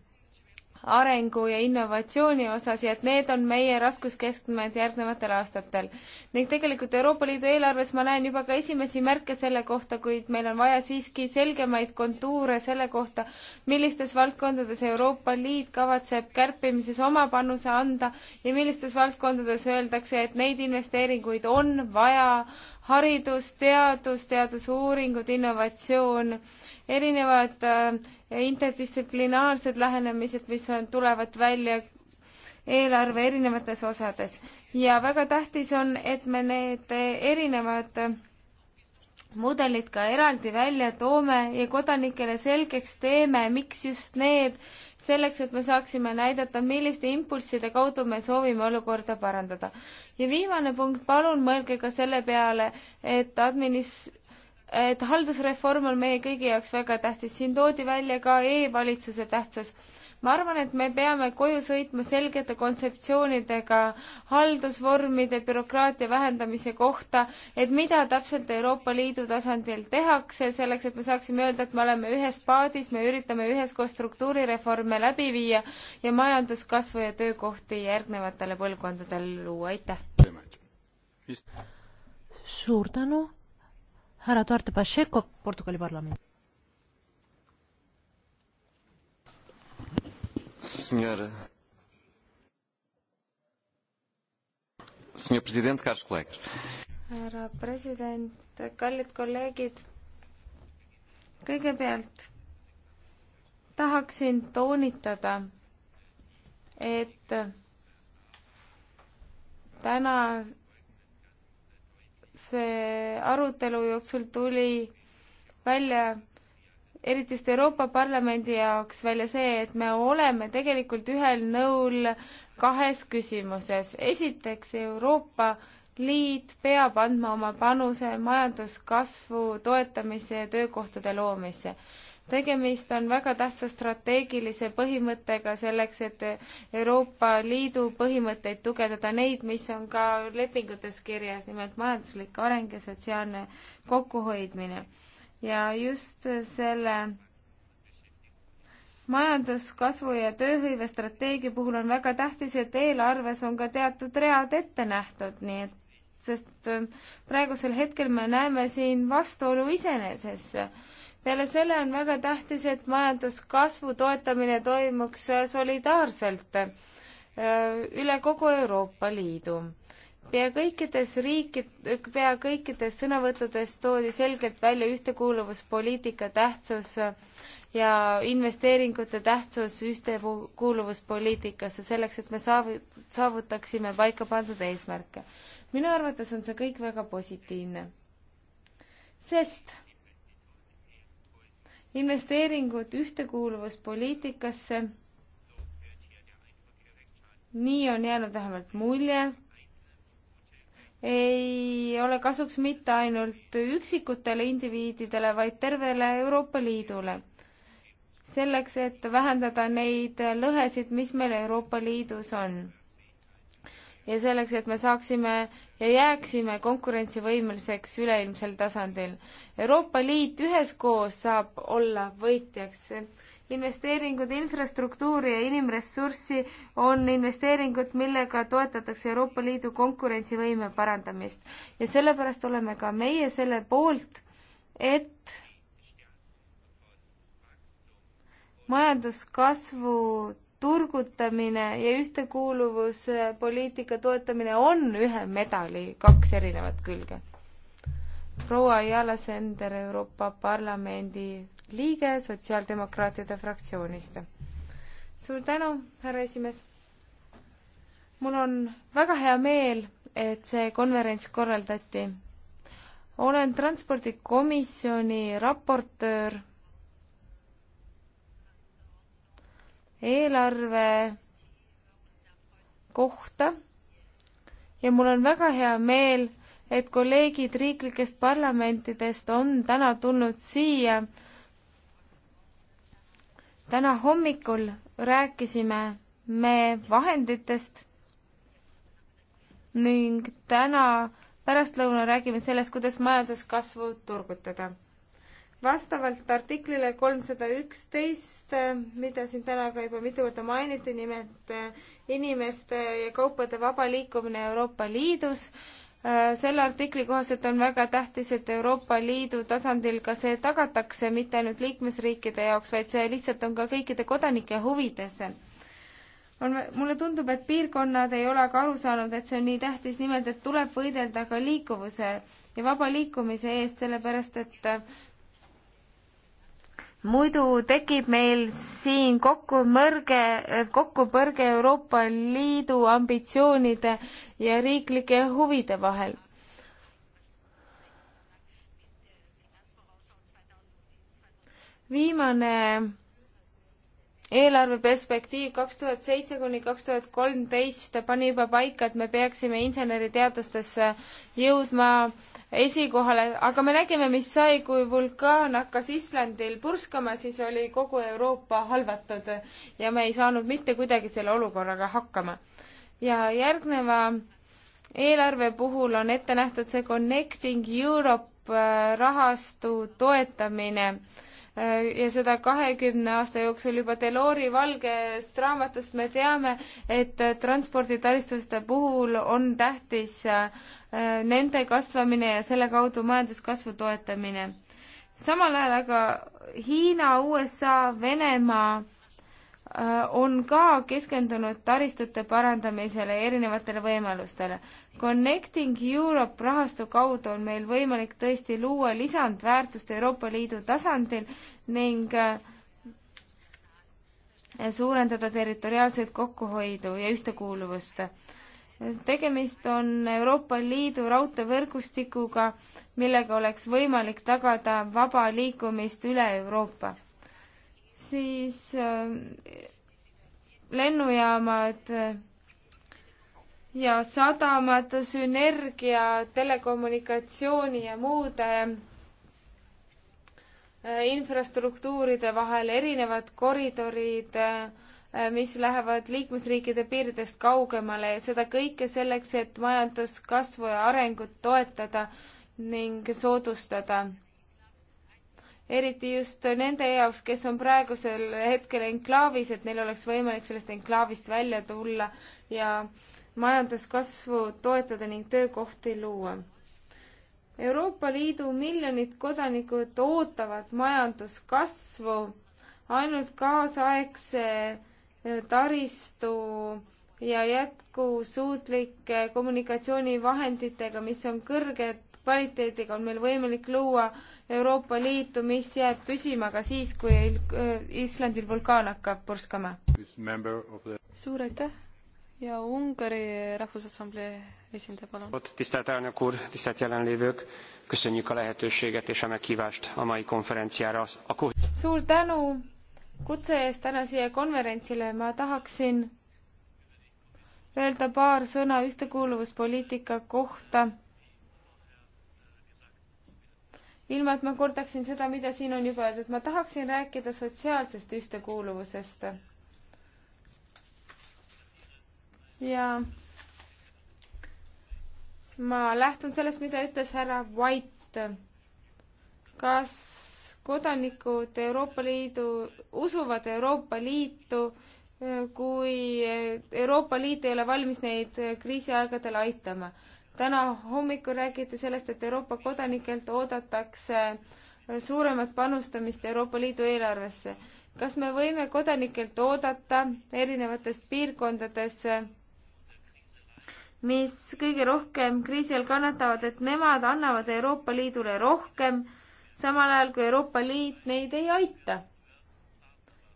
arengu ja innovatsiooni osas ja et need on meie raskuskeskmed järgnevatel aastatel. ning tegelikult Euroopa Liidu eelarves ma näen juba ka esimesi märke selle kohta, kuid meil on vaja siiski selgemaid kontuure selle kohta, millistes valdkondades Euroopa Liit kavatseb kärpimises oma panuse anda ja millistes valdkondades öeldakse, et neid investeeringuid on vaja haridus, teadus, teadusuuringud, innovatsioon, erinevad äh, interdistsiplinaarsed lähenemised, mis on, tulevad välja eelarve erinevates osades ja väga tähtis on, et me need erinevad mudelid ka eraldi välja toome ja kodanikele selgeks teeme, miks just need, selleks, et me saaksime näidata, milliste impulsside kaudu me soovime olukorda parandada. ja viimane punkt, palun mõelge ka selle peale, et adminis-, et haldusreform on meie kõigi jaoks väga tähtis, siin toodi välja ka e-valitsuse tähtsus. ma arvan, et me peame koju sõitma selgete kontseptsioonidega haldusvormide bürokraatia vähendamise kohta, et mida täpselt Euroopa Liidu tasandil tehakse, selleks et me saaksime öelda, et me oleme ühes paadis, me üritame üheskoos struktuurireforme läbi viia ja majanduskasvu ja töökohti järgnevatele põlvkondadele luua, aitäh! suur tänu! härra Duarte Pacheco, Portugali parlament. Senhora, senhor presidente, caros colegas. härra president, kallid kolleegid. kõigepealt tahaksin toonitada, et täna see arutelu jooksul tuli välja eriti just Euroopa Parlamendi jaoks välja see, et me oleme tegelikult ühel nõul kahes küsimuses. esiteks, Euroopa Liit peab andma oma panuse majanduskasvu toetamisse ja töökohtade loomisse tegemist on väga tähtsa strateegilise põhimõttega selleks, et Euroopa Liidu põhimõtteid tugevdada, neid, mis on ka lepingutes kirjas, nimelt majanduslik areng ja sotsiaalne kokkuhoidmine. ja just selle majanduskasvu ja tööhõive strateegia puhul on väga tähtis, et eelarves on ka teatud read ette nähtud, nii et sest äh, praegusel hetkel me näeme siin vastuolu iseenesesse peale selle on väga tähtis, et majanduskasvu toetamine toimuks solidaarselt äh, üle kogu Euroopa Liidu. pea kõikides riikid, pea kõikides sõnavõttudes toodi selgelt välja ühtekuuluvuspoliitika tähtsus ja investeeringute tähtsus ühtekuuluvuspoliitikasse, selleks et me saavut-, saavutaksime paika pandud eesmärke. minu arvates on see kõik väga positiivne, sest investeeringud ühtekuuluvuspoliitikasse. nii on jäänud vähemalt mulje. ei ole kasuks mitte ainult üksikutele indiviididele, vaid tervele Euroopa Liidule. selleks, et vähendada neid lõhesid, mis meil Euroopa Liidus on ja selleks, et me saaksime ja jääksime konkurentsivõimeliseks üleilmsel tasandil. Euroopa Liit üheskoos saab olla võitjaks. investeeringud infrastruktuuri ja inimressurssi on investeeringud, millega toetatakse Euroopa Liidu konkurentsivõime parandamist ja sellepärast oleme ka meie selle poolt, et majanduskasvu turgutamine ja ühtekuuluvuspoliitika toetamine on ühe medali kaks erinevat külge. proua Jala Sender, Euroopa Parlamendi liige Sotsiaaldemokraatide fraktsioonist. suur tänu, härra esimees. mul on väga hea meel, et see konverents korraldati. olen transpordikomisjoni raportöör eelarve kohta ja mul on väga hea meel, et kolleegid riiklikest parlamentidest on täna tulnud siia. täna hommikul rääkisime me vahenditest ning täna pärastlõunal räägime sellest, kuidas majanduskasvu turgutada vastavalt artiklile kolmsada üksteist, mida siin täna ka juba mitu korda mainiti, nimelt äh, inimeste ja kaupade vaba liikumine Euroopa Liidus, äh, selle artikli kohaselt on väga tähtis, et Euroopa Liidu tasandil ka see tagatakse, mitte ainult liikmesriikide jaoks, vaid see lihtsalt on ka kõikide kodanike huvides on, mulle tundub, et piirkonnad ei ole ka aru saanud, et see on nii tähtis, nimelt et tuleb võidelda ka liikuvuse ja vaba liikumise eest, sellepärast et äh, muidu tekib meil siin kokkupõrge, kokkupõrge Euroopa Liidu ambitsioonide ja riiklike huvide vahel. viimane eelarveperspektiiv kaks tuhat seitse kuni kaks tuhat kolmteist pani juba paika, et me peaksime inseneriteadustesse jõudma esikohale, aga me nägime, mis sai, kui vulkaan hakkas Islandil purskama, siis oli kogu Euroopa halvatud ja me ei saanud mitte kuidagi selle olukorraga hakkama. ja järgneva eelarve puhul on ette nähtud see Connecting Europe äh, rahastu toetamine Äh, ja seda kahekümne aasta jooksul juba Delori valgest raamatust me teame, et äh, transporditaristuste puhul on tähtis äh, nende kasvamine ja selle kaudu majanduskasvu toetamine. samal ajal aga Hiina, USA, Venemaa Äh, on ka keskendunud taristute parandamisele ja erinevatele võimalustele. Connecting Europe rahastu kaudu on meil võimalik tõesti luua lisandväärtust Euroopa Liidu tasandil ning äh, suurendada territoriaalset kokkuhoidu ja ühtekuuluvust. tegemist on Euroopa Liidu raudteevõrgustikuga, millega oleks võimalik tagada vaba liikumist üle Euroopa siis äh, lennujaamad äh, ja sadamad, sünergia telekommunikatsiooni ja muude äh, infrastruktuuride vahel, erinevad koridorid, mis lähevad liikmesriikide piiridest kaugemale ja seda kõike selleks, et majanduskasvu ja arengut toetada ning soodustada eriti just nende jaoks, kes on praegusel hetkel enklaavis, et neil oleks võimalik sellest enklaavist välja tulla ja majanduskasvu toetada ning töökohti luua. Euroopa Liidu miljonid kodanikud ootavad majanduskasvu ainult kaasaegse eh, taristu ja jätkusuutlike kommunikatsioonivahenditega, mis on kõrget kvaliteediga on meil võimalik luua Euroopa Liitu, mis jääb püsima ka siis, kui äh, Islandil vulkaan hakkab purskama. suur aitäh ja Ungari Rahvusassamblee esindaja, palun. tisztelt elnök úr, tisztelt jelenlévők, köszönjük a lehetőséget és a meghívást a mai konverentsiára. suur tänu kutse eest täna siia konverentsile, ma tahaksin öelda paar sõna ühtekuuluvuspoliitika kohta ilma, et ma kordaksin seda, mida siin on juba öeldud, ma tahaksin rääkida sotsiaalsest ühtekuuluvusest. ja ma lähtun sellest, mida ütles härra White. kas kodanikud Euroopa Liidu, usuvad Euroopa Liitu, kui Euroopa Liit ei ole valmis neid kriisiaegadel aitama? täna hommikul räägiti sellest, et Euroopa kodanikelt oodatakse suuremat panustamist Euroopa Liidu eelarvesse. kas me võime kodanikelt oodata erinevates piirkondades, mis kõige rohkem kriisi all kannatavad, et nemad annavad Euroopa Liidule rohkem, samal ajal kui Euroopa Liit neid ei aita?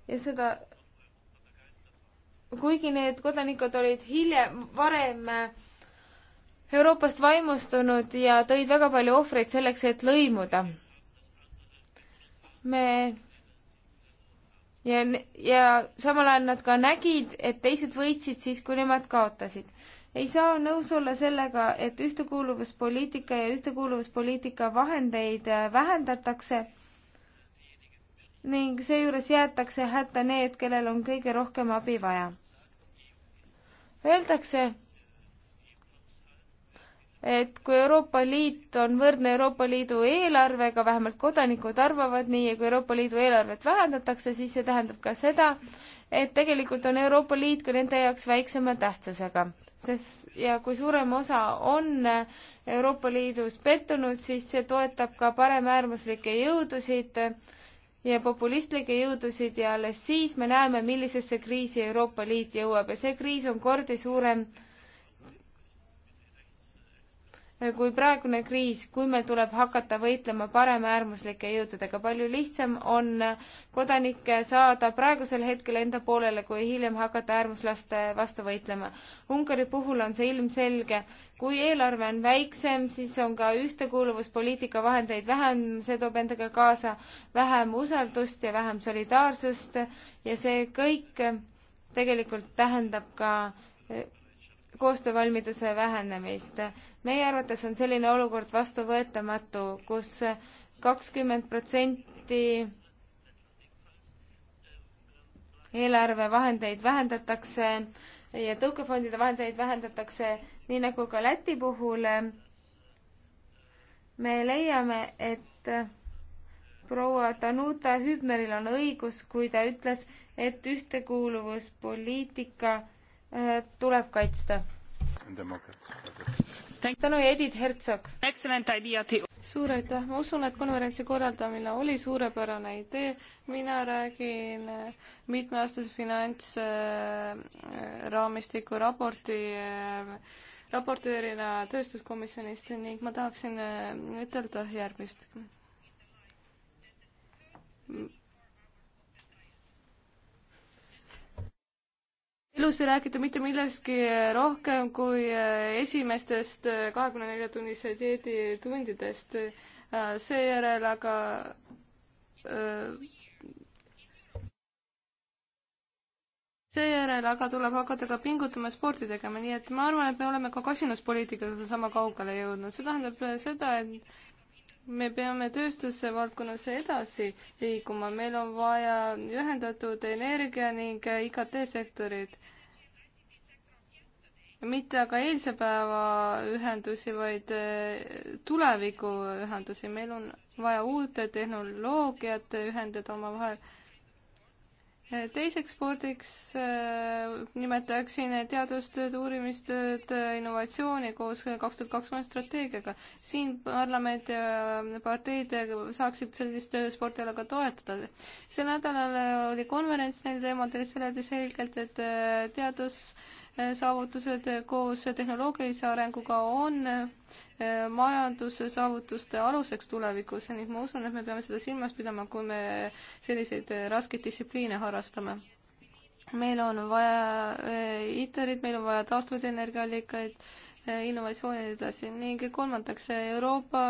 ja seda, kuigi need kodanikud olid hiljem, varem äh, Euroopast vaimustunud ja tõid väga palju ohvreid selleks, et lõimuda. me ja, ja samal ajal nad ka nägid, et teised võitsid siis, kui nemad kaotasid. ei saa nõus olla sellega, et ühtekuuluvuspoliitika ja ühtekuuluvuspoliitika vahendeid äh, vähendatakse ning seejuures jäetakse hätta need, kellel on kõige rohkem abi vaja. Öeldakse, et kui Euroopa Liit on võrdne Euroopa Liidu eelarvega, vähemalt kodanikud arvavad nii, ja kui Euroopa Liidu eelarvet vähendatakse, siis see tähendab ka seda, et tegelikult on Euroopa Liit ka nende jaoks väiksema tähtsusega. sest ja kui suurem osa on Euroopa Liidus pettunud, siis see toetab ka paremäärmuslikke jõudusid ja populistlikke jõudusid ja alles siis me näeme, millisesse kriisi Euroopa Liit jõuab ja see kriis on kordi suurem kui praegune kriis, kui meil tuleb hakata võitlema paremäärmuslike jõududega. palju lihtsam on kodanikke saada praegusel hetkel enda poolele, kui hiljem hakata äärmuslaste vastu võitlema. Ungari puhul on see ilmselge. kui eelarve on väiksem, siis on ka ühtekuuluvuspoliitika vahendeid vähem, see toob endaga kaasa vähem usaldust ja vähem solidaarsust ja see kõik tegelikult tähendab ka koostöövalmiduse vähenemist. meie arvates on selline olukord vastuvõetamatu, kus kakskümmend protsenti eelarvevahendeid vähendatakse ja tõukefondide vahendeid vähendatakse, nii nagu ka Läti puhul. me leiame, et proua Danuta Hübneril on õigus, kui ta ütles, et ühtekuuluvuspoliitika Eh, tuleb kaitsta. tänu ja Edith Herzog! suur aitäh, ma usun, et konverentsi korraldamine oli suurepärane idee, mina räägin eh, mitmeaastase finantsraamistiku eh, raporti raportöörina tööstuskomisjonist ning ma tahaksin ütelda järgmist elus ei räägita mitte millestki rohkem kui äh, esimestest äh, kahekümne nelja tunnise dieedi tundidest. Äh, seejärel aga seejärel aga tuleb hakata ka pingutama ja sporti tegema, nii et ma arvan, et me oleme ka kasinuspoliitikaga sama kaugele jõudnud, see tähendab seda, et me peame tööstuse valdkonnas edasi liikuma, meil on vaja ühendatud energia ning IKT sektorit mitte aga eilse päeva ühendusi, vaid eh, tulevikuühendusi. meil on vaja uut tehnoloogiat ühendada omavahel. Eh, teiseks spordiks eh, nimetaksin teadustööd, uurimistööd, innovatsiooni koos kaks tuhat kakskümmend strateegiaga. siin parlament ja parteid saaksid sellist spordiala ka toetada. sel nädalal oli konverents neil teemadel, seal öeldi selgelt, et teadus äh, saavutused koos tehnoloogilise arenguga on äh, majandussaavutuste aluseks tulevikus ning ma usun, et me peame seda silmas pidama, kui me selliseid raskeid distsipliine harrastame. meil on vaja äh, ITER-it, meil on vaja taastuvaid energiaallikaid, äh, innovatsiooni ja edasi ning kolmandaks Euroopa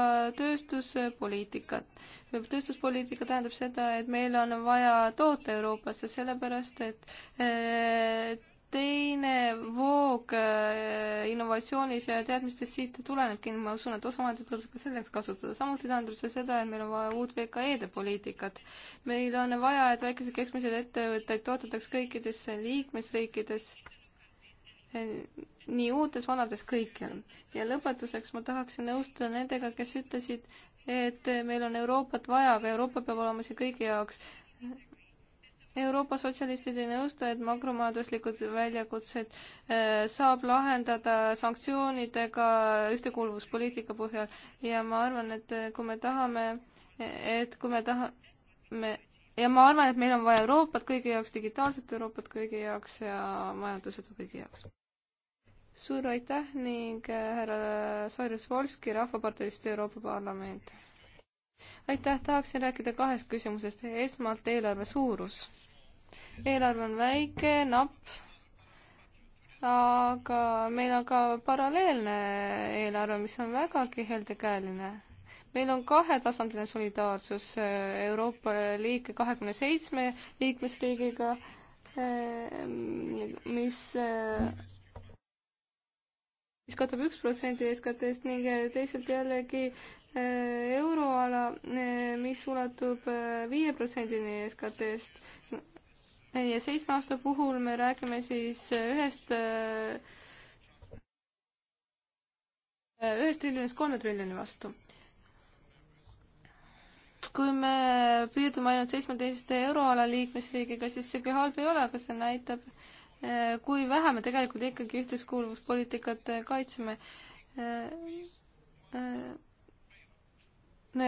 tööstuspoliitikat. tööstuspoliitika tähendab seda, et meil on vaja toota Euroopasse, sellepärast et, et teine voog äh, innovatsioonis ja teadmistes siit tulenebki, ma usun, et osa vahendeid tuleb ka selleks kasutada. samuti tähendab see seda, et meil on vaja uut VKE-de poliitikat. meil on vaja, et väikese keskmised ettevõtteid toetataks kõikides liikmesriikides, äh, nii uutes, vanades, kõikjal. ja lõpetuseks ma tahaksin nõustuda nendega, kes ütlesid, et meil on Euroopat vaja, aga Euroopa peab olema see kõigi jaoks Euroopa sotsialistid ei nõustu, et makromajanduslikud väljakutsed äh, saab lahendada sanktsioonidega ühtekuuluvuspoliitika põhjal ja ma arvan, et äh, kui me tahame, et kui me tahame ja ma arvan, et meil on vaja Euroopat kõigi jaoks, digitaalset Euroopat kõigi jaoks ja majandused kõigi jaoks. suur aitäh ning äh, härra Sairus Volski Rahvaparteist Euroopa Parlament. aitäh, tahaksin rääkida kahest küsimusest, esmalt eelarve suurus eelarve on väike, napp, aga meil on ka paralleelne eelarve, mis on vägagi heldekäeline meil on kahetasandiline solidaarsus äh, Euroopa liike kahekümne seitsme liikmesriigiga, äh, mis, äh, mis katab üks protsendi SKT-st ning teisalt jällegi euroala, mis ulatub viie protsendini SKT-st ja seitsme aasta puhul me räägime siis äh, ühest äh, ühest triljonist kolme triljoni vastu. kui me piirdume ainult seitsmeteist euroala liikmesriigiga, siis see küll halb ei ole, aga see näitab, äh, kui vähe me tegelikult ikkagi ühtekuuluvuspoliitikat kaitseme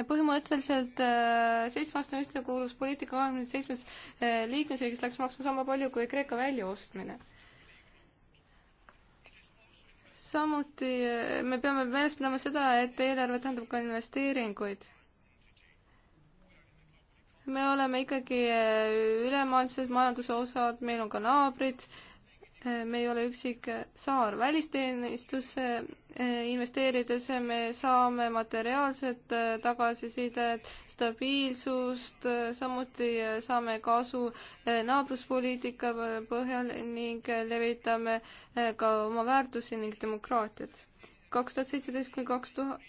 põhimõtteliselt äh, seitsme aasta ühtekuuluvuspoliitika kahekümne seitsmes äh, liikmesriigis läks maksma sama palju kui Kreeka väljaostmine. samuti äh, me peame meeles pidama seda, et eelarve tähendab ka investeeringuid. me oleme ikkagi ülemaailmsed majanduse osad, meil on ka naabrid me ei ole üksik saar. välisteenistusse eh, investeerides me saame materiaalset eh, tagasisidet, stabiilsust, eh, samuti saame kasu naabruspoliitika põhjal ning levitame ka oma väärtusi ning demokraatiat. kaks tuhat seitseteist kuni kaks tuhat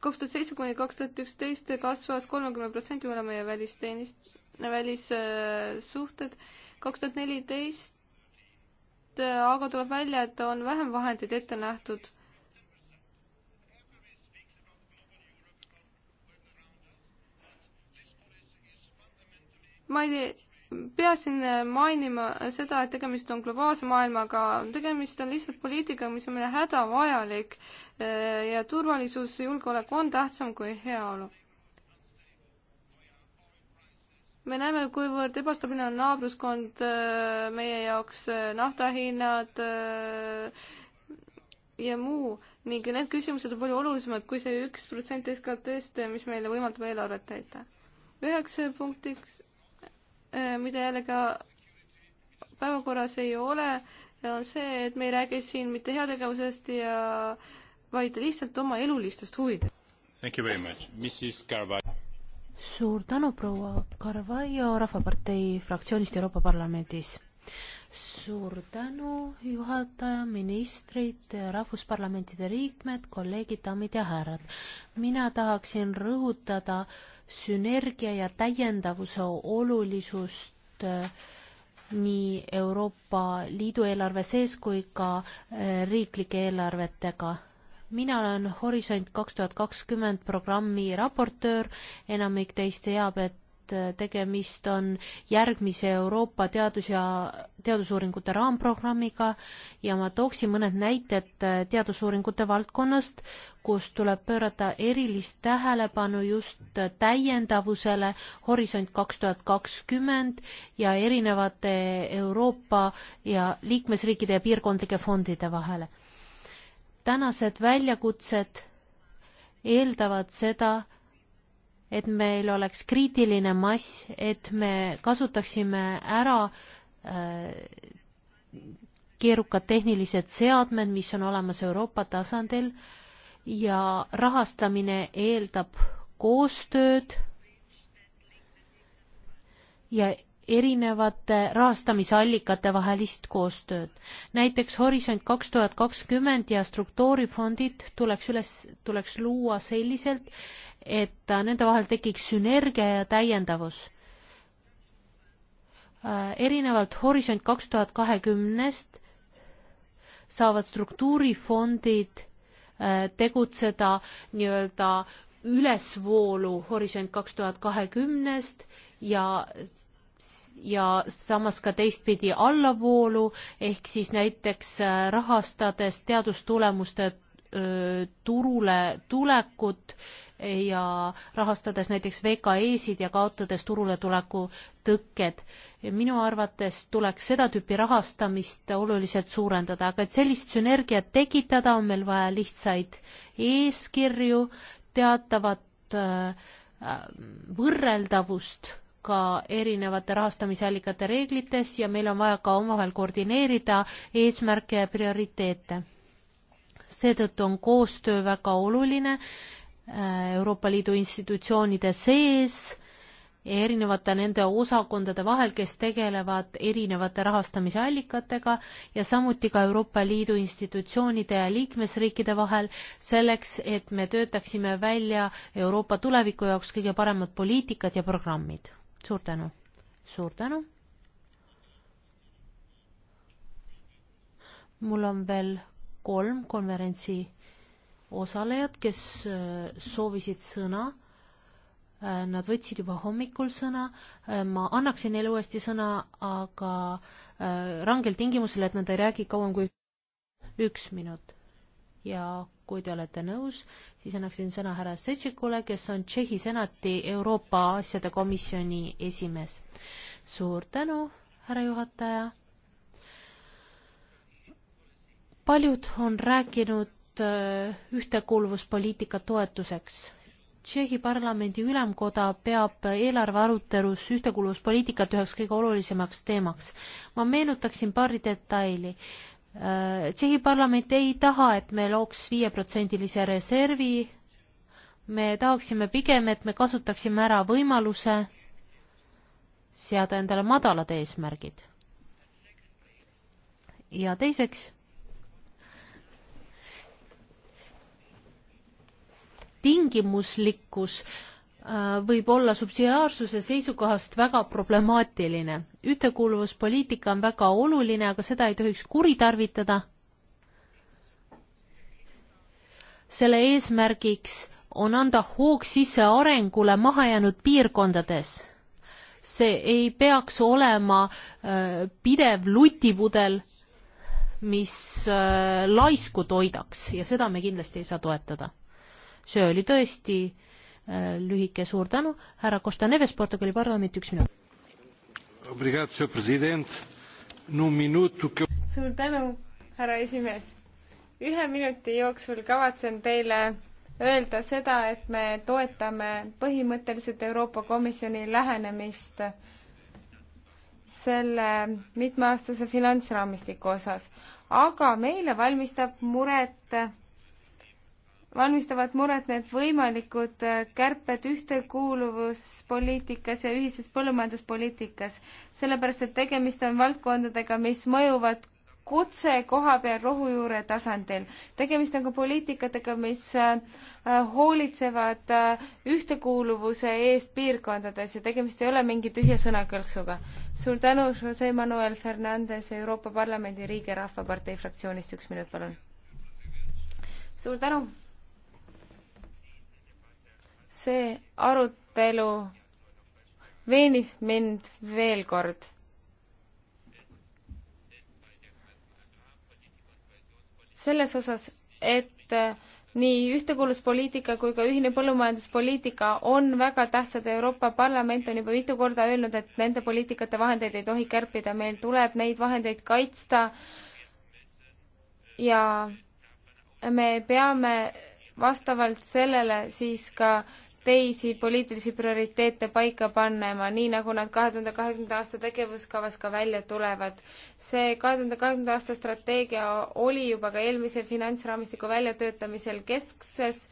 kaks tuhat seitse kuni kaks tuhat üksteist kasvas kolmekümne protsendi võrra meie välisteenist-, välissuhted. kaks tuhat neliteist äh, aga tuleb välja, et on vähem vahendeid ette nähtud. ma ei pea siin mainima seda, et tegemist on globaalse maailmaga, tegemist on lihtsalt poliitikaga, mis on meile hädavajalik äh, ja turvalisus, julgeolek on tähtsam kui heaolu me näeme, kuivõrd ebastabiilne on naabruskond äh, meie jaoks, äh, naftahinnad äh, ja muu ning need küsimused on palju olulisemad kui see üks protsent SKT-st, mis meile võimaldab eelarvet täita. üheks punktiks, mida jällegi päevakorras ei ole, on see, et me ei räägi siin mitte heategevusest ja vaid lihtsalt oma elulistest huvidest. Thank you very much, Mrs Carvalho suur tänu, proua Carvalho Rahvapartei fraktsioonist Euroopa Parlamendis. suur tänu, juhataja, ministrid, rahvusparlamentide liikmed, kolleegid, daamid ja härrad. mina tahaksin rõhutada sünergia ja täiendavuse olulisust äh, nii Euroopa Liidu eelarve sees kui ka äh, riiklike eelarvetega mina olen Horisont kaks tuhat kakskümmend programmi raportöör, enamik teist teab, et äh, tegemist on järgmise Euroopa teadus- ja teadusuuringute raamprogrammiga ja ma tooksin mõned näited äh, teadusuuringute valdkonnast, kus tuleb pöörata erilist tähelepanu just äh, täiendavusele Horisont kaks tuhat kakskümmend ja erinevate Euroopa ja liikmesriikide ja piirkondlike fondide vahele tänased väljakutsed eeldavad seda, et meil oleks kriitiline mass, et me kasutaksime ära äh, keerukad tehnilised seadmed, mis on olemas Euroopa tasandil ja rahastamine eeldab koostööd ja erinevate rahastamisallikate vahelist koostööd. näiteks Horisont kaks tuhat kakskümmend ja struktuurifondid tuleks üles, tuleks luua selliselt, et nende vahel tekiks sünergia ja täiendavus. Äh, erinevalt Horisont kaks tuhat kahekümnest saavad struktuurifondid äh, tegutseda nii-öelda ülesvoolu Horisont kaks tuhat kahekümnest ja ja samas ka teistpidi allavoolu, ehk siis näiteks äh, rahastades teadustulemuste äh, turule tulekut ja rahastades näiteks VKE-sid ja kaotades turule tuleku tõkked. minu arvates tuleks seda tüüpi rahastamist oluliselt suurendada, aga et sellist sünergiat tekitada, on meil vaja lihtsaid eeskirju, teatavat äh, võrreldavust ka erinevate rahastamisallikate reeglites ja meil on vaja ka omavahel koordineerida eesmärke ja prioriteete. seetõttu on koostöö väga oluline äh, Euroopa Liidu institutsioonide sees ja erinevate nende osakondade vahel, kes tegelevad erinevate rahastamisallikatega ja samuti ka Euroopa Liidu institutsioonide ja liikmesriikide vahel, selleks et me töötaksime välja Euroopa tuleviku jaoks kõige paremad poliitikad ja programmid suur tänu. suur tänu. mul on veel kolm konverentsi osalejat, kes äh, soovisid sõna. Äh, nad võtsid juba hommikul sõna, äh, ma annaksin neile uuesti sõna, aga rangel tingimusel, et nad ei räägi kauem kui üks minut ja kui te olete nõus, siis annaksin sõna härra Setšikule, kes on Tšehhi senati Euroopa asjade komisjoni esimees. suur tänu, härra juhataja. paljud on rääkinud äh, ühtekuuluvuspoliitika toetuseks. Tšehhi parlamendi ülemkoda peab eelarve arutelus ühtekuuluvuspoliitikat üheks kõige olulisemaks teemaks. ma meenutaksin paari detaili Äh, Tšehhi parlament ei taha, et me looks viieprotsendilise reservi. me tahaksime pigem, et me kasutaksime ära võimaluse seada endale madalad eesmärgid. ja teiseks, tingimuslikkus äh, Äh, võib olla subsidiaarsuse seisukohast väga problemaatiline. ühtekuuluvuspoliitika on väga oluline, aga seda ei tohiks kuritarvitada. selle eesmärgiks on anda hoog sisse arengule mahajäänud piirkondades. see ei peaks olema äh, pidev lutipudel, mis äh, laisku toidaks ja seda me kindlasti ei saa toetada. see oli tõesti äh, lühike suur tänu, härra Costa Neves, Portugali parlament, üks minut. suur tänu, härra esimees. ühe minuti jooksul kavatsen teile öelda seda, et me toetame põhimõtteliselt Euroopa Komisjoni lähenemist selle mitmeaastase finantsraamistiku osas, aga meile valmistab muret valmistavad muret need võimalikud äh, kärped ühtekuuluvuspoliitikas ja ühises põllumajanduspoliitikas, sellepärast et tegemist on valdkondadega, mis mõjuvad kutse koha peal rohujuure tasandil. tegemist on ka poliitikatega, mis äh, äh, hoolitsevad ühtekuuluvuse eest piirkondades ja tegemist ei ole mingi tühja sõnakõlksuga. suur tänu, Jose Manuel Fernandez Euroopa Parlamendi Riigi Rahvapartei fraktsioonist, üks minut, palun. suur tänu see arutelu veenis mind veel kord selles osas, et äh, nii ühtekuuluvuspoliitika kui ka ühine põllumajanduspoliitika on väga tähtsad, Euroopa Parlament on juba mitu korda öelnud, et nende poliitikate vahendeid ei tohi kärpida, meil tuleb neid vahendeid kaitsta ja me peame vastavalt sellele siis ka teisi poliitilisi prioriteete paika panema, nii nagu nad kahe tuhande kahekümnenda aasta tegevuskavas ka välja tulevad. see kahe tuhande kahekümnenda aasta strateegia oli juba ka eelmise finantsraamistiku väljatöötamisel keskses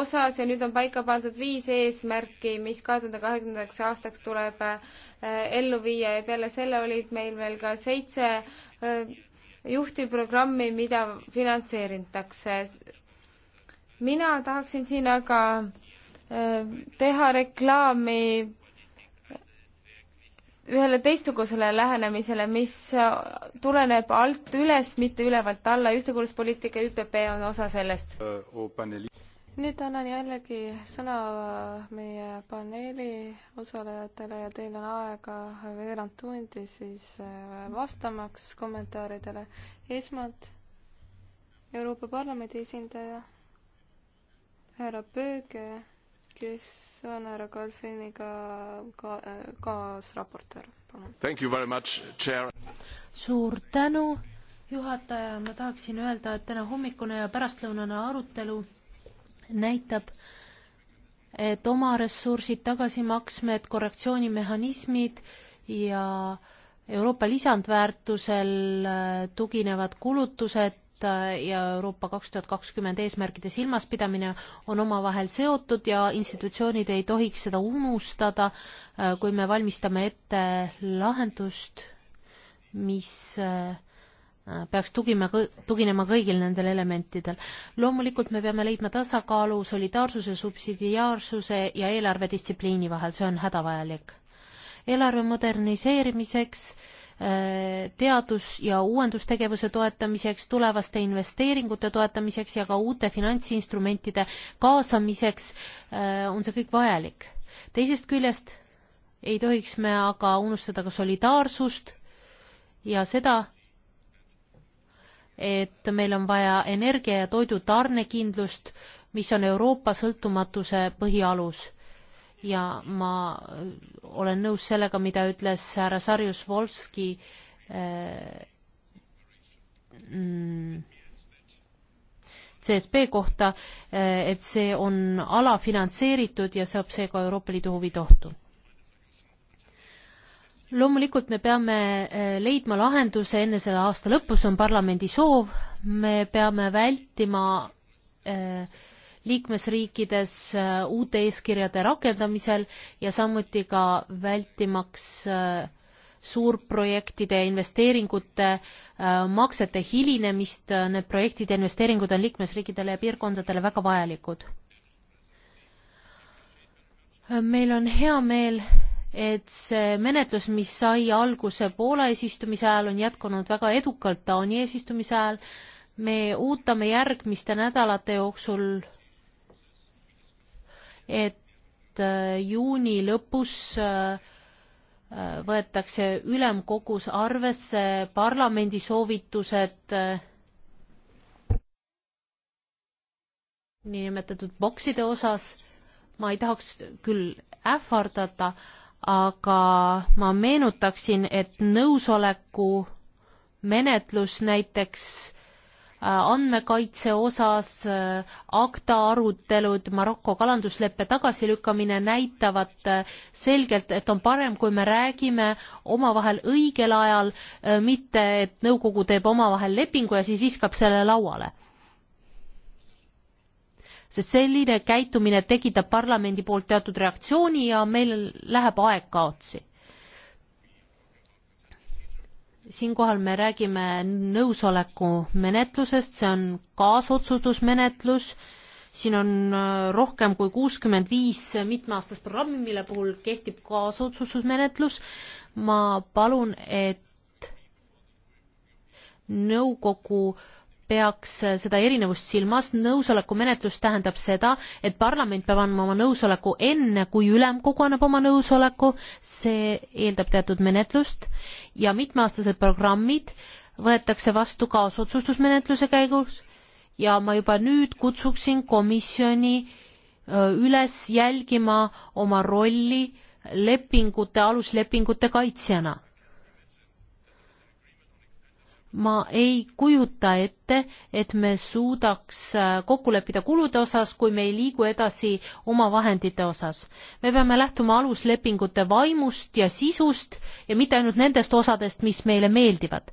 osas ja nüüd on paika pandud viis eesmärki, mis kahe tuhande kahekümnendaks aastaks tuleb eh, ellu viia ja peale selle olid meil veel ka seitse eh, juhtivprogrammi, mida finantseeritakse. mina tahaksin siin aga teha reklaami ühele teistsugusele lähenemisele, mis tuleneb alt üles, mitte ülevalt alla, ühtekuuluvuspoliitika ÜPP on osa sellest. nüüd annan jällegi sõna äh, meie paneeli osalejatele ja teil on aega veerand tundi siis äh, vastamaks kommentaaridele. esmalt Euroopa Parlamendi esindaja härra Pööge kes on härra Kalfiniga ka, äh, kaasraportöör, palun. Thank you very much, chair. suur tänu, juhataja, ma tahaksin öelda, et täna hommikune ja pärastlõunane arutelu näitab, et oma ressursid tagasi maksma, et korrektsioonimehhanismid ja Euroopa lisandväärtusel äh, tuginevad kulutused Äh, ja Euroopa kaks tuhat kakskümmend eesmärkide silmaspidamine on omavahel seotud ja institutsioonid ei tohiks seda unustada, äh, kui me valmistame ette lahendust, mis äh, peaks tugima, tuginema kõigil nendel elementidel. loomulikult me peame leidma tasakaalu solidaarsuse, subsidiaarsuse ja eelarvedistsipliini vahel, see on hädavajalik. eelarve moderniseerimiseks äh, teadus- ja uuendustegevuse toetamiseks, tulevaste investeeringute toetamiseks ja ka uute finantsinstrumentide kaasamiseks äh, on see kõik vajalik. teisest küljest ei tohiks me aga unustada ka solidaarsust ja seda, et meil on vaja energia ja toidu tarnekindlust, mis on Euroopa sõltumatuse põhialus ja ma olen nõus sellega, mida ütles härra Sarjus Volski äh, eh, mm, CSP kohta, eh, et see on alafinantseeritud ja seob seega Euroopa Liidu huvid ohtu. loomulikult me peame eh, leidma lahenduse enne selle aasta lõppu, see on parlamendi soov, me peame vältima äh, liikmesriikides äh, uute eeskirjade rakendamisel ja samuti ka vältimaks äh, suurprojektide investeeringute äh, maksete hilinemist, need projektid ja investeeringud on liikmesriikidele ja piirkondadele väga vajalikud. meil on hea meel, et see menetlus, mis sai alguse Poola eesistumise ajal, on jätkunud väga edukalt Taani eesistumise ajal. me ootame järgmiste nädalate jooksul et äh, juuni lõpus äh, äh, võetakse ülemkogus arvesse parlamendi soovitused niinimetatud bokside osas. ma ei tahaks küll ähvardada, aga ma meenutaksin, et nõusoleku menetlus näiteks Äh, andmekaitse osas äh, akta arutelud, Maroko kalandusleppe tagasilükkamine näitavad äh, selgelt, et on parem, kui me räägime omavahel õigel ajal, mitte et nõukogu teeb omavahel lepingu ja siis viskab selle lauale sest selline käitumine tekitab parlamendi poolt teatud reaktsiooni ja meil läheb aeg kaotsi siinkohal me räägime nõusoleku menetlusest, see on kaasotsustusmenetlus, siin on äh, rohkem kui kuuskümmend viis mitmeaastast programmi, mille puhul kehtib kaasotsustusmenetlus. ma palun, et nõukogu äh, peaks seda erinevust silmas, nõusolekumenetlus tähendab seda, et parlament peab andma oma nõusoleku enne, kui ülemkogu annab oma nõusoleku, see eeldab teatud menetlust ja mitmeaastased programmid võetakse vastu kaasotsustusmenetluse käigus ja ma juba nüüd kutsuksin komisjoni üles jälgima oma rolli lepingute, aluslepingute kaitsjana ma ei kujuta ette, et me suudaks äh, kokku leppida kulude osas, kui me ei liigu edasi oma vahendite osas. me peame lähtuma aluslepingute vaimust ja sisust ja mitte ainult nendest osadest, mis meile meeldivad.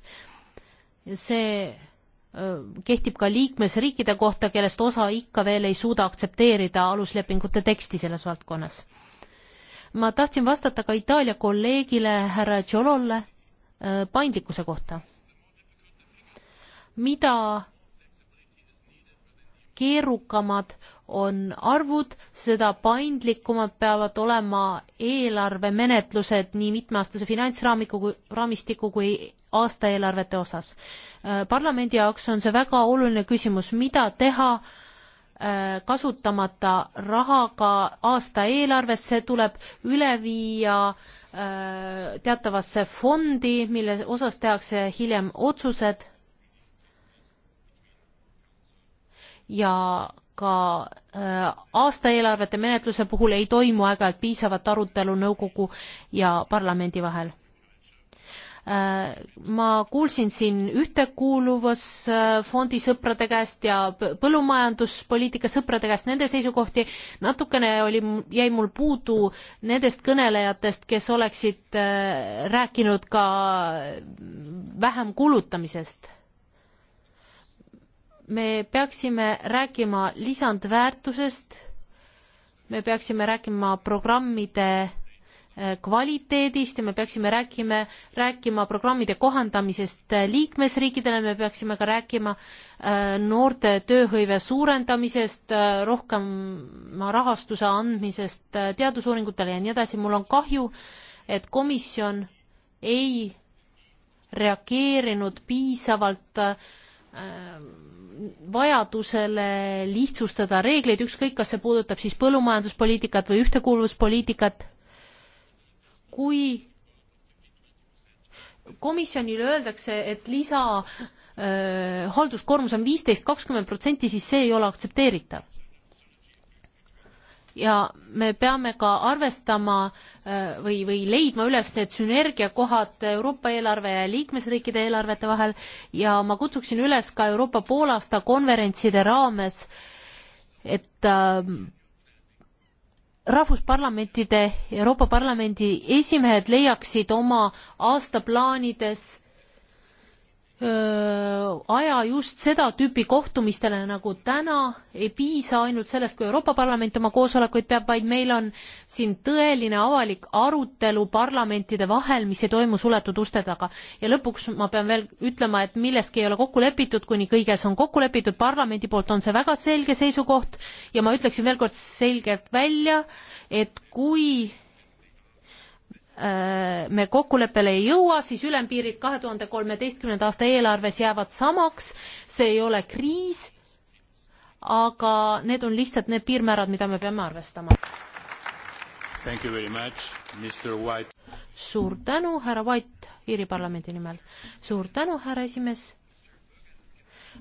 see äh, kehtib ka liikmesriikide kohta, kellest osa ikka veel ei suuda aktsepteerida aluslepingute teksti selles valdkonnas. ma tahtsin vastata ka Itaalia kolleegile härra Tšolole äh, paindlikkuse kohta mida keerukamad on arvud, seda paindlikumad peavad olema eelarvemenetlused nii mitmeaastase finantsraamiku, raamistiku kui aastaeelarvete osas. Äh, parlamendi jaoks on see väga oluline küsimus, mida teha äh, kasutamata rahaga aastaeelarves, see tuleb üle viia äh, teatavasse fondi, mille osas tehakse hiljem otsused ja ka äh, aastaeelarvete menetluse puhul ei toimu aeg-ajalt piisavat arutelu nõukogu ja parlamendi vahel. Äh, ma kuulsin siin ühtekuuluvusfondi äh, sõprade käest ja põllumajanduspoliitika sõprade käest nende seisukohti, natukene oli, jäi mul puudu nendest kõnelejatest, kes oleksid rääkinud ka vähem kulutamisest me peaksime rääkima lisandväärtusest, me peaksime rääkima programmide eh, kvaliteedist ja me peaksime rääkima, rääkima programmide kohandamisest eh, liikmesriikidele, me peaksime ka rääkima eh, noorte tööhõive suurendamisest, rohkema rahastuse andmisest teadusuuringutele ja nii edasi, mul on kahju, et komisjon ei reageerinud piisavalt äh, Äh, vajadusele lihtsustada reegleid, ükskõik, kas see puudutab siis põllumajanduspoliitikat või ühtekuuluvuspoliitikat. kui komisjonile öeldakse, et lisa öö, äh, halduskoormus on viisteist, kakskümmend protsenti, siis see ei ole aktsepteeritav ja me peame ka arvestama äh, või, või leidma üles need sünergiakohad Euroopa eelarve ja liikmesriikide eelarvete vahel ja ma kutsuksin üles ka Euroopa poolaasta konverentside raames, et äh, rahvusparlamentide, Euroopa Parlamendi esimehed leiaksid oma aastaplaanides aja just seda tüüpi kohtumistele nagu täna, ei piisa ainult sellest, kui Euroopa Parlament oma koosolekuid peab, vaid meil on siin tõeline avalik arutelu parlamentide vahel, mis ei toimu suletud uste taga. ja lõpuks ma pean veel ütlema, et milleski ei ole kokku lepitud, kuni kõiges on kokku lepitud, parlamendi poolt on see väga selge seisukoht ja ma ütleksin veel kord selgelt välja, et kui Äh, me kokkuleppele ei jõua, siis ülempiirid kahe tuhande kolmeteistkümnenda aasta eelarves jäävad samaks, see ei ole kriis, aga need on lihtsalt need piirmäärad, mida me peame arvestama. suur tänu, härra White Iiri parlamendi nimel. suur tänu, härra esimees.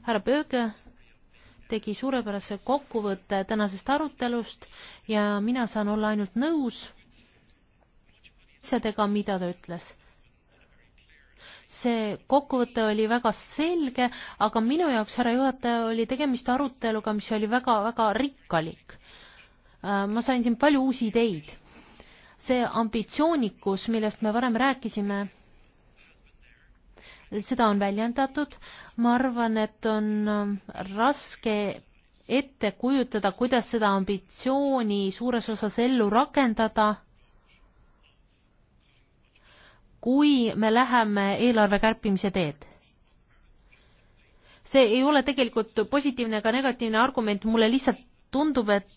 härra Pööge tegi suurepärase kokkuvõtte tänasest arutelust ja mina saan olla ainult nõus asjadega, mida ta ütles. see kokkuvõte oli väga selge, aga minu jaoks, härra juhataja, oli tegemist aruteluga, mis oli väga-väga rikkalik. Äh, ma sain siin palju uusi ideid. see ambitsioonikus, millest me varem rääkisime, seda on väljendatud, ma arvan, et on äh, raske ette kujutada, kuidas seda ambitsiooni suures osas ellu rakendada kui me läheme eelarve kärpimise teed. see ei ole tegelikult positiivne ega negatiivne argument, mulle lihtsalt tundub, et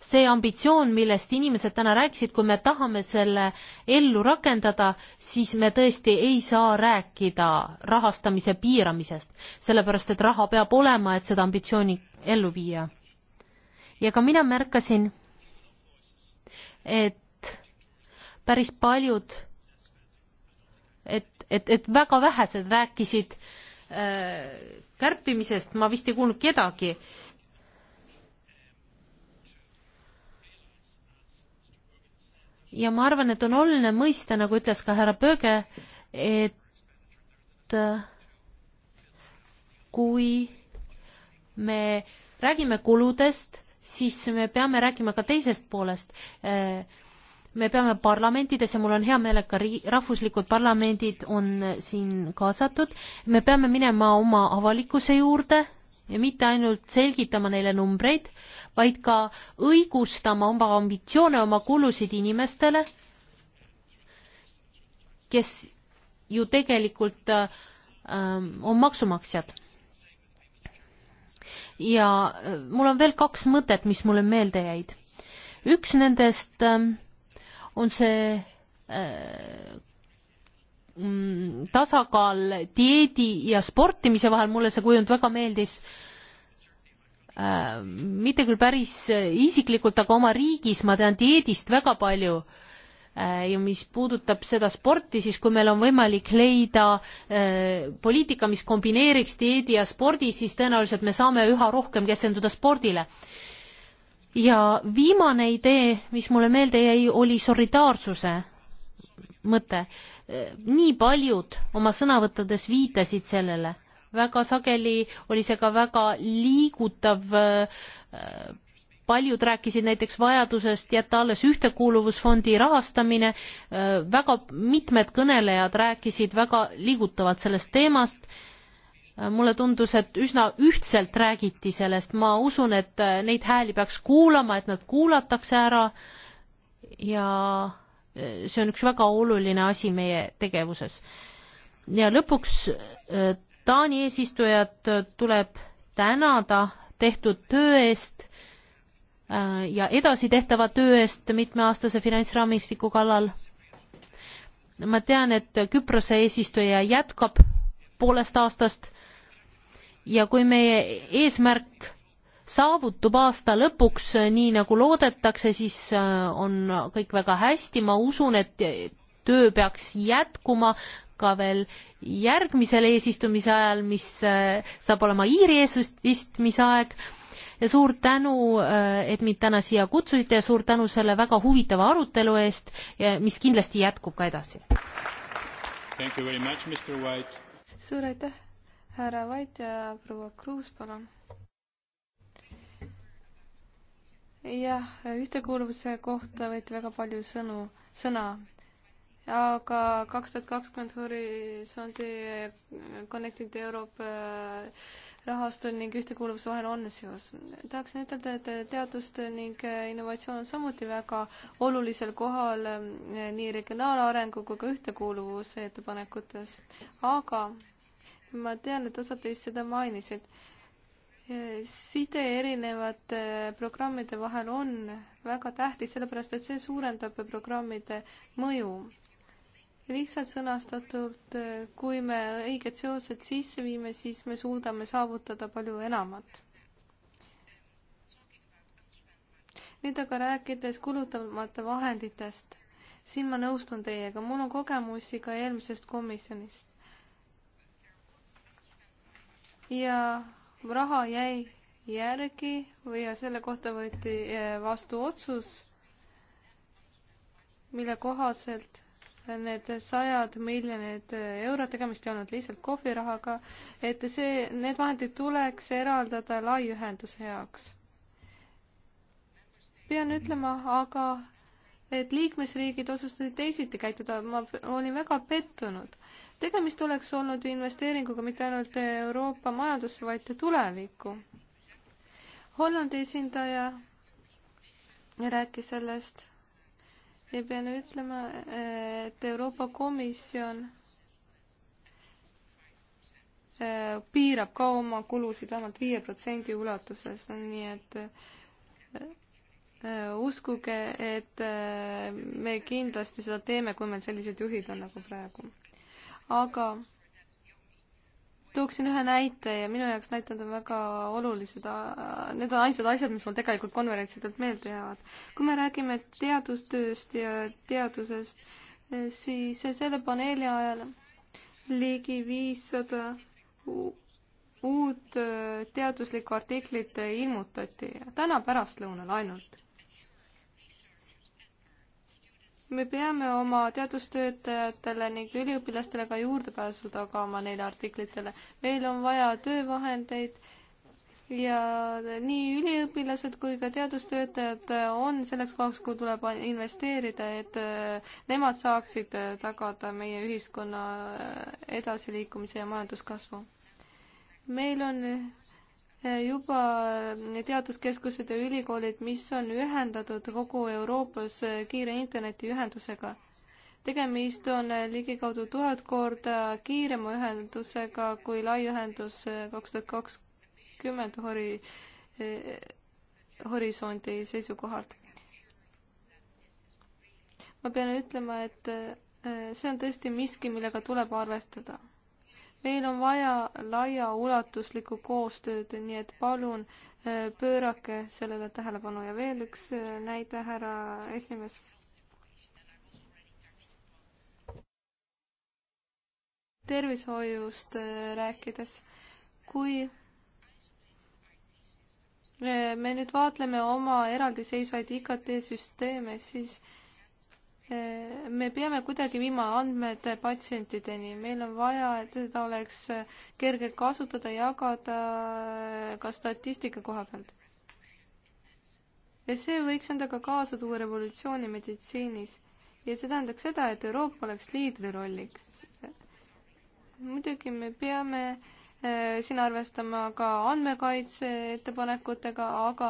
see ambitsioon, millest inimesed täna rääkisid, kui me tahame selle ellu rakendada, siis me tõesti ei saa rääkida rahastamise piiramisest, sellepärast et raha peab olema, et seda ambitsiooni ellu viia. ja ka mina märkasin, et päris paljud et, et väga vähesed rääkisid äh, kärpimisest, ma vist ei kuulnud kedagi. ja ma arvan, et on oluline mõista, nagu ütles ka härra Pööge, et äh, kui me räägime kuludest, siis me peame rääkima ka teisest poolest äh,, me peame parlamentides ja mul on hea meel, et ka ri-, rahvuslikud parlamendid on siin kaasatud, me peame minema oma avalikkuse juurde ja mitte ainult selgitama neile numbreid, vaid ka õigustama oma ambitsioone, oma kulusid inimestele, kes ju tegelikult äh, on maksumaksjad. ja äh, mul on veel kaks mõtet, mis mulle meelde jäid. üks nendest äh, on see äh, mm, tasakaal dieedi ja sportimise vahel, mulle see kujund väga meeldis. Äh, mitte küll päris isiklikult, aga oma riigis ma tean dieedist väga palju. Äh, ja mis puudutab seda sporti, siis kui meil on võimalik leida poliitika, mis kombineeriks dieedi ja spordi, siis tõenäoliselt me saame üha rohkem keskenduda spordile ja viimane idee, mis mulle meelde jäi, oli solidaarsuse mõte. nii paljud oma sõnavõttudes viitasid sellele, väga sageli oli see ka väga liigutav äh, paljud rääkisid näiteks vajadusest jätta alles ühtekuuluvusfondi rahastamine, äh, väga mitmed kõnelejad rääkisid väga liigutavalt sellest teemast Äh, mulle tundus, et üsna ühtselt räägiti sellest, ma usun, et äh, neid hääli peaks kuulama, et nad kuulatakse ära ja äh, see on üks väga oluline asi meie tegevuses. ja lõpuks Taani eesistujat tuleb tänada tehtud töö eest ja edasi tehtava töö eest mitmeaastase finantsraamistiku kallal. ma tean, et Küprose eesistuja jätkab poolest aastast ja kui meie eesmärk saavutub aasta lõpuks eh, nii, nagu loodetakse, siis eh, on kõik väga hästi, ma usun, et töö peaks jätkuma ka veel järgmisel eesistumise ajal, mis eh, saab olema Iiri eesistumise aeg ja suur tänu, et mind täna siia kutsusite ja suur tänu selle väga huvitava arutelu eest, mis kindlasti jätkub ka edasi. suur aitäh, härra Vait ja proua Kruus, palun. jah, ühtekuuluvuse kohta võeti väga palju sõnu, sõna, aga kaks tuhat kakskümmend horisondi Connected Europe äh, rahastul ning ühtekuuluvuse vahel on seos. tahaksin ütelda, et teadust ning innovatsioon on samuti väga olulisel kohal äh, nii regionaalarengu kui ka ühtekuuluvuse ettepanekutes, aga ma tean, et osad teist seda mainisid. side erinevate programmide vahel on väga tähtis, sellepärast et see suurendab programmide mõju. lihtsalt sõnastatult, kui me õiged seosed sisse viime, siis me suudame saavutada palju enamat. nüüd aga rääkides kulutamata vahenditest, siin ma nõustun teiega, mul on kogemusi ka eelmisest komisjonist ja raha jäi järgi või ja selle kohta võeti eh, vastu otsus, mille kohaselt need sajad miljonid eh, eurot, tegemist ei olnud lihtsalt kohvirahaga, et see, need vahendid tuleks eraldada laiühenduse heaks. pean ütlema aga, et liikmesriigid otsustasid teisiti käituda, ma olin väga pettunud tegemist oleks olnud investeeringuga mitte ainult Euroopa majandusse, vaid tulevikku. Hollandi esindaja rääkis sellest ja pean ütlema, et Euroopa Komisjon äh, piirab ka oma kulusid vähemalt viie protsendi ulatuses, nii et äh, äh, uskuge, et me kindlasti seda teeme, kui meil sellised juhid on nagu praegu aga tooksin ühe näite ja minu jaoks näited on väga olulised, need on ainsad asjad, mis mul tegelikult konverentsidelt meelde jäävad. kui me räägime teadustööst ja teadusest, siis selle paneeli ajal ligi viissada uut teaduslikku artiklit ilmutati täna pärastlõunal ainult. me peame oma teadustöötajatele ning üliõpilastele ka juurdepääsu tagama neile artiklitele. meil on vaja töövahendeid ja nii üliõpilased kui ka teadustöötajad on selleks kohaks, kuhu tuleb investeerida, et äh, nemad saaksid äh, tagada meie ühiskonna äh, edasiliikumise ja majanduskasvu. meil on juba teaduskeskused ja ülikoolid, mis on ühendatud kogu Euroopas kiire internetiühendusega. tegemist on ligikaudu tuhat korda kiirema ühendusega kui lai ühendus kaks tuhat kakskümmend hori-, horisondi seisukohalt. ma pean ütlema, et eh, see on tõesti miski, millega tuleb arvestada meil on vaja laiaulatuslikku koostööd, nii et palun äh, pöörake sellele tähelepanu ja veel üks äh, näide, härra esimees. tervishoiust äh, rääkides, kui me nüüd vaatleme oma eraldiseisvaid IKT süsteeme, siis äh, me peame kuidagi viima andmed patsientideni, meil on vaja, et seda oleks kerge kasutada, jagada ka statistika koha pealt. ja see võiks endaga kaasa tuua revolutsiooni meditsiinis ja see tähendaks seda, et Euroopa oleks liidrirolliks. muidugi me peame äh, Äh, siin arvestama ka andmekaitse ettepanekutega, aga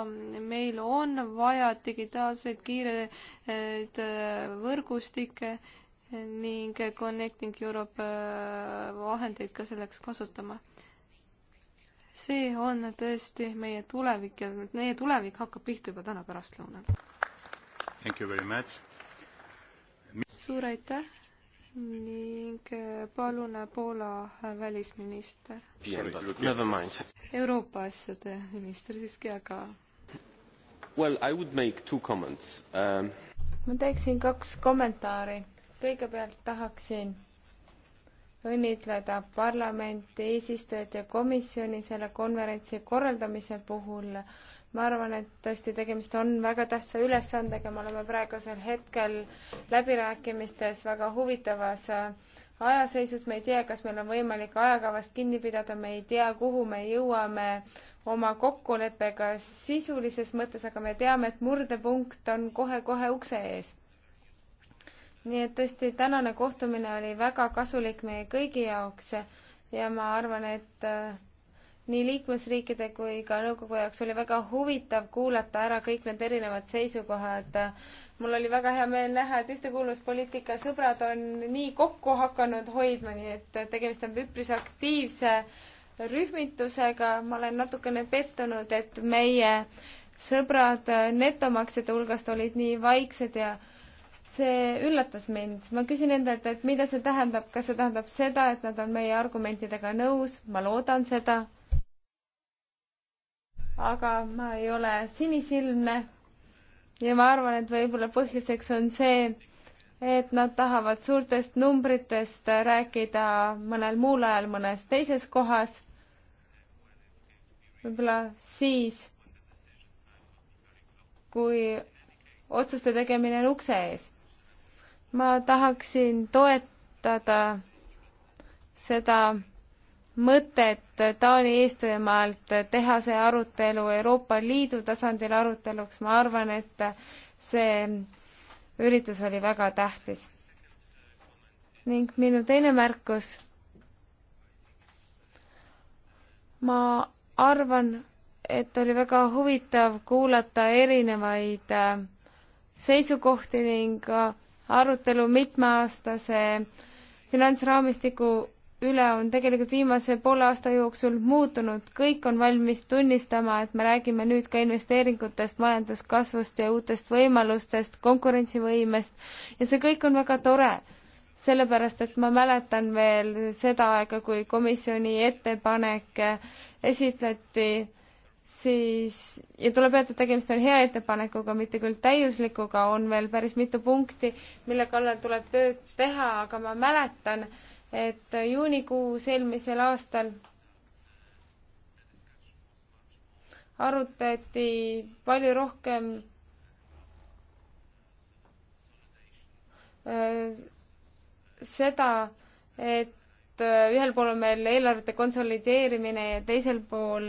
meil on vaja digitaalseid kiireid äh, võrgustikke ning Connecting Europe äh, vahendeid ka selleks kasutama. see on tõesti meie tulevik ja meie tulevik hakkab pihta juba täna pärastlõunal. suur aitäh! ning äh, palun äh, Poola äh, välisminister. Euroopa asjade minister siiski, aga. Well, I would make two comments um.... ma teeksin kaks kommentaari. kõigepealt tahaksin õnnitleda parlamenti, eesistujat ja komisjoni selle konverentsi korraldamise puhul ma arvan, et tõesti tegemist on väga tähtsa ülesandega, me oleme praegusel hetkel läbirääkimistes väga huvitavas äh, ajaseisus, me ei tea, kas meil on võimalik ajakavast kinni pidada, me ei tea, kuhu me jõuame oma kokkuleppega sisulises mõttes, aga me teame, et murdepunkt on kohe-kohe ukse ees. nii et tõesti, tänane kohtumine oli väga kasulik meie kõigi jaoks ja ma arvan, et äh, nii liikmesriikide kui ka nõukogu jaoks oli väga huvitav kuulata ära kõik need erinevad seisukohad. mul oli väga hea meel näha, et ühtekuuluvuspoliitika sõbrad on nii kokku hakanud hoidma, nii et tegemist on üpris aktiivse rühmitusega. ma olen natukene pettunud, et meie sõbrad netomaksjate hulgast olid nii vaiksed ja see üllatas mind. ma küsin endalt, et mida see tähendab, kas see tähendab seda, et nad on meie argumentidega nõus, ma loodan seda aga ma ei ole sinisilmne ja ma arvan, et võib-olla põhjuseks on see, et nad tahavad suurtest numbritest rääkida mõnel muul ajal mõnes teises kohas. võib-olla siis, kui otsuste tegemine on ukse ees. ma tahaksin toetada seda mõtet Taani eestvõimalt teha see arutelu Euroopa Liidu tasandil aruteluks, ma arvan, et see üritus oli väga tähtis. ning minu teine märkus. ma arvan, et oli väga huvitav kuulata erinevaid äh, seisukohti ning arutelu mitmeaastase finantsraamistiku üle on tegelikult viimase poole aasta jooksul muutunud, kõik on valmis tunnistama, et me räägime nüüd ka investeeringutest, majanduskasvust ja uutest võimalustest, konkurentsivõimest ja see kõik on väga tore. sellepärast, et ma mäletan veel seda aega, kui komisjoni ettepanek esitleti siis, ja tuleb öelda, et tegemist on hea ettepanekuga, mitte küll täiuslikuga, on veel päris mitu punkti, mille kallal tuleb tööd teha, aga ma mäletan, et juunikuus eelmisel aastal arutati palju rohkem äh, seda, et äh, ühel pool on meil eelarvete konsolideerimine ja teisel pool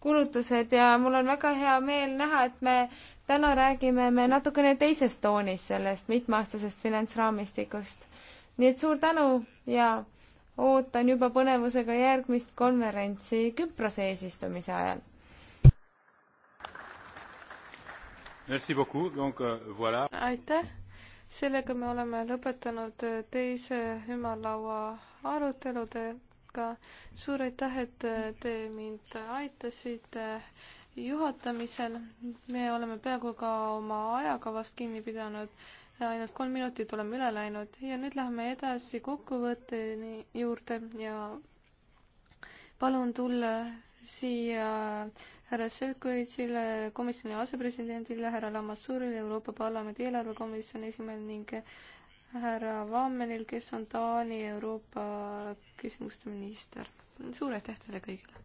kulutused ja mul on väga hea meel näha, et me täna räägime me natukene teises toonis sellest mitmeaastasest finantsraamistikust nii et suur tänu ja ootan juba põnevusega järgmist konverentsi Küprose eesistumise ajal. Donc, euh, voilà. aitäh, sellega me oleme lõpetanud teise ümarlaua aruteludega. suur aitäh, et te mind aitasite juhatamisel. me oleme peaaegu ka oma ajakavast kinni pidanud ainult kolm minutit oleme üle läinud ja nüüd läheme edasi kokkuvõtteni juurde ja palun tulla siia härra Šefkovitšile, komisjoni asepresidendile, härra Lamassuurile, Euroopa Parlamendi eelarvekomisjoni esimehele ning härra Vammenil, kes on Taani Euroopa küsimuste minister. suur aitäh teile kõigile!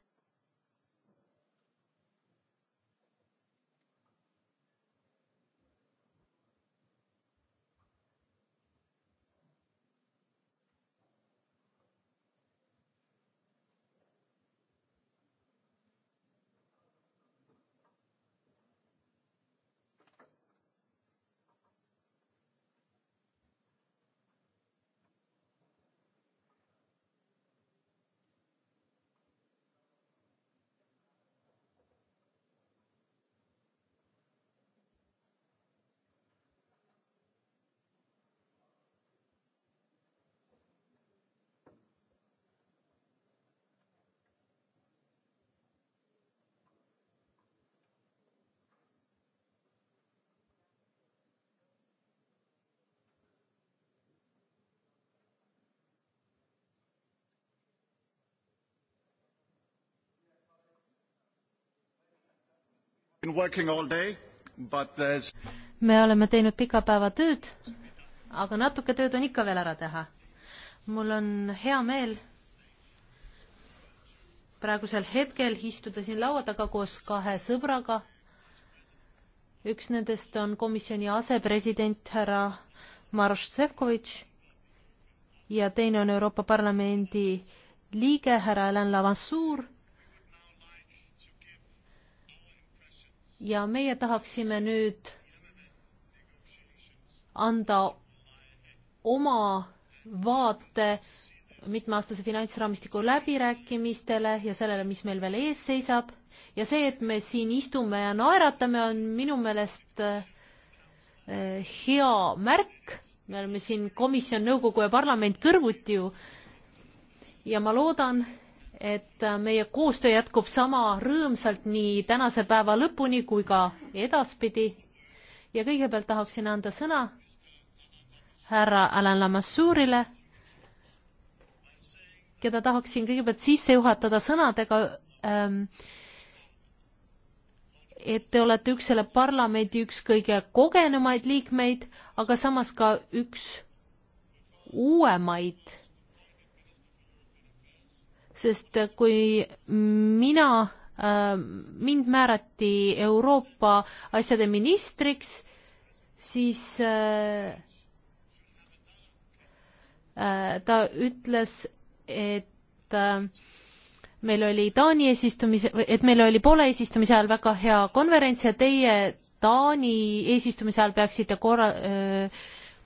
me oleme teinud pika päeva tööd, aga natuke tööd on ikka veel ära teha. mul on hea meel praegusel hetkel istuda siin laua taga koos kahe sõbraga. üks nendest on komisjoni asepresident härra Maroš Šefkovitš ja teine on Euroopa Parlamendi liige härra Alain Lamassoure ja meie tahaksime nüüd anda oma vaate mitmeaastase finantsraamistiku läbirääkimistele ja sellele, mis meil veel ees seisab. ja see, et me siin istume ja naeratame, on minu meelest eh, hea märk. me oleme siin komisjon, nõukogu ja parlament kõrvuti ju. ja ma loodan, et äh, meie koostöö jätkub sama rõõmsalt nii tänase päeva lõpuni kui ka edaspidi. ja kõigepealt tahaksin anda sõna härra Alan Lamassuurile, keda tahaksin kõigepealt sisse juhatada sõnadega ähm,, et te olete üks selle parlamendi üks kõige kogenumaid liikmeid, aga samas ka üks uuemaid sest kui mina, äh, mind määrati Euroopa asjade ministriks, siis äh, äh, ta ütles, et meil oli Taani eesistumise, et meil oli Poola eesistumise ajal väga hea konverents ja teie Taani eesistumise ajal peaksite korra-,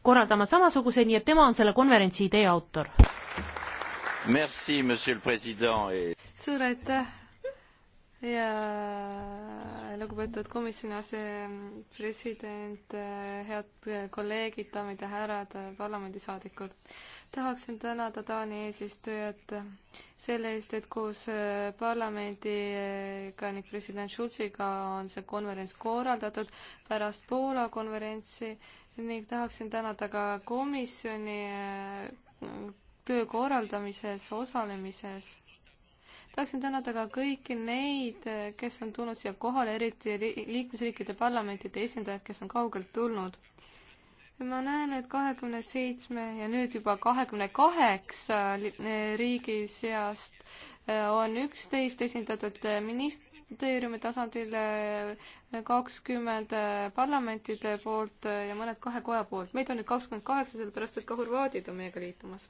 korraldama samasuguse, nii et tema on selle konverentsi idee autor. Merci, monsieur le president et.... suur aitäh ja lugupeetud komisjoni asepresident, head kolleegid, daamid ja härrad, parlamendisaadikud. tahaksin tänada Taani eesistujat selle eest, et koos parlamendiga ning president Schulziga on see konverents korraldatud pärast Poola konverentsi ning tahaksin tänada ka komisjoni töö korraldamises, osalemises. tahaksin tänada ka kõiki neid, kes on tulnud siia kohale, eriti liikmesriikide parlamentide esindajad, kes on kaugelt tulnud. ma näen, et kahekümne seitsme ja nüüd juba kahekümne kaheksa riigi seast eh, on üksteist esindatud eh, minist-, ministeeriumi tasandil eh, kakskümmend eh, parlamentide poolt eh, ja mõned kahe koja poolt. meid on nüüd kakskümmend kaheksa, sellepärast et ka horvaadid on meiega liitumas.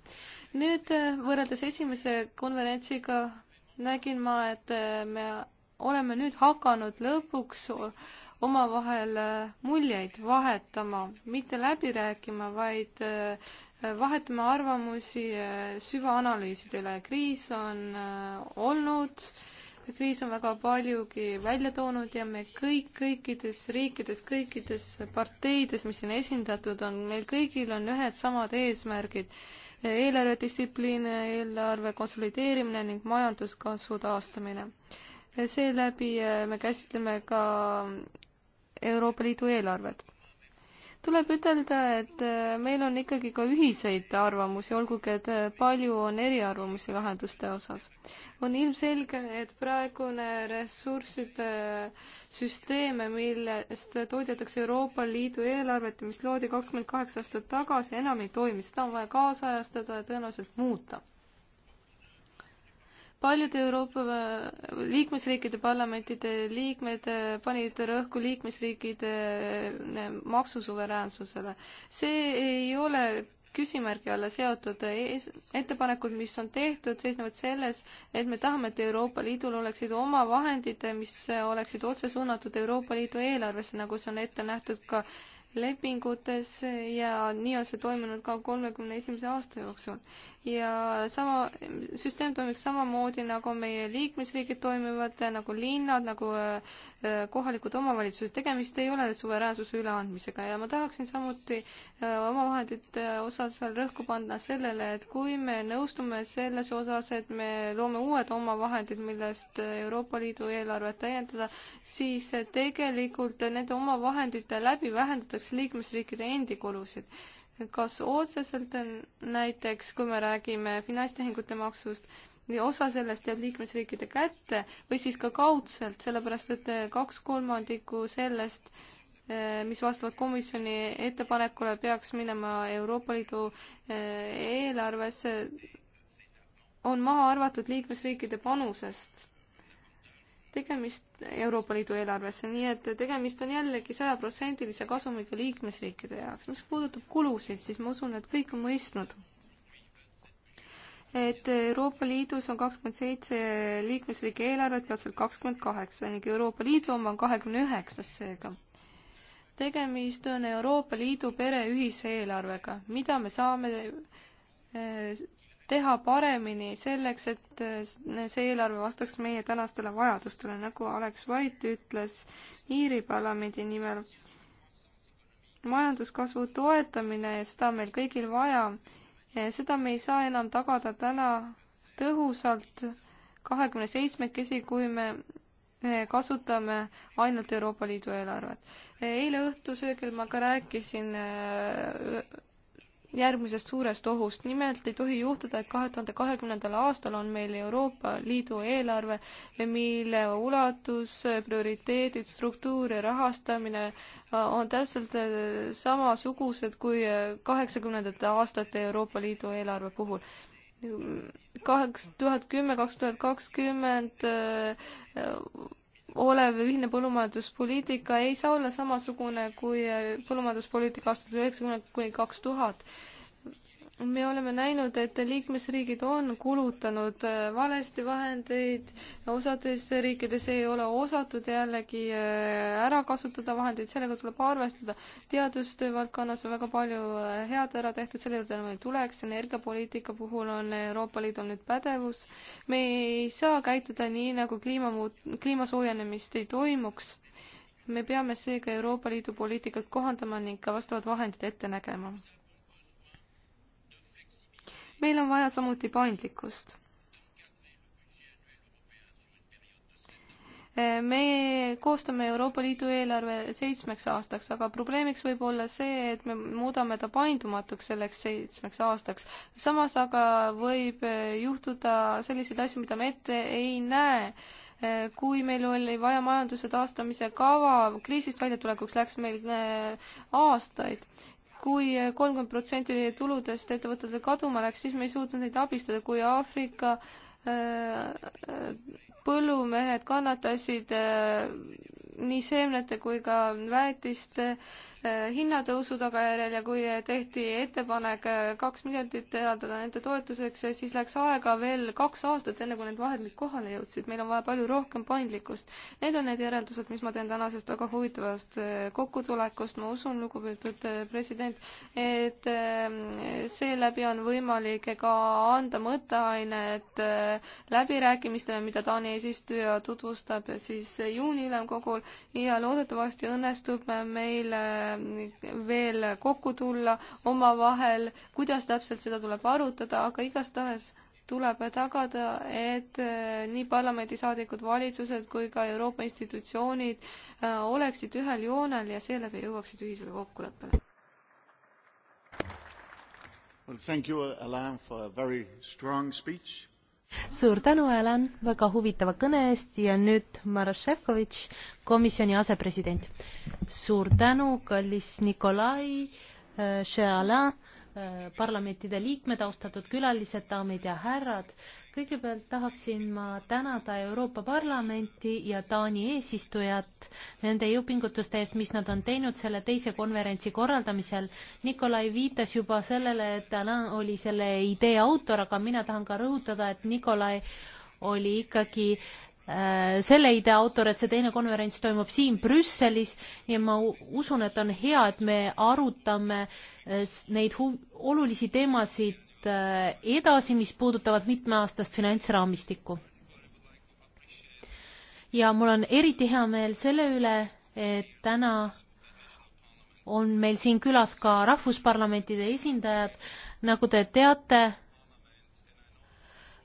nüüd võrreldes esimese konverentsiga nägin ma, et me oleme nüüd hakanud lõpuks omavahel muljeid vahetama, mitte läbi rääkima, vaid vahetame arvamusi süvaanalüüsidele. kriis on olnud äh, kriis on väga paljugi välja toonud ja me kõik, kõikides riikides, kõikides parteides, mis siin esindatud on, meil kõigil on ühed samad eesmärgid. eelarvedistsipliin, eelarve konsolideerimine ning majanduskasvu taastamine. seeläbi me käsitleme ka Euroopa Liidu eelarvet tuleb ütelda, et äh, meil on ikkagi ka ühiseid arvamusi, olgugi et äh, palju on eriarvamusi lahenduste osas. on ilmselge, et praegune ressursside äh, süsteem, millest toodetakse Euroopa Liidu eelarvet, mis loodi kakskümmend kaheksa aastat tagasi, enam ei toimi, seda on vaja kaasajastada ja tõenäoliselt muuta paljude Euroopa liikmesriikide parlamentide liikmed panid rõhku liikmesriikide eh, maksusuveräänsusele. see ei ole küsimärgi alla seotud ettepanekud, mis on tehtud, seisnevad selles, et me tahame, et Euroopa Liidul oleksid oma vahendid, mis oleksid otse suunatud Euroopa Liidu eelarvesse, nagu see on ette nähtud ka lepingutes ja nii on see toimunud ka kolmekümne esimese aasta jooksul ja sama, süsteem toimiks samamoodi, nagu meie liikmesriigid toimivad, nagu linnad, nagu äh, äh, kohalikud omavalitsused, tegemist ei ole suveräänsuse üleandmisega ja ma tahaksin samuti äh, omavahendite osas veel rõhku panna sellele, et kui me nõustume selles osas, et me loome uued omavahendid, millest Euroopa Liidu eelarvet täiendada, siis tegelikult nende omavahendite läbi vähendatakse liikmesriikide endi kulusid kas otseselt näiteks, kui me räägime finantstehingute maksust, osa sellest jääb liikmesriikide kätte või siis ka kaudselt, sellepärast et eh, kaks kolmandikku sellest, eh, mis vastavalt komisjoni ettepanekule peaks minema Euroopa Liidu eh, eelarvesse, on maha arvatud liikmesriikide panusest tegemist Euroopa Liidu eelarvesse, nii et tegemist on jällegi sajaprotsendilise kasumiga liikmesriikide jaoks. mis puudutab kulusid, siis ma usun, et kõik on mõistnud, et Euroopa Liidus on kakskümmend seitse liikmesriigi eelarvet, peatselt kakskümmend kaheksa ning Euroopa Liidu oma on kahekümne üheksas seega. tegemist on Euroopa Liidu pere ühise eelarvega, mida me saame eh, teha paremini selleks, et eh, see eelarve vastaks meie tänastele vajadustele, nagu Alex White ütles Iiri parlamendi nimel. majanduskasvu toetamine ja seda on meil kõigil vaja. seda me ei saa enam tagada täna tõhusalt kahekümne seitsmekesi, kui me eh, kasutame ainult Euroopa Liidu eelarvet. eile õhtusöögil ma ka rääkisin eh, järgmisest suurest ohust. nimelt ei tohi juhtuda, et kahe tuhande kahekümnendal aastal on meil Euroopa Liidu eelarve, mille ulatus, prioriteedid, struktuur ja rahastamine äh, on täpselt äh, samasugused kui äh, kaheksakümnendate aastate Euroopa Liidu eelarve puhul. kaks tuhat kümme, kaks tuhat kakskümmend olev ühine põllumajanduspoliitika ei saa olla samasugune kui põllumajanduspoliitika aastatel üheksakümmend kuni kaks tuhat me oleme näinud, et liikmesriigid on kulutanud äh, valesti vahendeid, osades riikides ei ole osatud jällegi äh, ära kasutada vahendeid, sellega tuleb arvestada. teadustöö valdkonnas on väga palju äh, head ära tehtud, selle juurde enam ei tuleks, energiapoliitika puhul on Euroopa Liidul nüüd pädevus. me ei saa käituda nii, nagu kliimamuut-, kliima soojenemist ei toimuks. me peame seega Euroopa Liidu poliitikat kohandama ning ka vastavad vahendid ette nägema meil on vaja samuti paindlikkust. Eh, me koostame Euroopa Liidu eelarve seitsmeks aastaks, aga probleemiks võib olla see, et me muudame ta paindumatuks selleks seitsmeks aastaks. samas aga võib eh, juhtuda selliseid asju, mida me ette ei näe eh, kui meil oli vaja majanduse taastamise kava, kriisist väljatulekuks läks meil aastaid kui kolmkümmend protsenti tuludest ettevõtetel kaduma läks, siis me ei suutnud neid abistada, kui Aafrika äh, äh, põllumehed kannatasid äh, nii seemnete kui ka väetiste Äh, hinnatõusu tagajärjel ja kui tehti ettepanek äh, kaks miljardit eraldada nende toetuseks, äh, siis läks aega veel kaks aastat, enne kui need vahendid kohale jõudsid. meil on vaja palju rohkem paindlikkust. Need on need järeldused, mis ma teen tänasest väga huvitavast kokkutulekust. ma usun, lugupeetud president, et seeläbi on võimalik ka anda mõtteainet läbirääkimistele, mida Taani eesistuja tutvustab siis juuni ülemkogul ja loodetavasti õnnestub meil Äh, veel kokku tulla omavahel, kuidas täpselt, seda tuleb arutada, aga igastahes tuleb tagada, et äh, nii parlamendisaadikud, valitsused kui ka Euroopa institutsioonid äh, oleksid ühel joonel ja seeläbi jõuaksid ühisele kokkuleppele. Well, thank you, Alain, for a very strong speech suur tänu, Helen, väga huvitava kõne eest ja nüüd Maroš Šefkovitš, komisjoni asepresident. suur tänu, kallis Nikolai äh,, parlamentide liikmed, austatud külalised, daamid ja härrad. kõigepealt tahaksin ma tänada Euroopa Parlamenti ja Taani eesistujat nende jõupingutuste eest, mis nad on teinud selle teise konverentsi korraldamisel. Nikolai viitas juba sellele, et Alain oli selle idee autor, aga mina tahan ka rõhutada, et Nikolai oli ikkagi Äh, selle idee autor, et see teine konverents toimub siin Brüsselis ja ma usun, et on hea, et me arutame äh, neid huv-, olulisi teemasid äh, edasi, mis puudutavad mitmeaastast finantsraamistikku. ja mul on eriti hea meel selle üle, et täna on meil siin külas ka rahvusparlamentide esindajad, nagu te teate,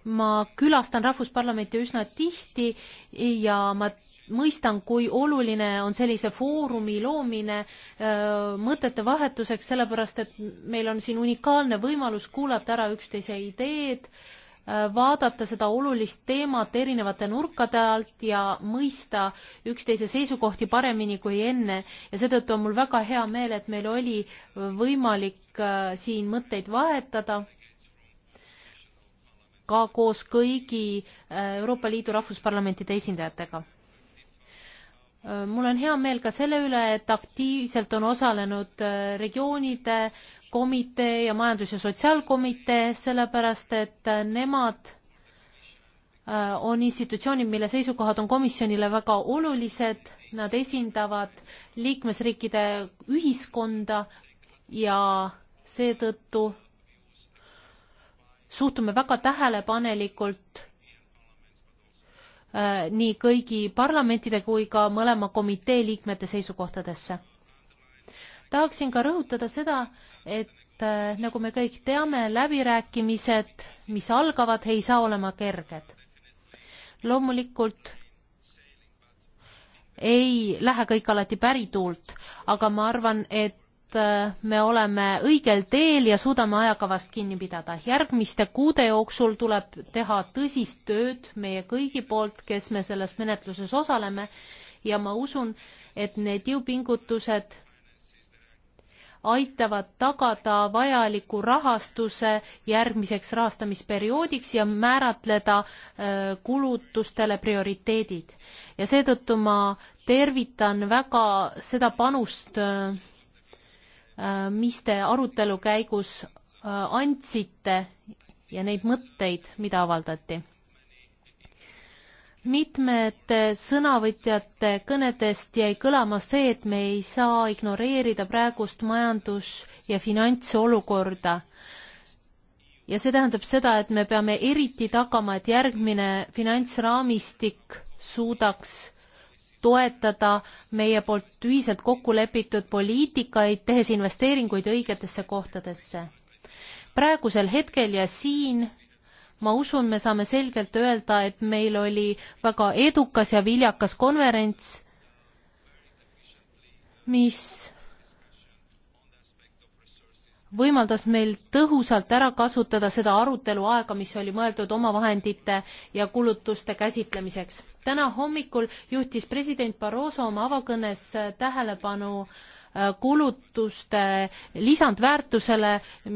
ma külastan Rahvusparlamenti üsna tihti ja ma mõistan, kui oluline on sellise foorumi loomine äh, mõtete vahetuseks, sellepärast et meil on siin unikaalne võimalus kuulata ära üksteise ideed, äh, vaadata seda olulist teemat erinevate nurkade alt ja mõista üksteise seisukohti paremini kui enne ja seetõttu on mul väga hea meel, et meil oli võimalik äh, siin mõtteid vahetada ka koos kõigi äh, Euroopa Liidu rahvusparlamentide esindajatega. Äh, mul on hea meel ka selle üle, et aktiivselt on osalenud äh, regioonide komitee ja majandus- ja sotsiaalkomitee, sellepärast et nemad on institutsioonid, mille seisukohad on komisjonile väga olulised, nad esindavad liikmesriikide ühiskonda ja seetõttu suhtume väga tähelepanelikult äh, nii kõigi parlamentide kui ka mõlema komitee liikmete seisukohtadesse. tahaksin ka rõhutada seda, et äh, nagu me kõik teame, läbirääkimised, mis algavad, ei saa olema kerged. loomulikult ei lähe kõik alati pärituult, aga ma arvan, et et äh, me oleme õigel teel ja suudame ajakavast kinni pidada. järgmiste kuude jooksul tuleb teha tõsist tööd meie kõigi poolt, kes me selles menetluses osaleme ja ma usun, et need jõupingutused aitavad tagada vajaliku rahastuse järgmiseks rahastamisperioodiks ja määratleda äh, kulutustele prioriteedid. ja seetõttu ma tervitan väga seda panust äh, Äh, mis te arutelu käigus äh, andsite ja neid mõtteid, mida avaldati. mitmete sõnavõtjate kõnedest jäi kõlama see, et me ei saa ignoreerida praegust majandus- ja finantsolukorda. ja see tähendab seda, et me peame eriti tagama, et järgmine finantsraamistik suudaks toetada meie poolt ühiselt kokku lepitud poliitikaid, tehes investeeringuid õigetesse kohtadesse. praegusel hetkel ja siin ma usun, me saame selgelt öelda, et meil oli väga edukas ja viljakas konverents, mis võimaldas meil tõhusalt ära kasutada seda aruteluaega, mis oli mõeldud omavahendite ja kulutuste käsitlemiseks. täna hommikul juhtis president Barroso oma avakõnes äh, tähelepanu äh, kulutuste lisandväärtusele,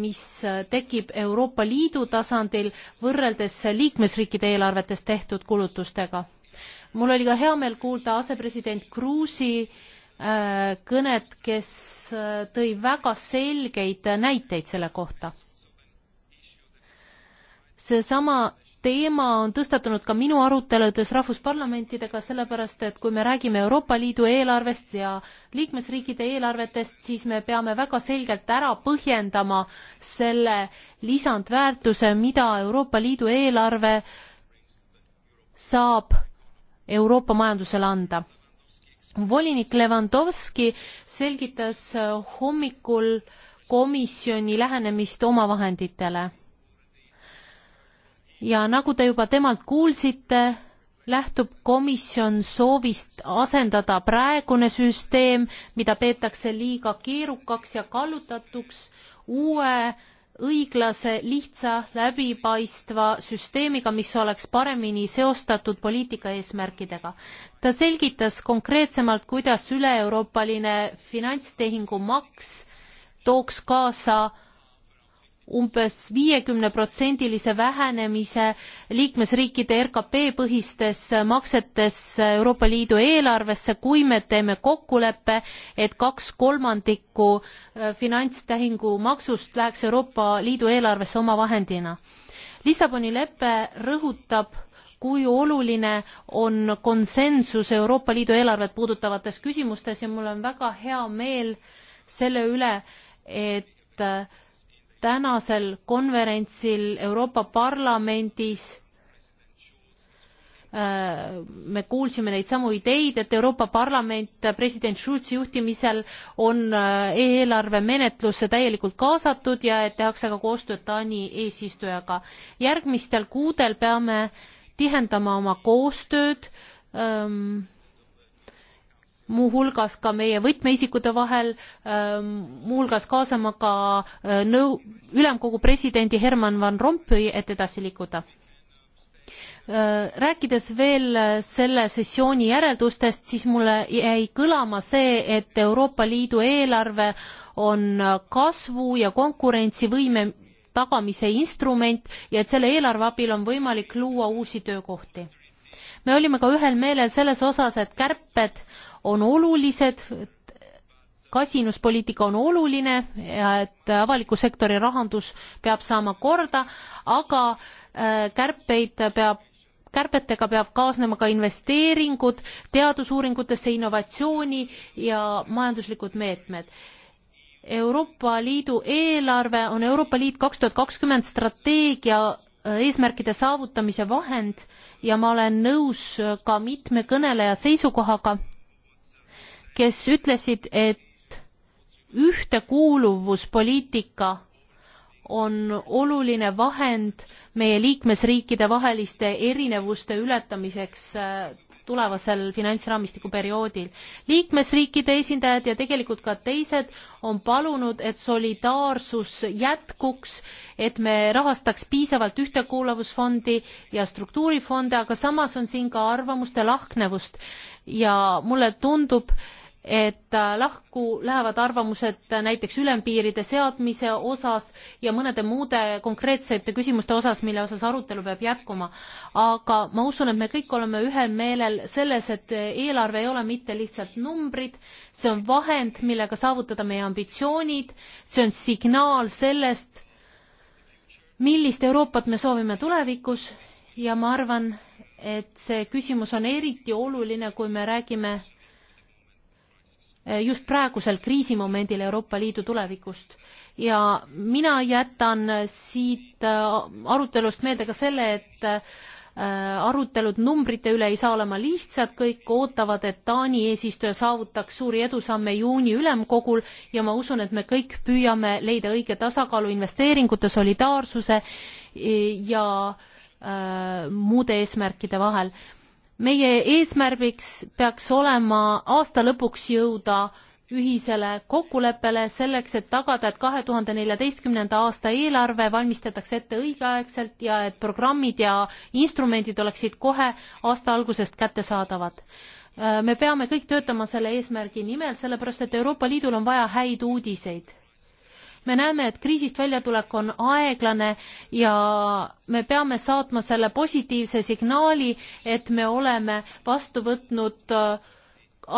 mis äh, tekib Euroopa Liidu tasandil võrreldes liikmesriikide eelarvetes tehtud kulutustega. mul oli ka hea meel kuulda asepresident Kruusi äh, Äh, kõnet, kes äh, tõi väga selgeid näiteid selle kohta. seesama teema on tõstatunud ka minu aruteludes rahvusparlamentidega, sellepärast et kui me räägime Euroopa Liidu eelarvest ja liikmesriikide eelarvetest, siis me peame väga selgelt ära põhjendama selle lisandväärtuse, mida Euroopa Liidu eelarve saab Euroopa majandusele anda volinik Levanovski selgitas äh, hommikul komisjoni lähenemist omavahenditele. ja nagu te juba temalt kuulsite, lähtub komisjon soovist asendada praegune süsteem, mida peetakse liiga keerukaks ja kallutatuks, uue õiglase, lihtsa, läbipaistva süsteemiga, mis oleks paremini seostatud poliitika eesmärkidega. ta selgitas konkreetsemalt, kuidas üle-euroopaline finantstehingumaks tooks kaasa äh, umbes viiekümneprotsendilise vähenemise liikmesriikide RKP põhistes maksetes Euroopa Liidu eelarvesse, kui me teeme kokkuleppe, et kaks kolmandikku äh, finantstehingu maksust läheks Euroopa Liidu eelarvesse omavahendina. Lissaboni lepe rõhutab kui oluline on konsensus Euroopa Liidu eelarvet puudutavates küsimustes ja mul on väga hea meel selle üle, et äh, tänasel konverentsil Euroopa Parlamendis äh, me kuulsime neid samu ideid, et Euroopa Parlament äh, president Schulzi juhtimisel on äh, eelarve menetlusse täielikult kaasatud ja et tehakse ka koostööd Taani eesistujaga. järgmistel kuudel peame tihendama oma koostööd ähm, muuhulgas ka meie võtmeisikute vahel, ähm, muuhulgas kaasama ka äh, nõu-, ülemkogu presidendi Herman Van Rompuy, et edasi liikuda. Äh, rääkides veel äh, selle sessiooni järeldustest, siis mulle jäi kõlama see, et Euroopa Liidu eelarve on kasvu ja konkurentsivõime tagamise instrument ja et selle eelarve abil on võimalik luua uusi töökohti me olime ka ühel meelel selles osas, et kärped on olulised, kasinuspoliitika on oluline ja et avaliku sektori rahandus peab saama korda, aga äh, kärpeid peab, kärbetega peab kaasnema ka investeeringud teadusuuringutesse, innovatsiooni ja majanduslikud meetmed Euroopa Liidu eelarve on Euroopa Liit kaks tuhat kakskümmend strateegia äh, eesmärkide saavutamise vahend ja ma olen nõus äh, ka mitme kõneleja seisukohaga, kes ütlesid, et ühtekuuluvuspoliitika on oluline vahend meie liikmesriikide vaheliste erinevuste ületamiseks äh, tulevasel finantsraamistiku perioodil. liikmesriikide esindajad ja tegelikult ka teised on palunud, et solidaarsus jätkuks, et me rahastaks piisavalt ühtekuuluvusfondi ja struktuurifonde, aga samas on siin ka arvamuste lahknevust ja mulle tundub, et äh, lahku lähevad arvamused näiteks ülempiiride seadmise osas ja mõnede muude konkreetsete küsimuste osas, mille osas arutelu peab jätkuma. aga ma usun, et me kõik oleme ühel meelel selles, et eelarve ei ole mitte lihtsalt numbrid, see on vahend, millega saavutada meie ambitsioonid, see on signaal sellest, millist Euroopat me soovime tulevikus ja ma arvan, et see küsimus on eriti oluline, kui me räägime Eh, just praegusel kriisimomendil Euroopa Liidu tulevikust. ja mina jätan siit äh, arutelust meelde ka selle, et äh, arutelud numbrite üle ei saa olema lihtsad, kõik ootavad, et Taani eesistuja saavutaks suuri edusamme juuni ülemkogul ja ma usun, et me kõik püüame leida õige tasakaalu investeeringute, solidaarsuse eh, ja äh, muude eesmärkide vahel äh, meie eesmärgiks peaks olema aasta lõpuks jõuda ühisele kokkuleppele selleks, et tagada, et kahe tuhande neljateistkümnenda aasta eelarve valmistatakse ette õigeaegselt ja et programmid ja instrumendid oleksid kohe aasta algusest kättesaadavad. Äh, me peame kõik töötama selle eesmärgi nimel, sellepärast et Euroopa Liidul on vaja häid uudiseid me näeme, et kriisist väljatulek on aeglane ja me peame saatma selle positiivse signaali, et me oleme vastu võtnud äh,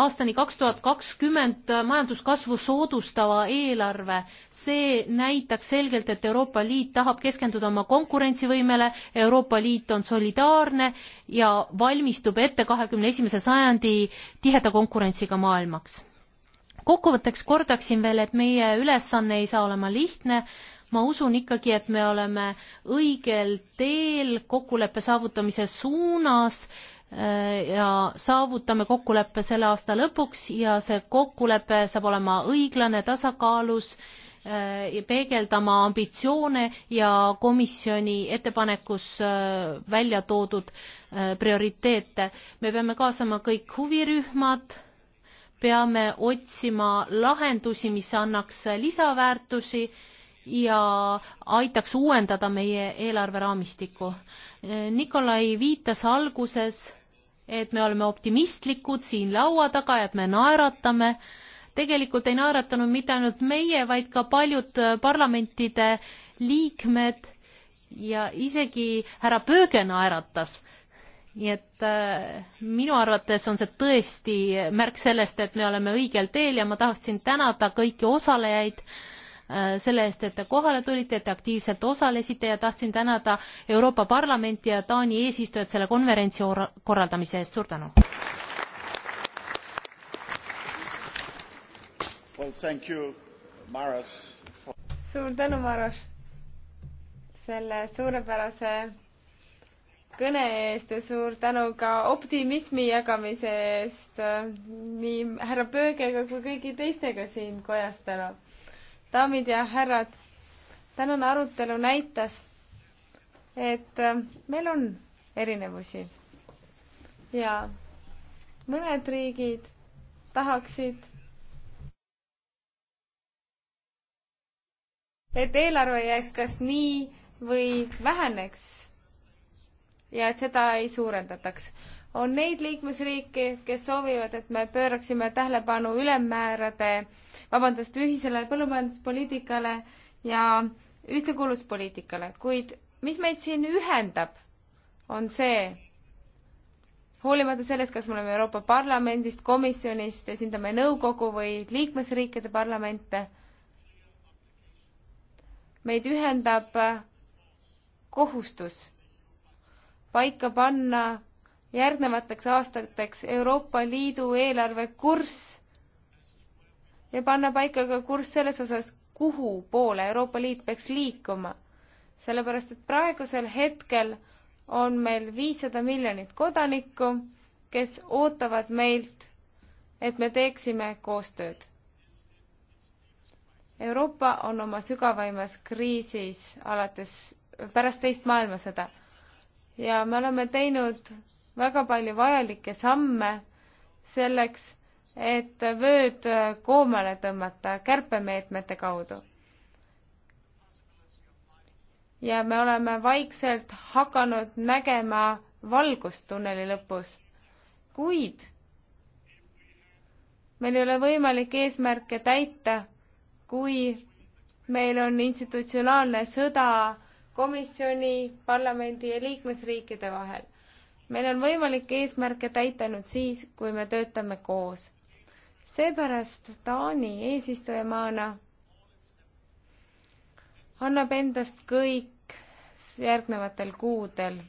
aastani kaks tuhat kakskümmend majanduskasvu soodustava eelarve. see näitaks selgelt, et Euroopa Liit tahab keskenduda oma konkurentsivõimele, Euroopa Liit on solidaarne ja valmistub ette kahekümne esimese sajandi tiheda konkurentsiga maailmaks kokkuvõtteks kordaksin veel, et meie ülesanne ei saa olema lihtne, ma usun ikkagi, et me oleme õigel teel kokkuleppe saavutamise suunas äh, ja saavutame kokkuleppe selle aasta lõpuks ja see kokkulepe saab olema õiglane, tasakaalus, äh, peegeldama ambitsioone ja komisjoni ettepanekus äh, välja toodud prioriteete. me peame kaasama kõik huvirühmad peame otsima lahendusi, mis annaks lisaväärtusi ja aitaks uuendada meie eelarveraamistikku. Nikolai viitas alguses, et me oleme optimistlikud siin laua taga ja et me naeratame. tegelikult ei naeratanud mitte ainult meie, vaid ka paljud parlamentide liikmed ja isegi härra Pööge naeratas nii et äh, minu arvates on see tõesti märk sellest, et me oleme õigel teel ja ma tahaksin tänada kõiki osalejaid äh, selle eest, et te kohale tulite, et te aktiivselt osalesite ja tahtsin tänada Euroopa Parlamenti ja Taani eesistujat selle konverentsi korraldamise eest, suur tänu! Well, thank you, Maras. For... suur tänu, Maras, selle suurepärase kõne eest ja suur tänu ka optimismi jagamise eest äh, nii härra Pöögega kui kõigi teistega siin kojas täna. daamid ja härrad, tänane arutelu näitas, et äh, meil on erinevusi ja mõned riigid tahaksid et eelarve jääks kas nii või väheneks ja et seda ei suurendataks. on neid liikmesriike, kes soovivad, et me pööraksime tähelepanu ülemmäärade, vabandust, ühisele põllumajanduspoliitikale ja ühtekuuluvuspoliitikale, kuid mis meid siin ühendab, on see, hoolimata sellest, kas me oleme Euroopa Parlamendist, komisjonist, esindame nõukogu või liikmesriikide parlamente, meid ühendab kohustus paika panna järgnevateks aastateks Euroopa Liidu eelarve kurss ja panna paika ka kurss selles osas, kuhu poole Euroopa Liit peaks liikuma. sellepärast, et praegusel hetkel on meil viissada miljonit kodanikku, kes ootavad meilt, et me teeksime koostööd. Euroopa on oma sügavaimas kriisis alates pärast teist maailmasõda ja me oleme teinud väga palju vajalikke samme selleks, et vööd koomale tõmmata kärpemeetmete kaudu. ja me oleme vaikselt hakanud nägema valgust tunneli lõpus, kuid meil ei ole võimalik eesmärke täita, kui meil on institutsionaalne sõda komisjoni, parlamendi ja liikmesriikide vahel. meil on võimalik eesmärke täita ainult siis, kui me töötame koos. seepärast Taani eesistujamaana annab endast kõik järgnevatel kuudel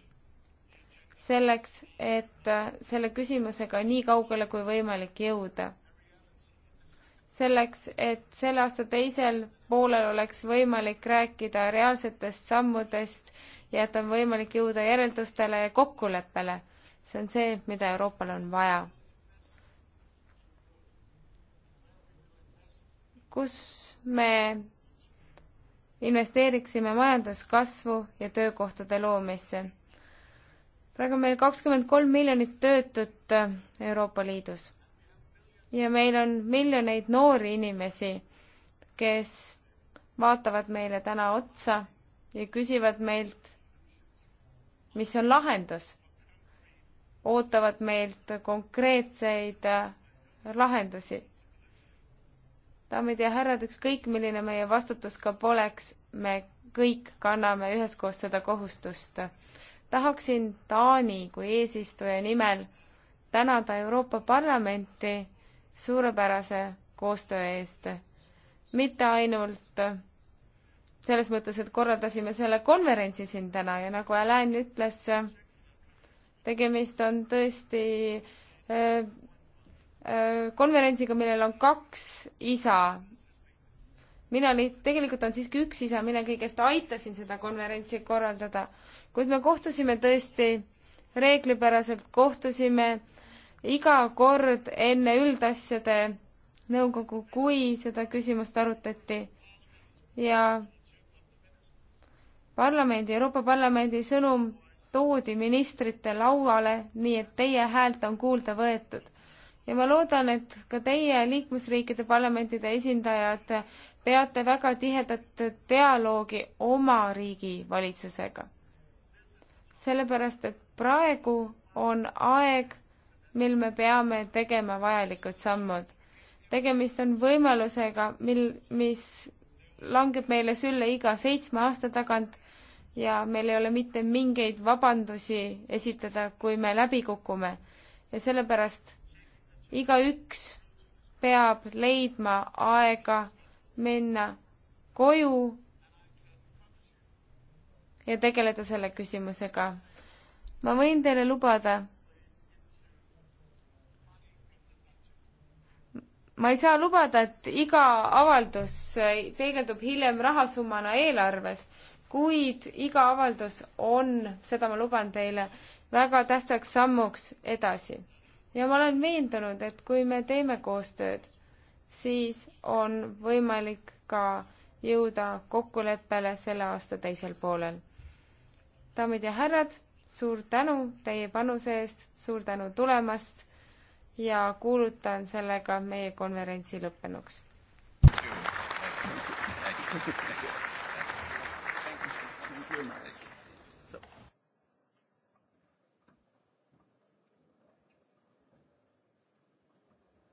selleks, et selle küsimusega nii kaugele kui võimalik jõuda selleks, et selle aasta teisel poolel oleks võimalik rääkida reaalsetest sammudest ja et on võimalik jõuda järeldustele ja kokkuleppele. see on see, mida Euroopal on vaja. kus me investeeriksime majanduskasvu ja töökohtade loomisse. praegu on meil kakskümmend kolm miljonit töötut Euroopa Liidus ja meil on miljoneid noori inimesi, kes vaatavad meile täna otsa ja küsivad meilt, mis on lahendus. ootavad meilt konkreetseid äh, lahendusi. daamid ja härrad, ükskõik milline meie vastutus ka poleks, me kõik kanname üheskoos seda kohustust. tahaksin Taani kui eesistuja nimel tänada Euroopa Parlamenti suurepärase koostöö eest. mitte ainult selles mõttes, et korraldasime selle konverentsi siin täna ja nagu Alain ütles, tegemist on tõesti äh, äh, konverentsiga, millel on kaks isa. mina olin, tegelikult on siiski üks isa, mina kõigest aitasin seda konverentsi korraldada, kuid me kohtusime tõesti reeglipäraselt, kohtusime iga kord enne üldasjade nõukogu, kui seda küsimust arutati ja parlamendi, Euroopa Parlamendi sõnum toodi ministrite lauale, nii et teie häält on kuulda võetud. ja ma loodan, et ka teie liikmesriikide parlamentide esindajad peate väga tihedat dialoogi oma riigi valitsusega. sellepärast, et praegu on aeg mil me peame tegema vajalikud sammud. tegemist on võimalusega, mil, mis langeb meile sülle iga seitsme aasta tagant ja meil ei ole mitte mingeid vabandusi esitada, kui me läbi kukume. ja sellepärast igaüks peab leidma aega minna koju ja tegeleda selle küsimusega. ma võin teile lubada, ma ei saa lubada, et iga avaldus äh, peegeldub hiljem rahasummana eelarves, kuid iga avaldus on, seda ma luban teile, väga tähtsaks sammuks edasi. ja ma olen veendunud, et kui me teeme koostööd, siis on võimalik ka jõuda kokkuleppele selle aasta teisel poolel. daamid ja härrad, suur tänu teie panuse eest, suur tänu tulemast ja kuulutan sellega meie konverentsi lõppenuks. Thank you. Thank you. Thank you. Thank you. Thank you.